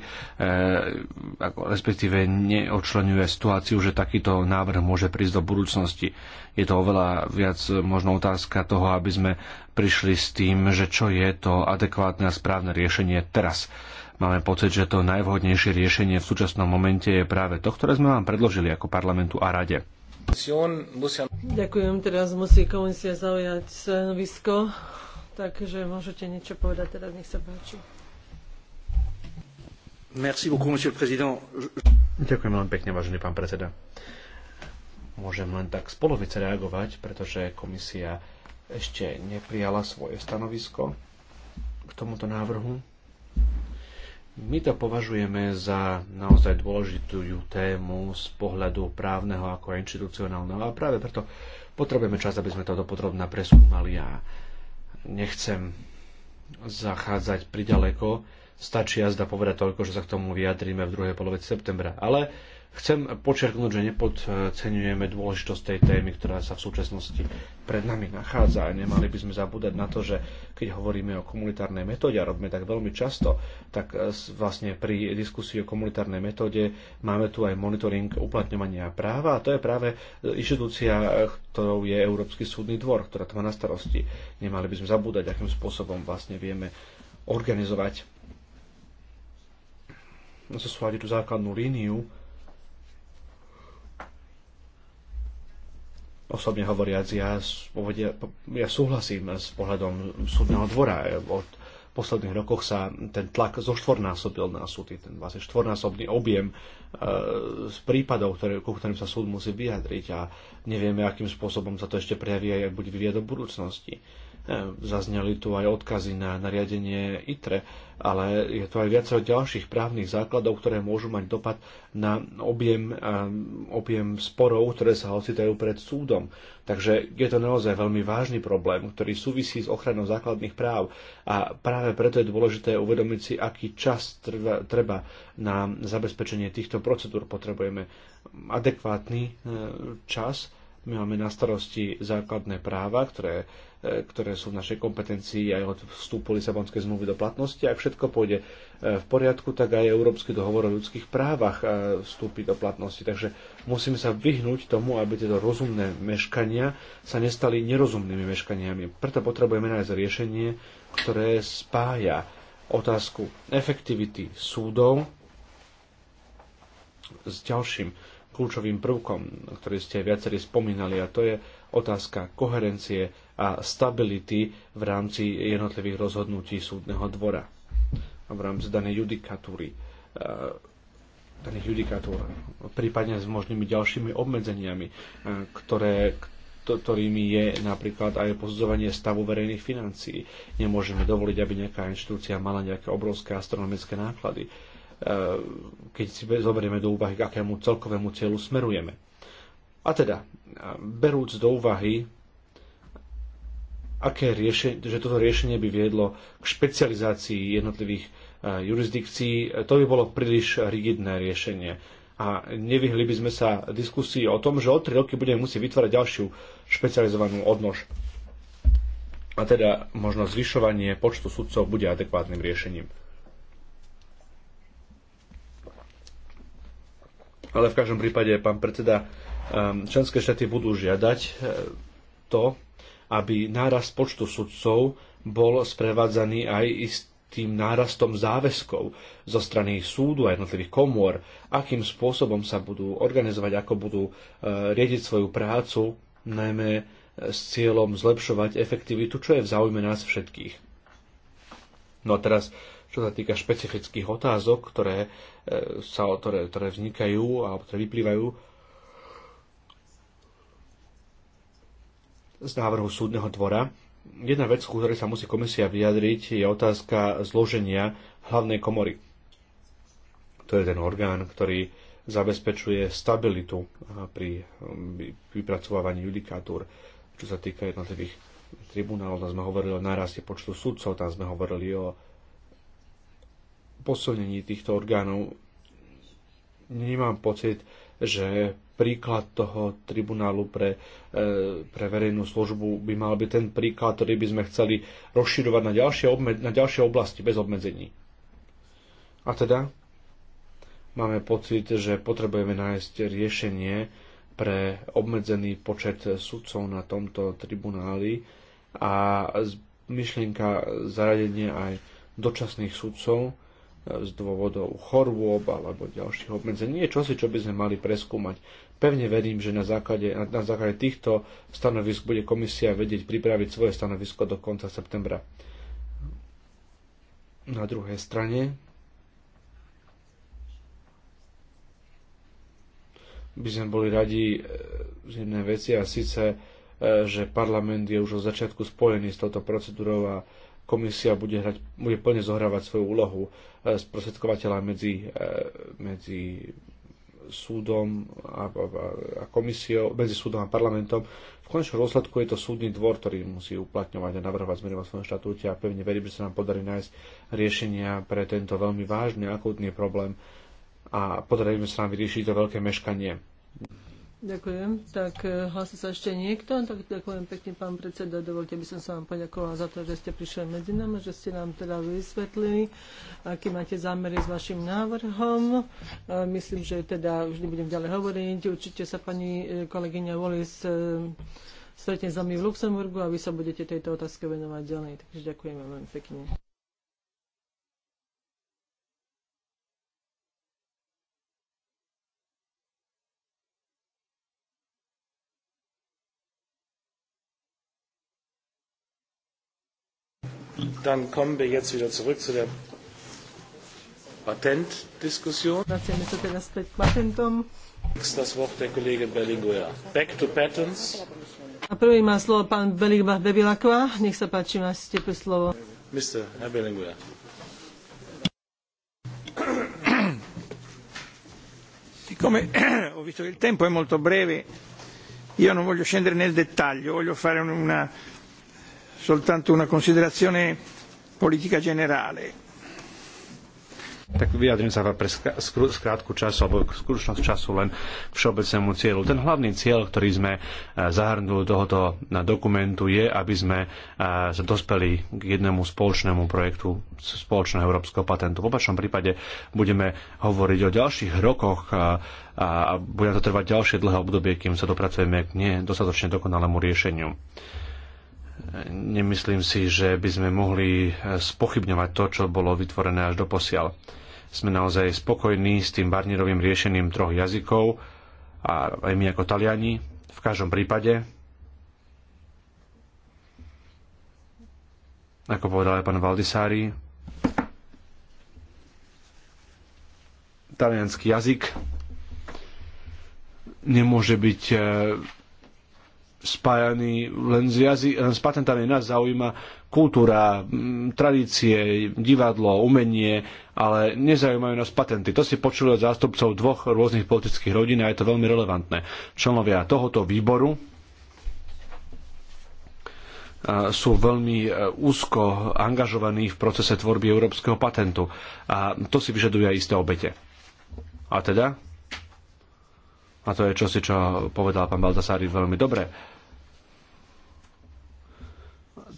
ako, respektíve neočlenuje situáciu, že takýto návrh môže prísť do budúcnosti. Je to oveľa viac možno otázka toho, aby sme prišli s tým, že čo je to adekvátne a správne riešenie teraz Máme pocit, že to najvhodnejšie riešenie v súčasnom momente je práve to, ktoré sme vám predložili ako parlamentu a rade. Ďakujem, teraz musí komisia zaujať stanovisko, takže môžete niečo povedať, teraz nech sa páči. Merci beaucoup, monsieur le président. Ďakujem veľmi pekne, vážený pán predseda. Môžem len tak spolovice reagovať, pretože komisia ešte neprijala svoje stanovisko k tomuto návrhu. My to považujeme za naozaj dôležitú tému z pohľadu právneho ako inštitucionálneho a práve preto potrebujeme čas, aby sme to dopodrobne preskúmali a nechcem zachádzať priďaleko. Stačí jazda povedať toľko, že sa k tomu vyjadríme v druhej polovici septembra. Ale Chcem počerknúť, že nepodceňujeme dôležitosť tej témy, ktorá sa v súčasnosti pred nami nachádza a nemali by sme zabúdať na to, že keď hovoríme o komunitárnej metóde a robíme tak veľmi často, tak e, vlastne pri diskusii o komunitárnej metóde máme tu aj monitoring uplatňovania práva a to je práve inštitúcia, ktorou je Európsky súdny dvor, ktorá to má na starosti. Nemali by sme zabúdať, akým spôsobom vlastne vieme organizovať no, zosúľadiť tú základnú líniu osobne hovoriac, ja, ja súhlasím s pohľadom súdneho dvora. Od posledných rokoch sa ten tlak zoštvornásobil na súdy, ten vlastne štvornásobný objem eh, z prípadov, ktoré, ku ktorým sa súd musí vyjadriť a nevieme, akým spôsobom sa to ešte prejaví a bude vyvíjať do budúcnosti. Eh, zazneli tu aj odkazy na nariadenie ITRE, ale je tu aj viacero ďalších právnych základov, ktoré môžu mať dopad na objem, eh, objem sporov, ktoré sa ocitajú pred súdom. Takže je to naozaj veľmi vážny problém, ktorý súvisí s ochranou základných práv a práve preto je dôležité uvedomiť si, aký čas treba na zabezpečenie týchto procedúr. Potrebujeme adekvátny eh, čas, my máme na starosti základné práva, ktoré E, ktoré sú v našej kompetencii aj od vstupu Lisabonskej zmluvy do platnosti. Ak všetko pôjde e, v poriadku, tak aj Európsky dohovor o ľudských právach e, vstúpi do platnosti. Takže musíme sa vyhnúť tomu, aby tieto rozumné meškania sa nestali nerozumnými meškaniami. Preto potrebujeme nájsť riešenie, ktoré spája otázku efektivity súdov s ďalším kľúčovým prvkom, ktorý ste viacerí spomínali, a to je otázka koherencie a stability v rámci jednotlivých rozhodnutí súdneho dvora a v rámci danej judikatúry eh, daných judikatúr, prípadne s možnými ďalšími obmedzeniami, eh, ktoré, ktorými je napríklad aj posudzovanie stavu verejných financií. Nemôžeme dovoliť, aby nejaká inštitúcia mala nejaké obrovské astronomické náklady, eh, keď si zoberieme do úvahy, k akému celkovému cieľu smerujeme. A teda, berúc do úvahy aké riešenie, že toto riešenie by viedlo k špecializácii jednotlivých e, jurisdikcií, to by bolo príliš rigidné riešenie. A nevyhli by sme sa diskusii o tom, že o tri roky budeme musieť vytvárať ďalšiu špecializovanú odnož. A teda možno zvyšovanie počtu sudcov bude adekvátnym riešením. Ale v každom prípade, pán predseda, e, členské štáty budú žiadať e, to, aby nárast počtu sudcov bol sprevádzaný aj istým nárastom záväzkov zo strany súdu a jednotlivých komôr, akým spôsobom sa budú organizovať, ako budú e, riediť svoju prácu, najmä e, s cieľom zlepšovať efektivitu, čo je v záujme nás všetkých. No a teraz čo sa týka špecifických otázok, ktoré, e, sa, ktoré, ktoré vznikajú alebo ktoré vyplývajú z návrhu súdneho dvora. Jedna vec, ku ktorej sa musí komisia vyjadriť, je otázka zloženia hlavnej komory. To je ten orgán, ktorý zabezpečuje stabilitu pri um, vypracovávaní judikatúr, čo sa týka jednotlivých tribunálov. Tam sme hovorili o náraste počtu sudcov, tam sme hovorili o posunení týchto orgánov. Nemám pocit, že príklad toho tribunálu pre, e, pre verejnú službu by mal byť ten príklad, ktorý by sme chceli rozširovať na ďalšie, obme, na ďalšie oblasti bez obmedzení. A teda máme pocit, že potrebujeme nájsť riešenie pre obmedzený počet sudcov na tomto tribunáli a myšlienka zaradenie aj dočasných sudcov e, z dôvodov chorôb alebo ďalších obmedzení. Je čosi, čo by sme mali preskúmať. Pevne verím, že na základe, na základe týchto stanovisk bude komisia vedieť pripraviť svoje stanovisko do konca septembra. Na druhej strane by sme boli radi e, z jednej veci a síce, e, že parlament je už od začiatku spojený s touto procedúrou a komisia bude, hrať, bude plne zohrávať svoju úlohu e, sprostredkovateľa medzi, medzi súdom a, a komisiou, medzi súdom a parlamentom. V konečnom dôsledku je to súdny dvor, ktorý musí uplatňovať a navrhovať zmeny vo svojom štatúte a pevne verím, že sa nám podarí nájsť riešenia pre tento veľmi vážny akútny problém a podaríme sa nám vyriešiť to veľké meškanie. Ďakujem. Tak e, hlasí sa ešte niekto. Tak ďakujem pekne, pán predseda. Dovolte, aby som sa vám poďakovala za to, že ste prišli medzi nami, že ste nám teda vysvetlili, aký máte zámery s vašim návrhom. E, myslím, že teda už nebudem ďalej hovoriť. Určite sa pani e, kolegyňa Wallis stretne s vami v Luxemburgu a vy sa budete tejto otázke venovať ďalej. Takže ďakujem vám veľmi pekne. Dann kommen wir jetzt wieder zurück zu der Patentdiskussion. Das Wort der Kollege Back to patents. A prvý má slovo pán Nech sa páči, slovo. Mr. Siccome ho visto che il tempo è molto breve, io non voglio scendere nel dettaglio, voglio fare una, soltanto una considerazione politica generale. Tak vyjadrím sa pre skrátku času alebo skutočnosť času len k všeobecnému cieľu. Ten hlavný cieľ, ktorý sme e, zahrnuli do tohoto e, dokumentu je, aby sme e, sa dospeli k jednému spoločnému projektu spoločného európskeho patentu. V opačnom prípade budeme hovoriť o ďalších rokoch a bude to trvať ďalšie dlhé obdobie, kým sa dopracujeme k nedostatočne dokonalému riešeniu nemyslím si, že by sme mohli eh, spochybňovať to, čo bolo vytvorené až do posiaľ. Sme naozaj spokojní s tým Barnierovým riešením troch jazykov a aj my ako Taliani. V každom prípade, ako povedal aj pán Valdisári, talianský jazyk nemôže byť eh, spájaný len s, jazy, len s patentami. Nás zaujíma kultúra, tradície, divadlo, umenie, ale nezaujímajú nás patenty. To si počuli od zástupcov dvoch rôznych politických rodín a je to veľmi relevantné. Členovia tohoto výboru sú veľmi e, úzko angažovaní v procese tvorby európskeho patentu. A to si vyžaduje aj isté obete. A teda? A to je čosi, čo povedal pán Baldasári veľmi dobre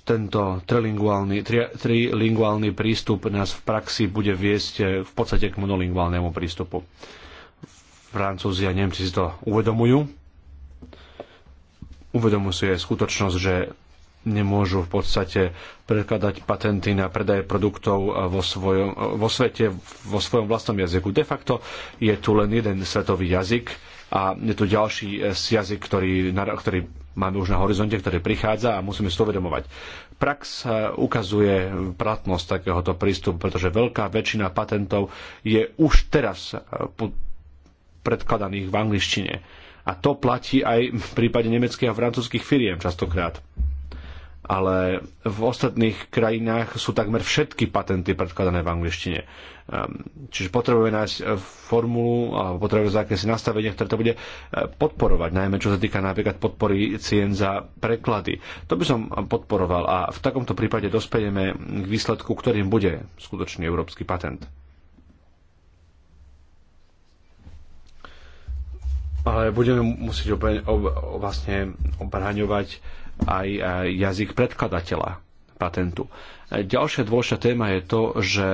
tento trilinguálny, tri, trilinguálny prístup nás v praxi bude viesť eh, v podstate k monolinguálnemu prístupu. Francúzi a Nemci si to uvedomujú. Uvedomujú si aj skutočnosť, že nemôžu v podstate predkladať patenty na predaje produktov eh, vo, svojom, eh, vo svete, vo svojom vlastnom jazyku. De facto je tu len jeden svetový jazyk a je tu ďalší jazyk, ktorý, ktorý máme už na horizonte, ktoré prichádza a musíme si to uvedomovať. Prax eh, ukazuje platnosť takéhoto prístupu, pretože veľká väčšina patentov je už teraz eh, predkladaných v angličtine. A to platí aj v prípade nemeckých a francúzských firiem častokrát ale v ostatných krajinách sú takmer všetky patenty predkladané v angličtine. Ehm, čiže potrebujeme nájsť e, formulu a potrebujeme akési nastavenie, ktoré to bude e, podporovať, najmä čo sa týka napríklad podpory cien za preklady. To by som podporoval a v takomto prípade dospejeme k výsledku, ktorým bude skutočný európsky patent. ale budeme musieť vlastne obraňovať aj e, jazyk predkladateľa patentu. E, ďalšia dôležitá téma je to, že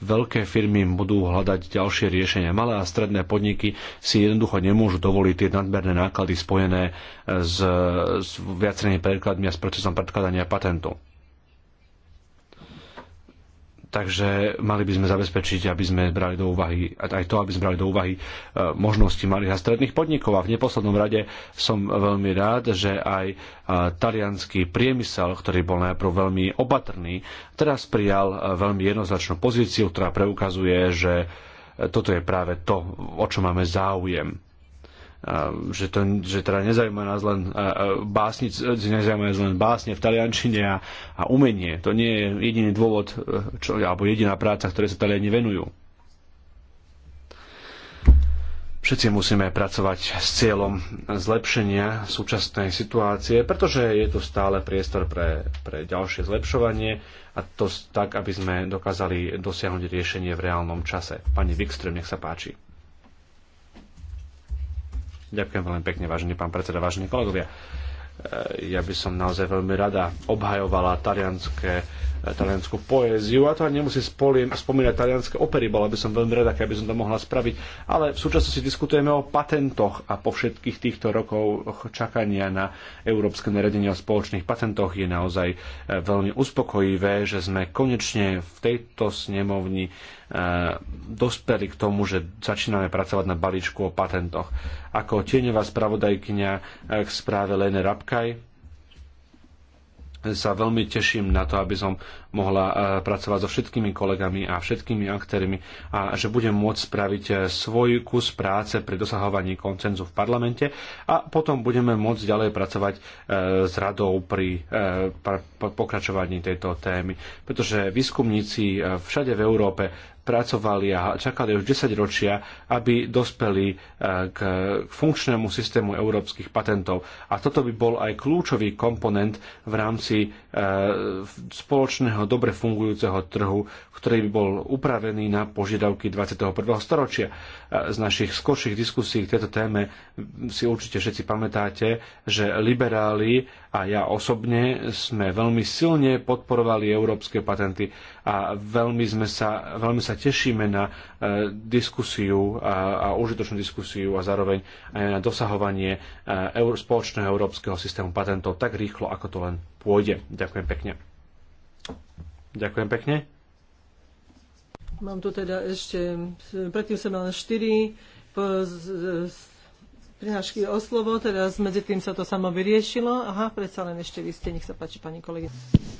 veľké firmy budú hľadať ďalšie riešenia. Malé a stredné podniky si jednoducho nemôžu dovoliť tie nadmerné náklady spojené s, s viacerými prekladmi a s procesom predkladania patentu. Takže mali by sme zabezpečiť, aby sme brali do úvahy, aj to, aby sme brali do úvahy e, možnosti malých a stredných podnikov. A v neposlednom rade som veľmi rád, že aj e, talianský priemysel, ktorý bol najprv veľmi opatrný, teraz prijal e, veľmi jednoznačnú pozíciu, ktorá preukazuje, že toto je práve to, o čo máme záujem že, to, že teda nezaujíma nás len básnic, nezaujíma nás len básne v taliančine a, a umenie. To nie je jediný dôvod, čo, alebo jediná práca, ktoré sa Taliani venujú. Všetci musíme pracovať s cieľom zlepšenia súčasnej situácie, pretože je tu stále priestor pre, pre ďalšie zlepšovanie a to tak, aby sme dokázali dosiahnuť riešenie v reálnom čase. Pani Wikström, nech sa páči. Ďakujem veľmi pekne, vážený pán predseda, vážení kolegovia. E, ja by som naozaj veľmi rada obhajovala talianské E, taliansku poéziu. A to ani nemusím spomínať talianské opery, bola by som veľmi rada, keby som to mohla spraviť. Ale v súčasnosti diskutujeme o patentoch a po všetkých týchto rokoch čakania na európske naredenie o spoločných patentoch je naozaj e, veľmi uspokojivé, že sme konečne v tejto snemovni e, dospeli k tomu, že začíname pracovať na balíčku o patentoch. Ako tieňová spravodajkňa k správe Lene Rabkaj, sa veľmi teším na to, aby som mohla e, pracovať so všetkými kolegami a všetkými aktérmi a že budem môcť spraviť e, svoj kus práce pri dosahovaní koncenzu v parlamente a potom budeme môcť ďalej pracovať e, s radou pri pokračovaní tejto témy. Pretože výskumníci všade v Európe pracovali a čakali už 10 ročia, aby dospeli k funkčnému systému európskych patentov. A toto by bol aj kľúčový komponent v rámci spoločného dobre fungujúceho trhu, ktorý by bol upravený na požiadavky 21. storočia. Z našich skorších diskusí k tejto téme si určite všetci pamätáte, že liberáli a ja osobne sme veľmi silne podporovali európske patenty a veľmi, sme sa, veľmi sa tešíme na e, diskusiu a, a užitočnú diskusiu a zároveň aj na dosahovanie e, spoločného európskeho systému patentov tak rýchlo, ako to len pôjde. Ďakujem pekne. Ďakujem pekne. Mám tu teda ešte, predtým som mal 4 po, prihlášky o slovo, teraz medzi tým sa to samo vyriešilo. Aha, predsa len ešte vy ste, nech sa páči, pani kolegy.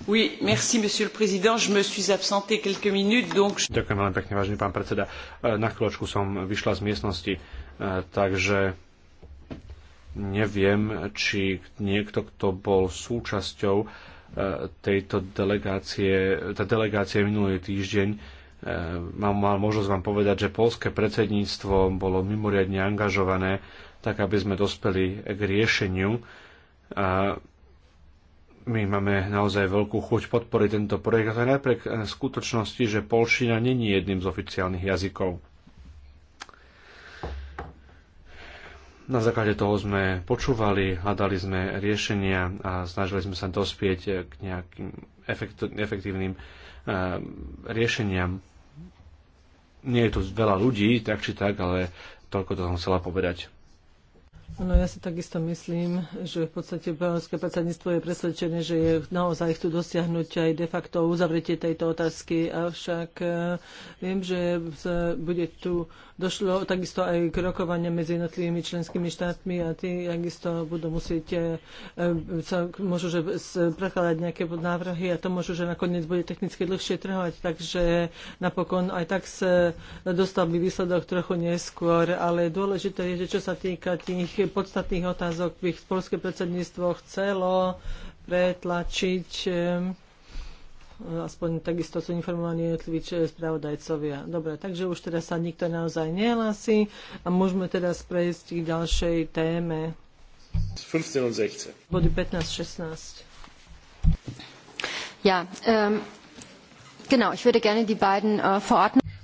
Oui, merci, monsieur le président. Je me suis absenté quelques minutes, donc... Ďakujem veľmi pekne, vážený pán predseda. E, na chvíľočku som vyšla z miestnosti, e, takže neviem, či niekto, kto bol súčasťou tejto delegácie, tá delegácia minulý týždeň e, mám mal možnosť vám povedať, že polské predsedníctvo bolo mimoriadne angažované, tak aby sme dospeli k riešeniu. A my máme naozaj veľkú chuť podporiť tento projekt, a to aj napriek e, skutočnosti, že polština není jedným z oficiálnych jazykov. Na základe toho sme počúvali, hľadali sme riešenia a snažili sme sa dospieť k nejakým efektívnym eh, riešeniam. Nie je tu veľa ľudí, tak či tak, ale toľko to som chcela povedať. No ja si takisto myslím, že v podstate poľovské predsedníctvo je presvedčené, že je naozaj chcú dosiahnuť aj de facto uzavretie tejto otázky, avšak e, viem, že bude tu došlo takisto aj k rokovaniu medzi jednotlivými členskými štátmi a tí takisto budú musieť e, e, sa môžu že prekladať nejaké návrhy a to môžu, že nakoniec bude technicky dlhšie trhovať, takže napokon aj tak sa dostal by výsledok trochu neskôr, ale dôležité je, že čo sa týka tých tých podstatných otázok by polské predsedníctvo chcelo pretlačiť eh, aspoň takisto sú informovaní jednotliví eh, spravodajcovia. Dobre, takže už teda sa nikto naozaj nehlasí a môžeme teda prejsť k ďalšej téme. 15 Body 15, 16. Ja, um, genau, ich würde gerne die beiden uh,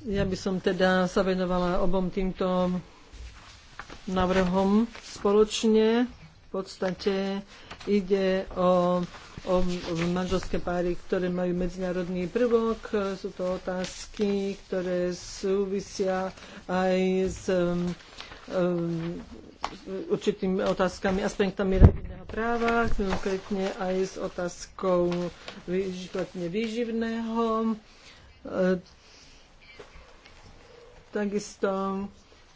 Ja by som teda sa venovala obom týmto návrhom spoločne. V podstate ide o, o manželské páry, ktoré majú medzinárodný prvok. Sú to otázky, ktoré súvisia aj s um, um určitými otázkami, aspektami rodinného práva, konkrétne aj s otázkou výživného. E, takisto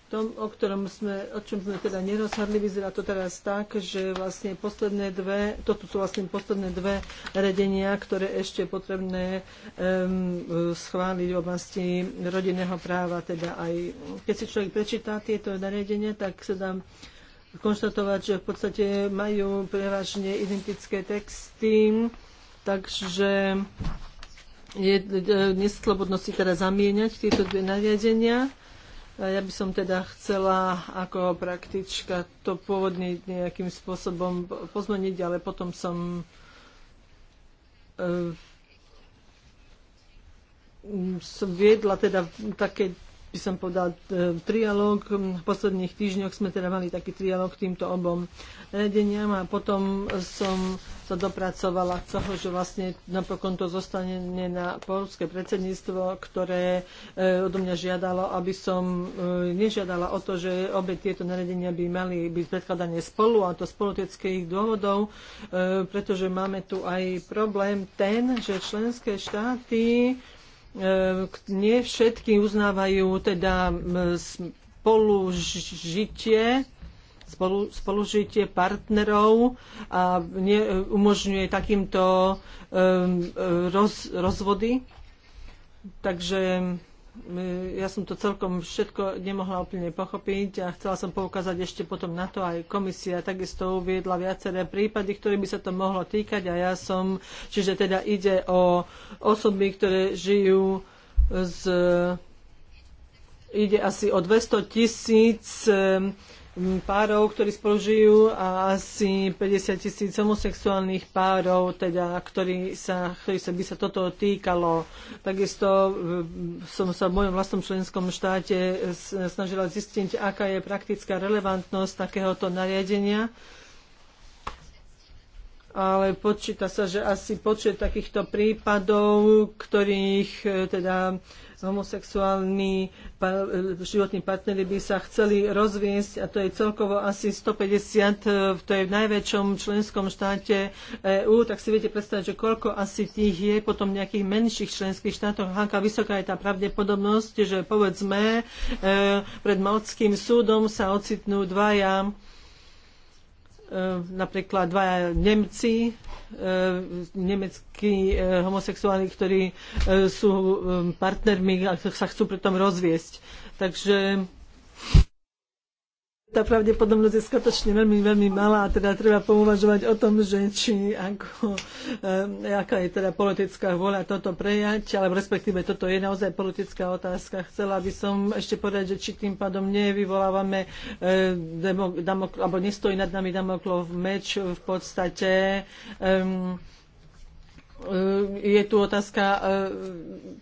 tom, o, ktorom sme, o čom sme teda nerozhodli, vyzerá to teraz tak, že vlastne posledné dve, toto sú vlastne posledné dve redenia, ktoré ešte potrebné um, schváliť v oblasti rodinného práva. Teda aj, keď si človek prečíta tieto nariadenia, tak sa dá konštatovať, že v podstate majú prevažne identické texty, takže je e, e, neslobodnosti teda zamieňať tieto dve nariadenia. Ja by som teda chcela ako praktička to pôvodne nejakým spôsobom pozmeniť, ale potom som eh, som viedla teda také, by som povedala, eh, trialóg. V posledných týždňoch sme teda mali taký trialóg týmto obom vedeniam a potom som sa dopracovala k toho, že vlastne napokon to zostane na polské predsedníctvo, ktoré e, odo mňa žiadalo, aby som e, nežiadala o to, že obe tieto naredenia by mali byť predkladané spolu a to z politických dôvodov, e, pretože máme tu aj problém ten, že členské štáty nie všetky uznávajú teda spolužitie spolu, spolužitie partnerov a ne, umožňuje takýmto um, roz, rozvody. Takže um, ja som to celkom všetko nemohla úplne pochopiť a chcela som poukázať ešte potom na to aj komisia takisto uviedla viaceré prípady, ktoré by sa to mohlo týkať a ja som, čiže teda ide o osoby, ktoré žijú z ide asi o 200 tisíc 000 um, párov, ktorí spolu žijú a asi 50 tisíc homosexuálnych párov, teda, ktorí sa, ktorý sa by sa toto týkalo. Takisto e, som sa v mojom vlastnom členskom štáte e, snažila zistiť, aká je praktická relevantnosť takéhoto nariadenia ale počíta sa, že asi počet takýchto prípadov, ktorých e, teda Homosexuálni životní partnery by sa chceli rozviesť a to je celkovo asi 150, e, to je v najväčšom členskom štáte EÚ, tak si viete predstaviť, že koľko asi tých je potom v nejakých menších členských štátoch, aká vysoká je tá pravdepodobnosť, že povedzme e, pred malckým súdom sa ocitnú dvaja E, napríklad dvaja Nemci, e, nemeckí e, homosexuáli, ktorí sú partnermi a sa chcú pritom rozviesť. Takže tá pravdepodobnosť je skutočne veľmi, veľmi malá a teda treba pouvažovať o tom, že či ako, e, eh, aká je teda politická vôľa toto prejať, ale respektíve toto je naozaj politická otázka. Chcela by som ešte povedať, že či tým pádom nevyvolávame e, demo, damok, alebo nestojí nad nami Damoklov meč v podstate. E, je tu otázka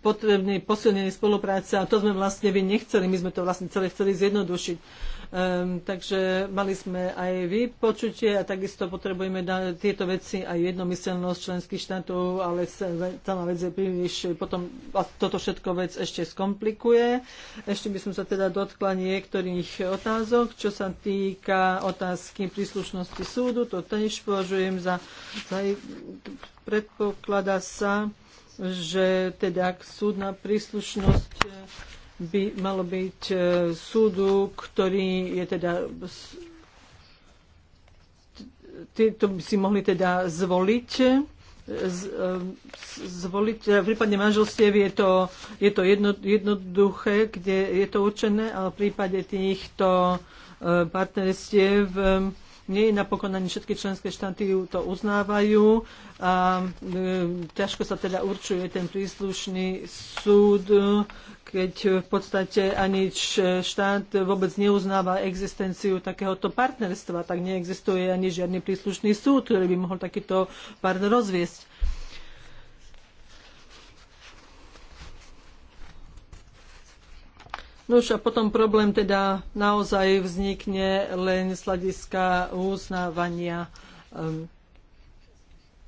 potrebnej posilnenej spolupráce a to sme vlastne vy nechceli, my sme to vlastne celé chceli zjednodušiť. Um, takže mali sme aj vypočutie a takisto potrebujeme na tieto veci aj jednomyselnosť členských štátov, ale celá vec je príliš potom a toto všetko vec ešte skomplikuje. Ešte by som sa teda dotkla niektorých otázok, čo sa týka otázky príslušnosti súdu, to tiež považujem za, za predpokladá sa, že teda súdna príslušnosť by malo byť e, súdu, ktorý je teda tieto by si mohli teda zvoliť e, z, e, zvoliť, v prípade manželstiev je to, je to jedno, jednoduché, kde je to určené, ale v prípade týchto partnerstiev nie je napokon ani všetky členské štáty to uznávajú a ťažko sa teda určuje ten príslušný súd, keď v podstate ani štát vôbec neuznáva existenciu takéhoto partnerstva, tak neexistuje ani žiadny príslušný súd, ktorý by mohol takýto partner rozviesť. No už a potom problém teda naozaj vznikne len z hľadiska uznávania ehm,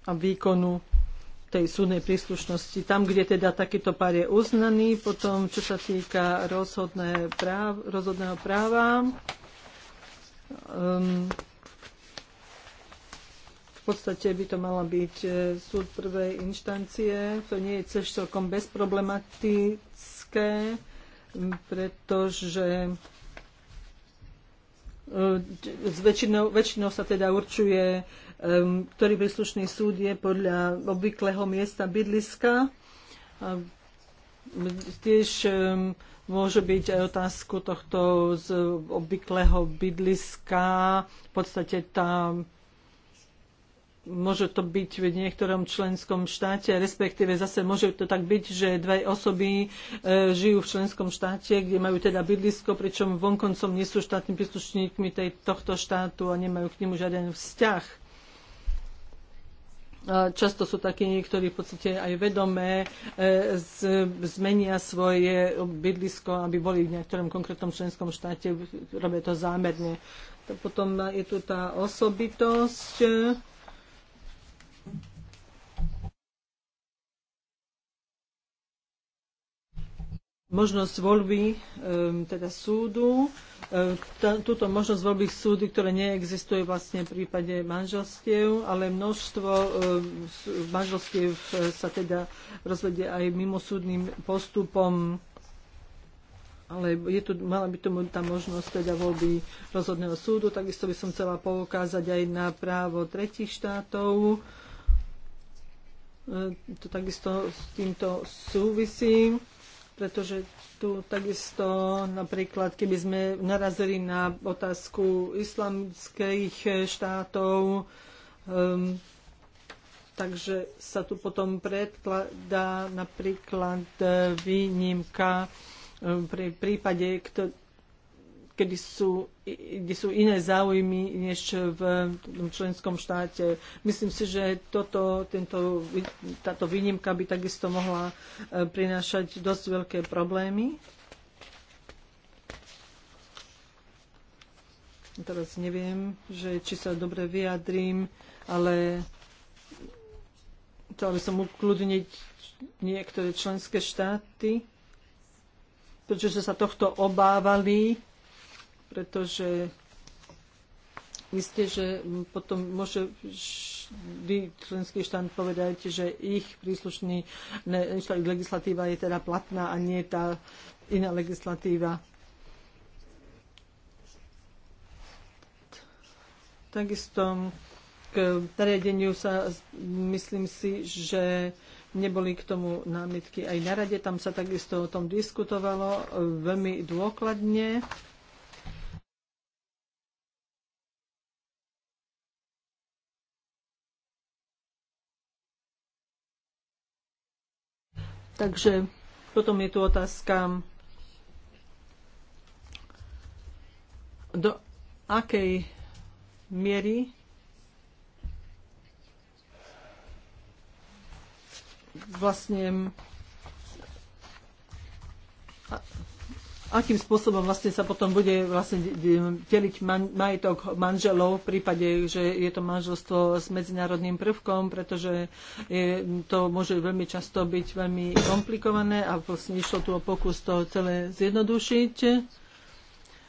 a výkonu tej súdnej príslušnosti. Tam, kde teda takýto pár je uznaný, potom čo sa týka rozhodné práv, rozhodného práva, um, v podstate by to mala byť e, súd prvej inštancie. To nie je cez celkom bezproblematické, pretože um, väčšinou, väčšinou sa teda určuje ktorý príslušný súd je podľa obvyklého miesta bydliska. Tiež môže byť aj otázku tohto z obvyklého bydliska. V podstate tá môže to byť v niektorom členskom štáte, respektíve zase môže to tak byť, že dve osoby e, žijú v členskom štáte, kde majú teda bydlisko, pričom vonkoncom nie sú štátnymi príslušníkmi tej, tohto štátu a nemajú k nemu žiaden vzťah často sú takí, niektorí v podstate aj vedomé e, zmenia svoje bydlisko, aby boli v niektorom konkrétnom členskom štáte, robia to zámerne. potom je tu tá osobitosť možnosť voľby ehm, teda súdu. Ehm, túto možnosť voľby súdy, ktoré neexistuje vlastne v prípade manželstiev, ale množstvo ehm, manželstiev e, sa teda rozvedie aj mimosúdnym postupom ale je tu, mala by tomu tá možnosť teda voľby rozhodného súdu. Takisto by som chcela poukázať aj na právo tretich štátov. E, to takisto s týmto súvisím pretože tu takisto napríklad, keby sme narazili na otázku islamských štátov, um, takže sa tu potom predkladá napríklad eh, výnimka eh, pri prípade, ktorý kedy sú, kde sú iné záujmy než v členskom štáte. Myslím si, že toto, tento, táto výnimka by takisto mohla e, prinášať dosť veľké problémy. Teraz neviem, že, či sa dobre vyjadrím, ale chcela by som ukludniť niektoré členské štáty, pretože sa tohto obávali pretože Isté, že potom môže vždy členský štát povedať, že ich príslušný legislatíva je teda platná a nie tá iná legislatíva. Takisto k nariadeniu sa myslím si, že neboli k tomu námietky aj na rade. Tam sa takisto o tom diskutovalo veľmi dôkladne. Takže potom je tu otázka, do akej miery vlastne akým spôsobom vlastne sa potom bude vlastne e, deliť man, majetok manželov v prípade, že je to manželstvo s medzinárodným prvkom, pretože je, to môže veľmi často byť veľmi komplikované a vlastne išlo tu o pokus to celé zjednodušiť.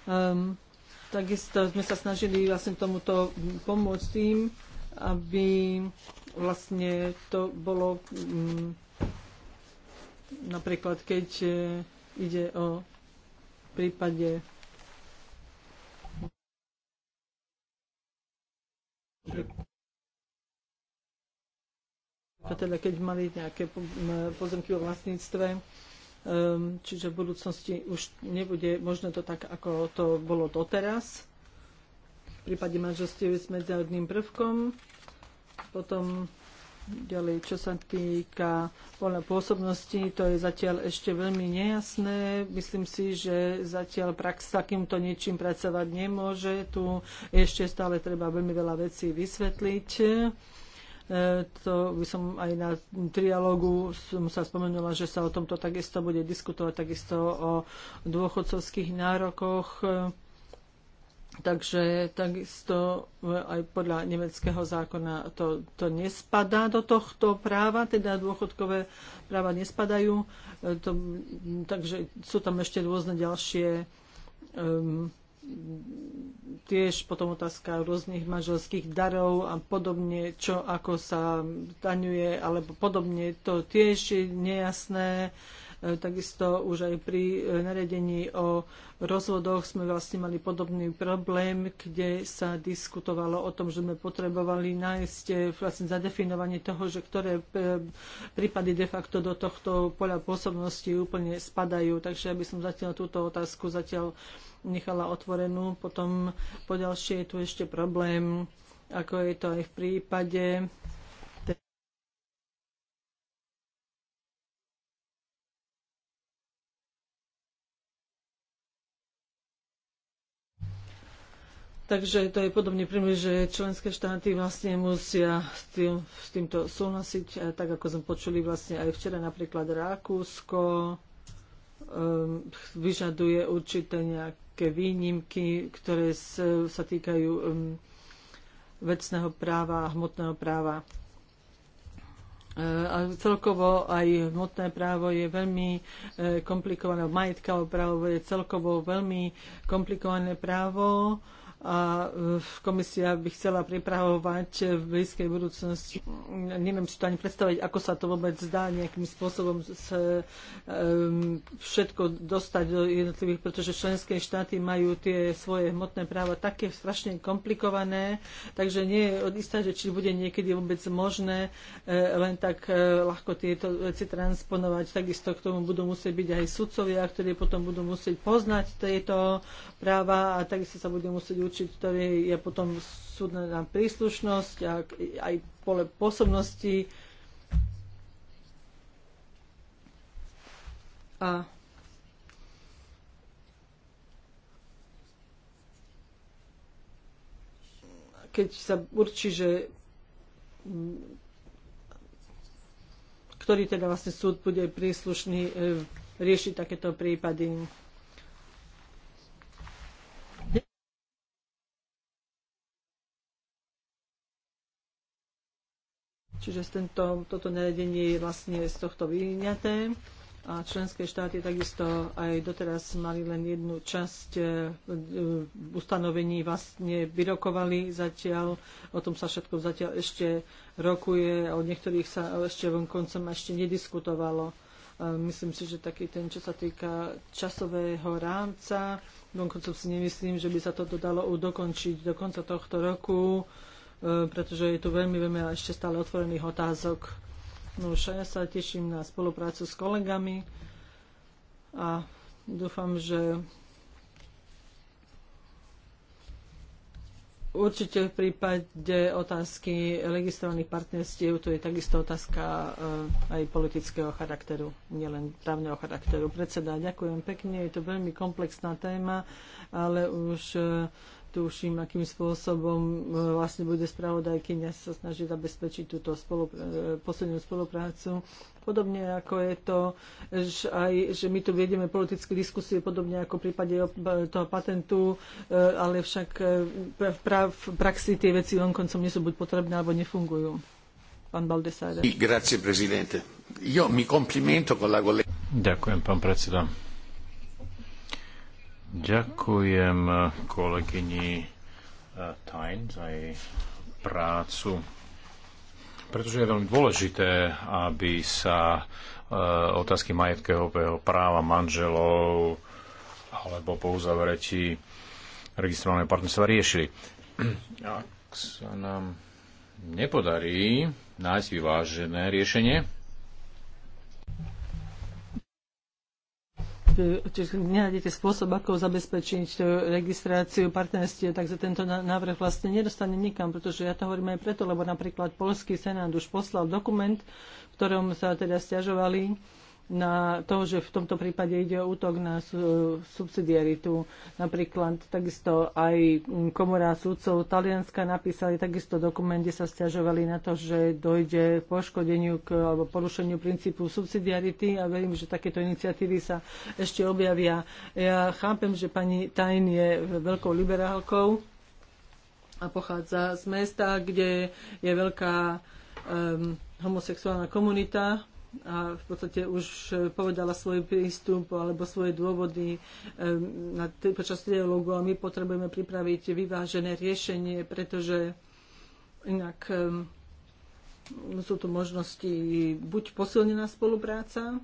Um, takisto sme sa snažili vlastne tomuto pomôcť tým, aby vlastne to bolo um, napríklad, keď e, ide o prípade a teda keď mali nejaké pozemky o vlastníctve, ehm, čiže v budúcnosti už nebude možné to tak, ako to bolo doteraz. V prípade manželstiev s medzinárodným prvkom, potom Ďalej, čo sa týka voľnej pôsobnosti, to je zatiaľ ešte veľmi nejasné. Myslím si, že zatiaľ prax s takýmto niečím pracovať nemôže. Tu ešte stále treba veľmi veľa vecí vysvetliť. E, to by som aj na trialógu som sa spomenula, že sa o tomto takisto bude diskutovať, takisto o dôchodcovských nárokoch Takže takisto aj podľa nemeckého zákona to, to nespadá do tohto práva, teda dôchodkové práva nespadajú. E, to, takže sú tam ešte rôzne ďalšie um, tiež potom otázka rôznych manželských darov a podobne, čo ako sa daňuje, alebo podobne, to tiež je nejasné. E, takisto už aj pri e, naredení o rozvodoch sme vlastne mali podobný problém, kde sa diskutovalo o tom, že sme potrebovali nájsť e, vlastne zadefinovanie toho, že ktoré prípady de facto do tohto poľa pôsobnosti úplne spadajú. Takže aby som zatiaľ túto otázku zatiaľ nechala otvorenú. Potom po ďalšie je tu ešte problém, ako je to aj v prípade Takže to je podobne príjme, že členské štáty vlastne musia s, tým, s týmto súhlasiť, eh, tak ako sme počuli vlastne aj včera napríklad Rakúsko um, vyžaduje určité nejaké výnimky, ktoré s, sa týkajú um, vecného práva a hmotného práva. Eh, a celkovo aj hmotné právo je veľmi eh, komplikované, majetkové právo je celkovo veľmi komplikované právo a eh, komisia by chcela pripravovať v blízkej budúcnosti. Neviem si to ani predstaviť, ako sa to vôbec dá nejakým spôsobom sa, um, eh, všetko dostať do jednotlivých, pretože členské štáty majú tie svoje hmotné práva také strašne komplikované, takže nie je odistá, že či bude niekedy vôbec možné eh, len tak ľahko tieto veci transponovať. Takisto k tomu budú musieť byť aj sudcovia, ktorí potom budú musieť poznať tieto práva a takisto sa budú musieť Učiť, ktorý je potom súdna príslušnosť a aj pole pôsobnosti. A keď sa určí, že ktorý teda vlastne súd bude príslušný e, riešiť takéto prípady. Čiže tento, toto nariadenie je vlastne z tohto vyňaté a členské štáty takisto aj doteraz mali len jednu časť e, e, ustanovení vlastne vyrokovali zatiaľ. O tom sa všetko zatiaľ ešte rokuje, o niektorých sa ešte koncom ešte nediskutovalo. E, myslím si, že taký ten, čo sa týka časového rámca, vonkoncom si nemyslím, že by sa toto dalo dokončiť do konca tohto roku. E, pretože je tu veľmi veľmi ešte stále otvorených otázok. No už ja sa teším na spoluprácu s kolegami a dúfam, že Určite v prípade otázky registrovaných partnerstiev tu je takisto otázka e, aj politického charakteru, nielen právneho charakteru. Predseda, ďakujem pekne, je to veľmi komplexná téma, ale už e, tuším, akým spôsobom e, vlastne bude spravodajkyňa sa snažiť zabezpečiť túto spolupr- e, poslednú spoluprácu. Podobne ako je to, že, aj, že my tu vedieme politické diskusie, podobne ako v prípade toho patentu, e, ale však v, pra- v praxi tie veci vonkoncom nie sú buď potrebné, alebo nefungujú. Pán Baldesare. Grazie, prezidente. Io mi complimento con la collega. Ďakujem, pán predseda Ďakujem eh, kolegyni eh, Tain za jej prácu, pretože je veľmi dôležité, aby sa eh, otázky majetkového práva manželov alebo po uzavretí registrovaného partnerstva riešili. Ak sa nám nepodarí nájsť vyvážené riešenie, čiže e, nenájdete spôsob, ako zabezpečiť e, registráciu partnerstiev, za tento návrh vlastne nedostane nikam, pretože ja to hovorím aj preto, lebo napríklad Polský senát už poslal dokument, v ktorom sa teda stiažovali na to, že v tomto prípade ide o útok na subsidiaritu. Napríklad takisto aj komora súdcov Talianska napísali takisto dokument, kde sa stiažovali na to, že dojde k poškodeniu k, alebo porušeniu princípu subsidiarity a verím, že takéto iniciatívy sa ešte objavia. Ja chápem, že pani Tajn je veľkou liberálkou a pochádza z mesta, kde je veľká um, homosexuálna komunita a v podstate už e, povedala svoj prístup alebo svoje dôvody e, na, počas dialogu a my potrebujeme pripraviť vyvážené riešenie, pretože inak e, sú tu možnosti buď posilnená spolupráca,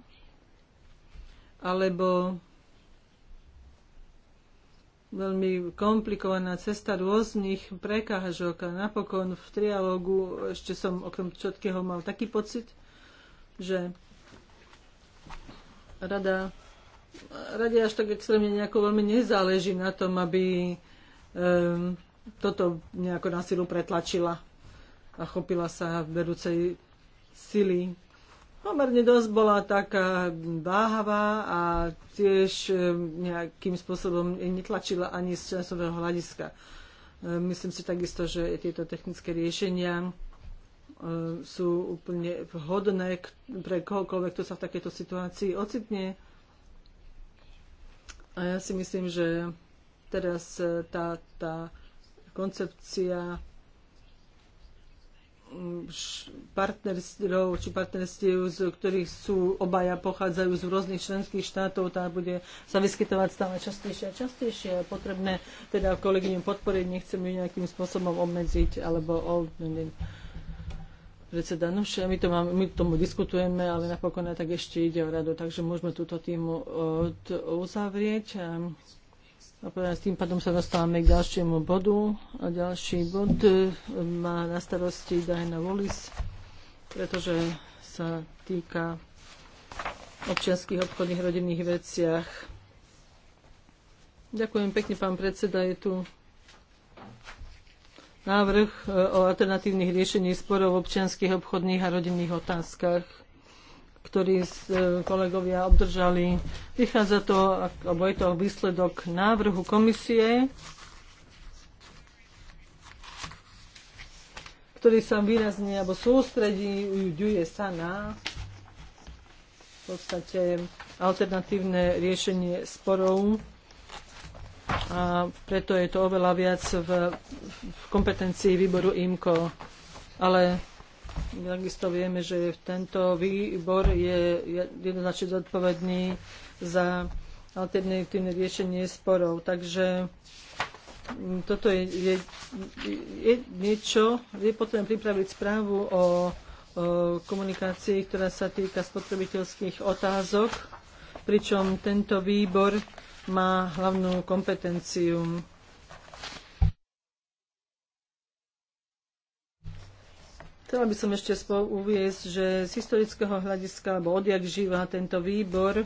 alebo veľmi komplikovaná cesta rôznych prekážok a napokon v trialógu ešte som okrem všetkého mal taký pocit, že rada, rade až tak extrémne nejako veľmi nezáleží na tom, aby um, toto nejako na silu pretlačila a chopila sa vedúcej sily. Pomerne dosť bola taká váhavá a tiež nejakým spôsobom netlačila ani z časového hľadiska. Myslím si takisto, že tieto technické riešenia E, sú úplne vhodné pre kohokoľvek, kto sa v takejto situácii ocitne. A ja si myslím, že teraz e, tá, tá koncepcia partnerstiev či partnerstiev, z ktorých sú obaja pochádzajú z rôznych členských štátov, tá bude sa vyskytovať stále častejšie a častejšie. a Potrebné teda kolegyňu podporiť, nechcem ju nejakým spôsobom obmedziť alebo obmedziť predseda. No my, to máme, my tomu diskutujeme, ale napokon tak ešte ide o radu, takže môžeme túto týmu e, uzavrieť. A tým pádom sa dostávame k ďalšiemu bodu. A ďalší bod e, má na starosti Diana Wallis, pretože sa týka občianských obchodných rodinných veciach. Ďakujem pekne, pán predseda, je tu návrh e, o alternatívnych riešení sporov v občianských, obchodných a rodinných otázkach, ktorý e, kolegovia obdržali. Vychádza to, alebo je to výsledok návrhu komisie, ktorý sa výrazne alebo sústredí, ujúďuje sa na v podstate alternatívne riešenie sporov a preto je to oveľa viac v, v kompetencii výboru IMCO. Ale takisto vieme, že tento výbor je jednoznačne zodpovedný za alternatívne riešenie sporov. Takže mm, toto je, je, je niečo, je potrebné pripraviť správu o, o komunikácii, ktorá sa týka spotrebiteľských otázok, pričom tento výbor má hlavnú kompetenciu Chcela by som ešte spolu uviezť, že z historického hľadiska, alebo odjak živa tento výbor, e,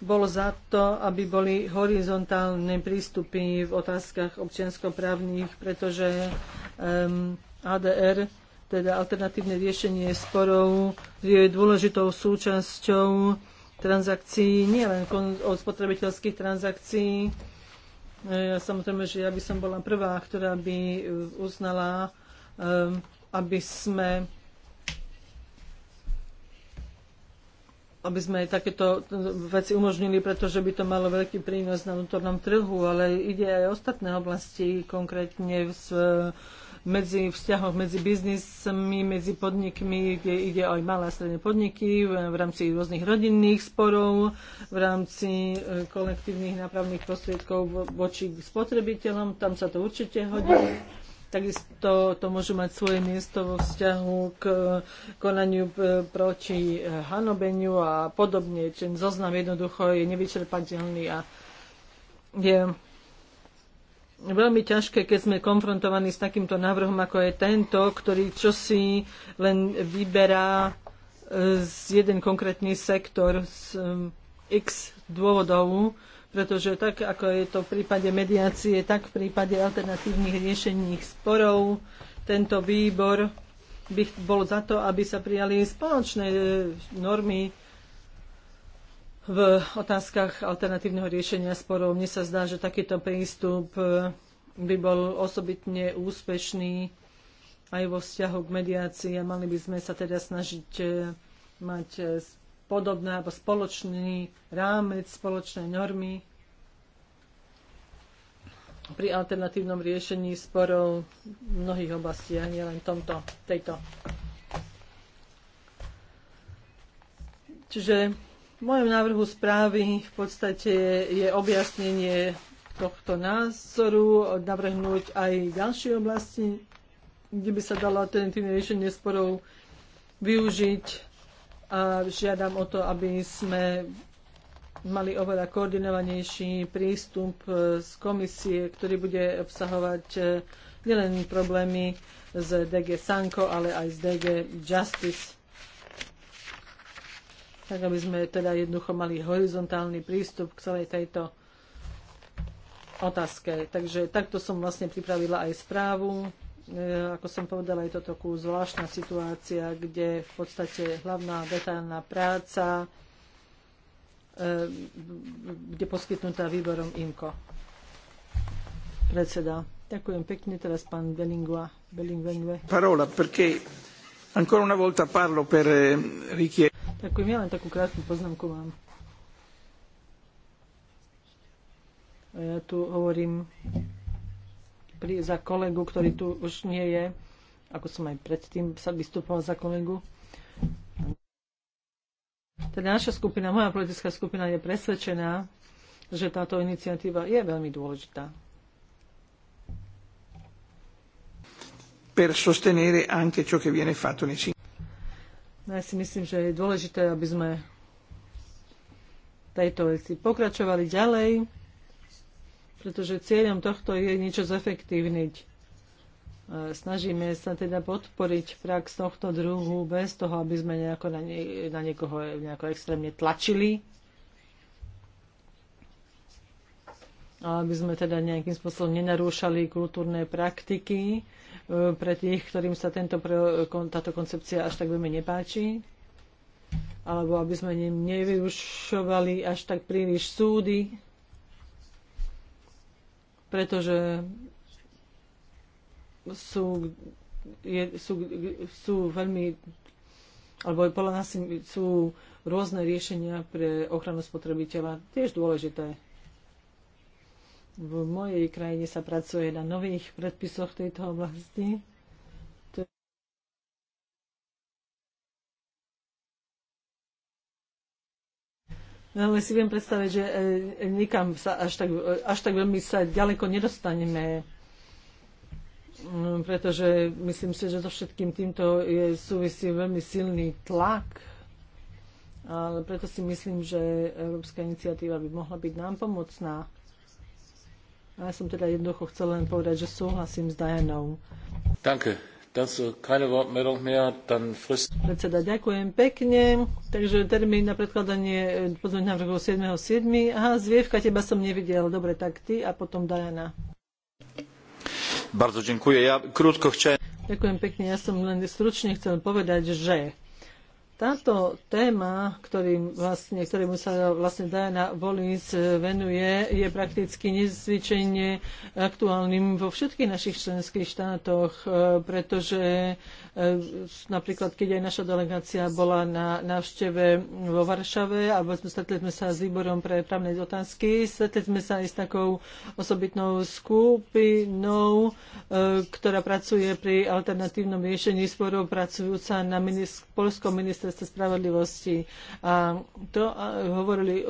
bolo za to, aby boli horizontálne prístupy v otázkach občianskoprávnych, pretože ADR, teda alternatívne riešenie sporov, je dôležitou súčasťou transakcií, nielen od spotrebiteľských transakcií. Ja e, samozrejme, že ja by som bola prvá, ktorá by e, uznala, e, aby sme aby sme takéto veci umožnili, pretože by to malo veľký prínos na vnútornom trhu, ale ide aj o ostatné oblasti, konkrétne v medzi vzťahoch medzi biznismi, medzi podnikmi, kde ide aj malé a stredné podniky v rámci rôznych rodinných sporov, v rámci e, kolektívnych nápravných prostriedkov voči spotrebiteľom. Tam sa to určite hodí. Takisto to môže mať svoje miesto vo vzťahu k e, konaniu e, proti hanobeniu a podobne. Ten zoznam jednoducho je nevyčerpateľný a je veľmi ťažké, keď sme konfrontovaní s takýmto návrhom, ako je tento, ktorý čosi len vyberá e, z jeden konkrétny sektor z e, x dôvodov, pretože tak, ako je to v prípade mediácie, tak v prípade alternatívnych riešení sporov, tento výbor by bol za to, aby sa prijali spoločné e, normy v otázkach alternatívneho riešenia sporov. Mne sa zdá, že takýto prístup e, by bol osobitne úspešný aj vo vzťahu k mediácii a mali by sme sa teda snažiť e, mať e, podobné alebo spoločný rámec, spoločné normy pri alternatívnom riešení sporov v mnohých oblastiach, nielen tomto, tejto. Čiže v mojom návrhu správy v podstate je objasnenie tohto názoru, navrhnúť aj ďalšie oblasti, kde by sa dalo alternatívne riešenie sporov využiť a žiadam o to, aby sme mali oveľa koordinovanejší prístup e, z komisie, ktorý bude obsahovať e, nielen problémy z DG Sanko, ale aj z DG Justice tak aby sme teda jednoducho mali horizontálny prístup k celej tejto otázke. Takže takto som vlastne pripravila aj správu. E, ako som povedala, je to takú zvláštna situácia, kde v podstate hlavná detailná práca e, bude poskytnutá výborom inko. Predseda. Ďakujem pekne. Teraz pán Bellingua. Bellingue. Parola, perché ancora una volta parlo per eh, Ricky Ďakujem, ja len takú krátku poznámku mám. A ja tu hovorím pri, za kolegu, ktorý tu už nie je, ako som aj predtým sa vystupoval za kolegu. Teda naša skupina, moja politická skupina je presvedčená, že táto iniciatíva je veľmi dôležitá. Per sostenere anche ciò che viene fatto nei No, ja si myslím, že je dôležité, aby sme tejto veci pokračovali ďalej, pretože cieľom tohto je niečo zefektívniť. Snažíme sa teda podporiť prax tohto druhu bez toho, aby sme na, nie, na niekoho nejako extrémne tlačili, aby sme teda nejakým spôsobom nenarúšali kultúrne praktiky e, pre tých, ktorým sa tento, táto koncepcia až tak veľmi nepáči, alebo aby sme nevyrušovali až tak príliš súdy, pretože sú, je, sú, sú veľmi alebo podľa nás sú rôzne riešenia pre ochranu spotrebiteľa tiež dôležité. V mojej krajine sa pracuje na nových predpisoch tejto oblasti. No, ale si viem predstaviť, že e, nikam sa až tak, až tak veľmi sa ďaleko nedostaneme, mm, pretože myslím si, že so všetkým týmto je, súvisí veľmi silný tlak. Ale preto si myslím, že Európska iniciatíva by mohla byť nám pomocná. Ja som teda jednoducho chcel len povedať, že súhlasím s Dianou. Danke. Predseda, ďakujem pekne. Takže termín na predkladanie eh, pozmeň návrhov 7.7. Aha, zvievka, teba som nevidel. Dobre, tak ty a potom Diana. Bardzo dziękuję. Ja krótko chciałem... Ďakujem pekne. Ja som len stručne chcel povedať, že táto téma, ktorým vlastne, ktorému sa vlastne Diana Volis venuje, je prakticky nezvyčajne aktuálnym vo všetkých našich členských štátoch, e, pretože e, napríklad, keď aj naša delegácia bola na návšteve vo Varšave a stretli sme sa s výborom pre právne otázky, stretli sme sa aj s takou osobitnou skupinou, e, ktorá pracuje pri alternatívnom riešení sporov pracujúca na Polskom ministerstve ministerstve spravodlivosti. A to hovorili,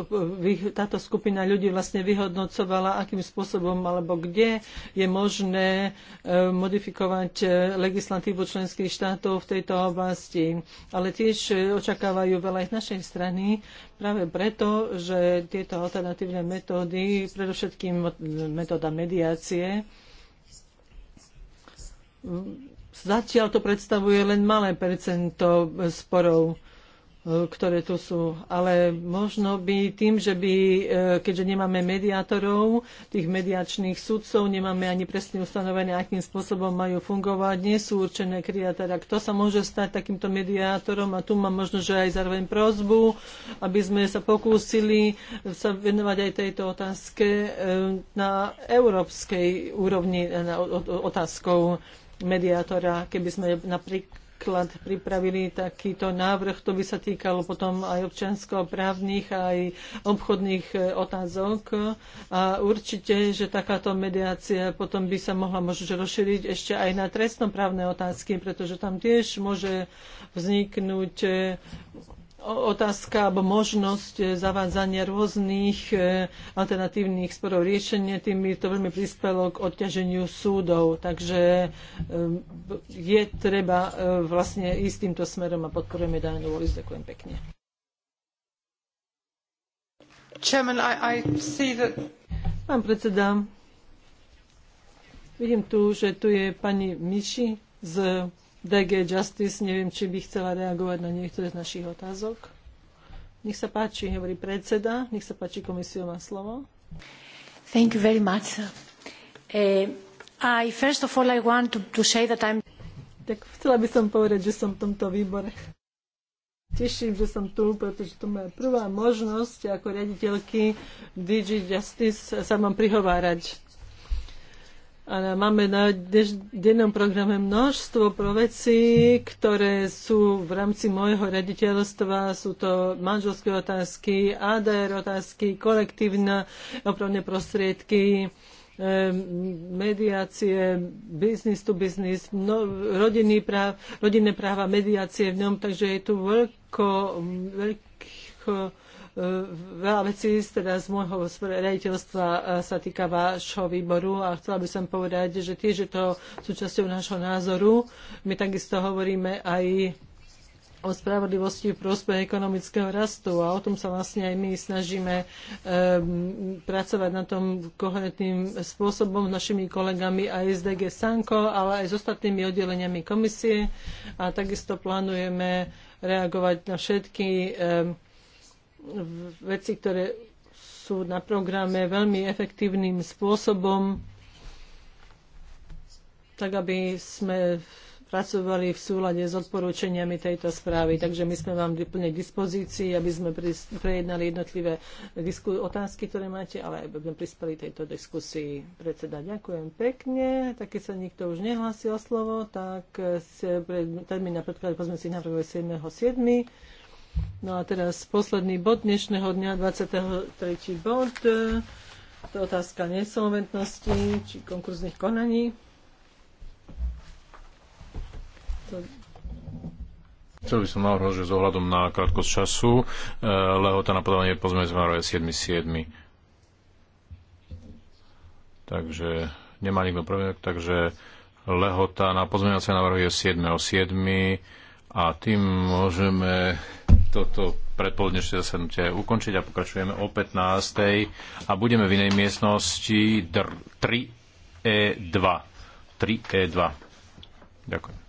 táto skupina ľudí vlastne vyhodnocovala, akým spôsobom alebo kde je možné e, modifikovať e, legislatívu členských štátov v tejto oblasti. Ale tiež e, očakávajú veľa aj z našej strany, práve preto, že tieto alternatívne metódy, predovšetkým metóda mediácie, Zatiaľ to predstavuje len malé percento e, sporov e, ktoré tu sú. Ale možno by tým, že by, e, keďže nemáme mediátorov, tých mediačných sudcov, nemáme ani presne ustanovené, akým spôsobom majú fungovať, nie sú určené kria, teda kto sa môže stať takýmto mediátorom a tu mám možno, že aj zároveň prozbu, aby sme sa pokúsili sa venovať aj tejto otázke na európskej úrovni na otázkou mediátora, keby sme napríklad pripravili takýto návrh, to by sa týkalo potom aj občiansko-právnych, aj obchodných e, otázok. A určite, že takáto mediácia potom by sa mohla možno rozšíriť ešte aj na trestnoprávne otázky, pretože tam tiež môže vzniknúť e, otázka alebo možnosť e, zavádzania rôznych e, alternatívnych sporov riešenia, tým by to veľmi prispelo k odťaženiu súdov. Takže e, je treba vlastne ísť týmto smerom a podporujeme Danielu Wallis. Ďakujem pekne. Chairman, I, I see that... Pán predseda, vidím tu, že tu je pani Miši z DG Justice, neviem, či by chcela reagovať na niektoré z našich otázok. Nech sa páči, hovorí predseda, nech sa páči, komisiu má slovo. Thank you very much. Uh, I first of all I want to, to say that I'm... Tak chcela by som povedať, že som v tomto výbore. Teším, že som tu, pretože to moja prvá možnosť ako riaditeľky DG Justice sa mám prihovárať ale máme na dennom programe množstvo provecí, ktoré sú v rámci môjho raditeľstva. Sú to manželské otázky, ADR otázky, kolektívne opravné prostriedky, mediácie, business to business, no, rodinný práv, rodinné práva, mediácie v ňom, takže je tu veľko, veľko veľa vecí teda z môjho rejiteľstva e, sa týka vášho výboru a chcela by som povedať, že tiež je to súčasťou nášho názoru. My takisto hovoríme aj o spravodlivosti v prospech ekonomického rastu a o tom sa vlastne aj my snažíme um, pracovať na tom koherentným spôsobom s našimi kolegami aj z DG Sanko, ale aj s ostatnými oddeleniami komisie a takisto plánujeme reagovať na všetky um, veci, ktoré sú na programe veľmi efektívnym spôsobom, tak aby sme pracovali v súlade s odporúčaniami tejto správy. Takže my sme vám plne k dispozícii, aby sme prejednali jednotlivé otázky, ktoré máte, ale aj sme prispeli tejto diskusii. Predseda, ďakujem pekne. Tak keď sa nikto už nehlásil o slovo, tak termín na predklad pozme si navrhuje 7.7. No a teraz posledný bod dnešného dňa, 23. bod, e, to je otázka nesolventnosti či konkurzných konaní. To... Chcel by som navrhnúť, že z ohľadom na krátkosť času e, lehota na podávanie pozmeň pozmeňovania je 7.7. Takže nemá nikto prvý, takže lehota na pozmeňovacie návrhy je 7.7. A tým môžeme toto predpoludnešie zasadnutie ukončiť a pokračujeme o 15. a budeme v inej miestnosti 3E2. 3E2. Ďakujem.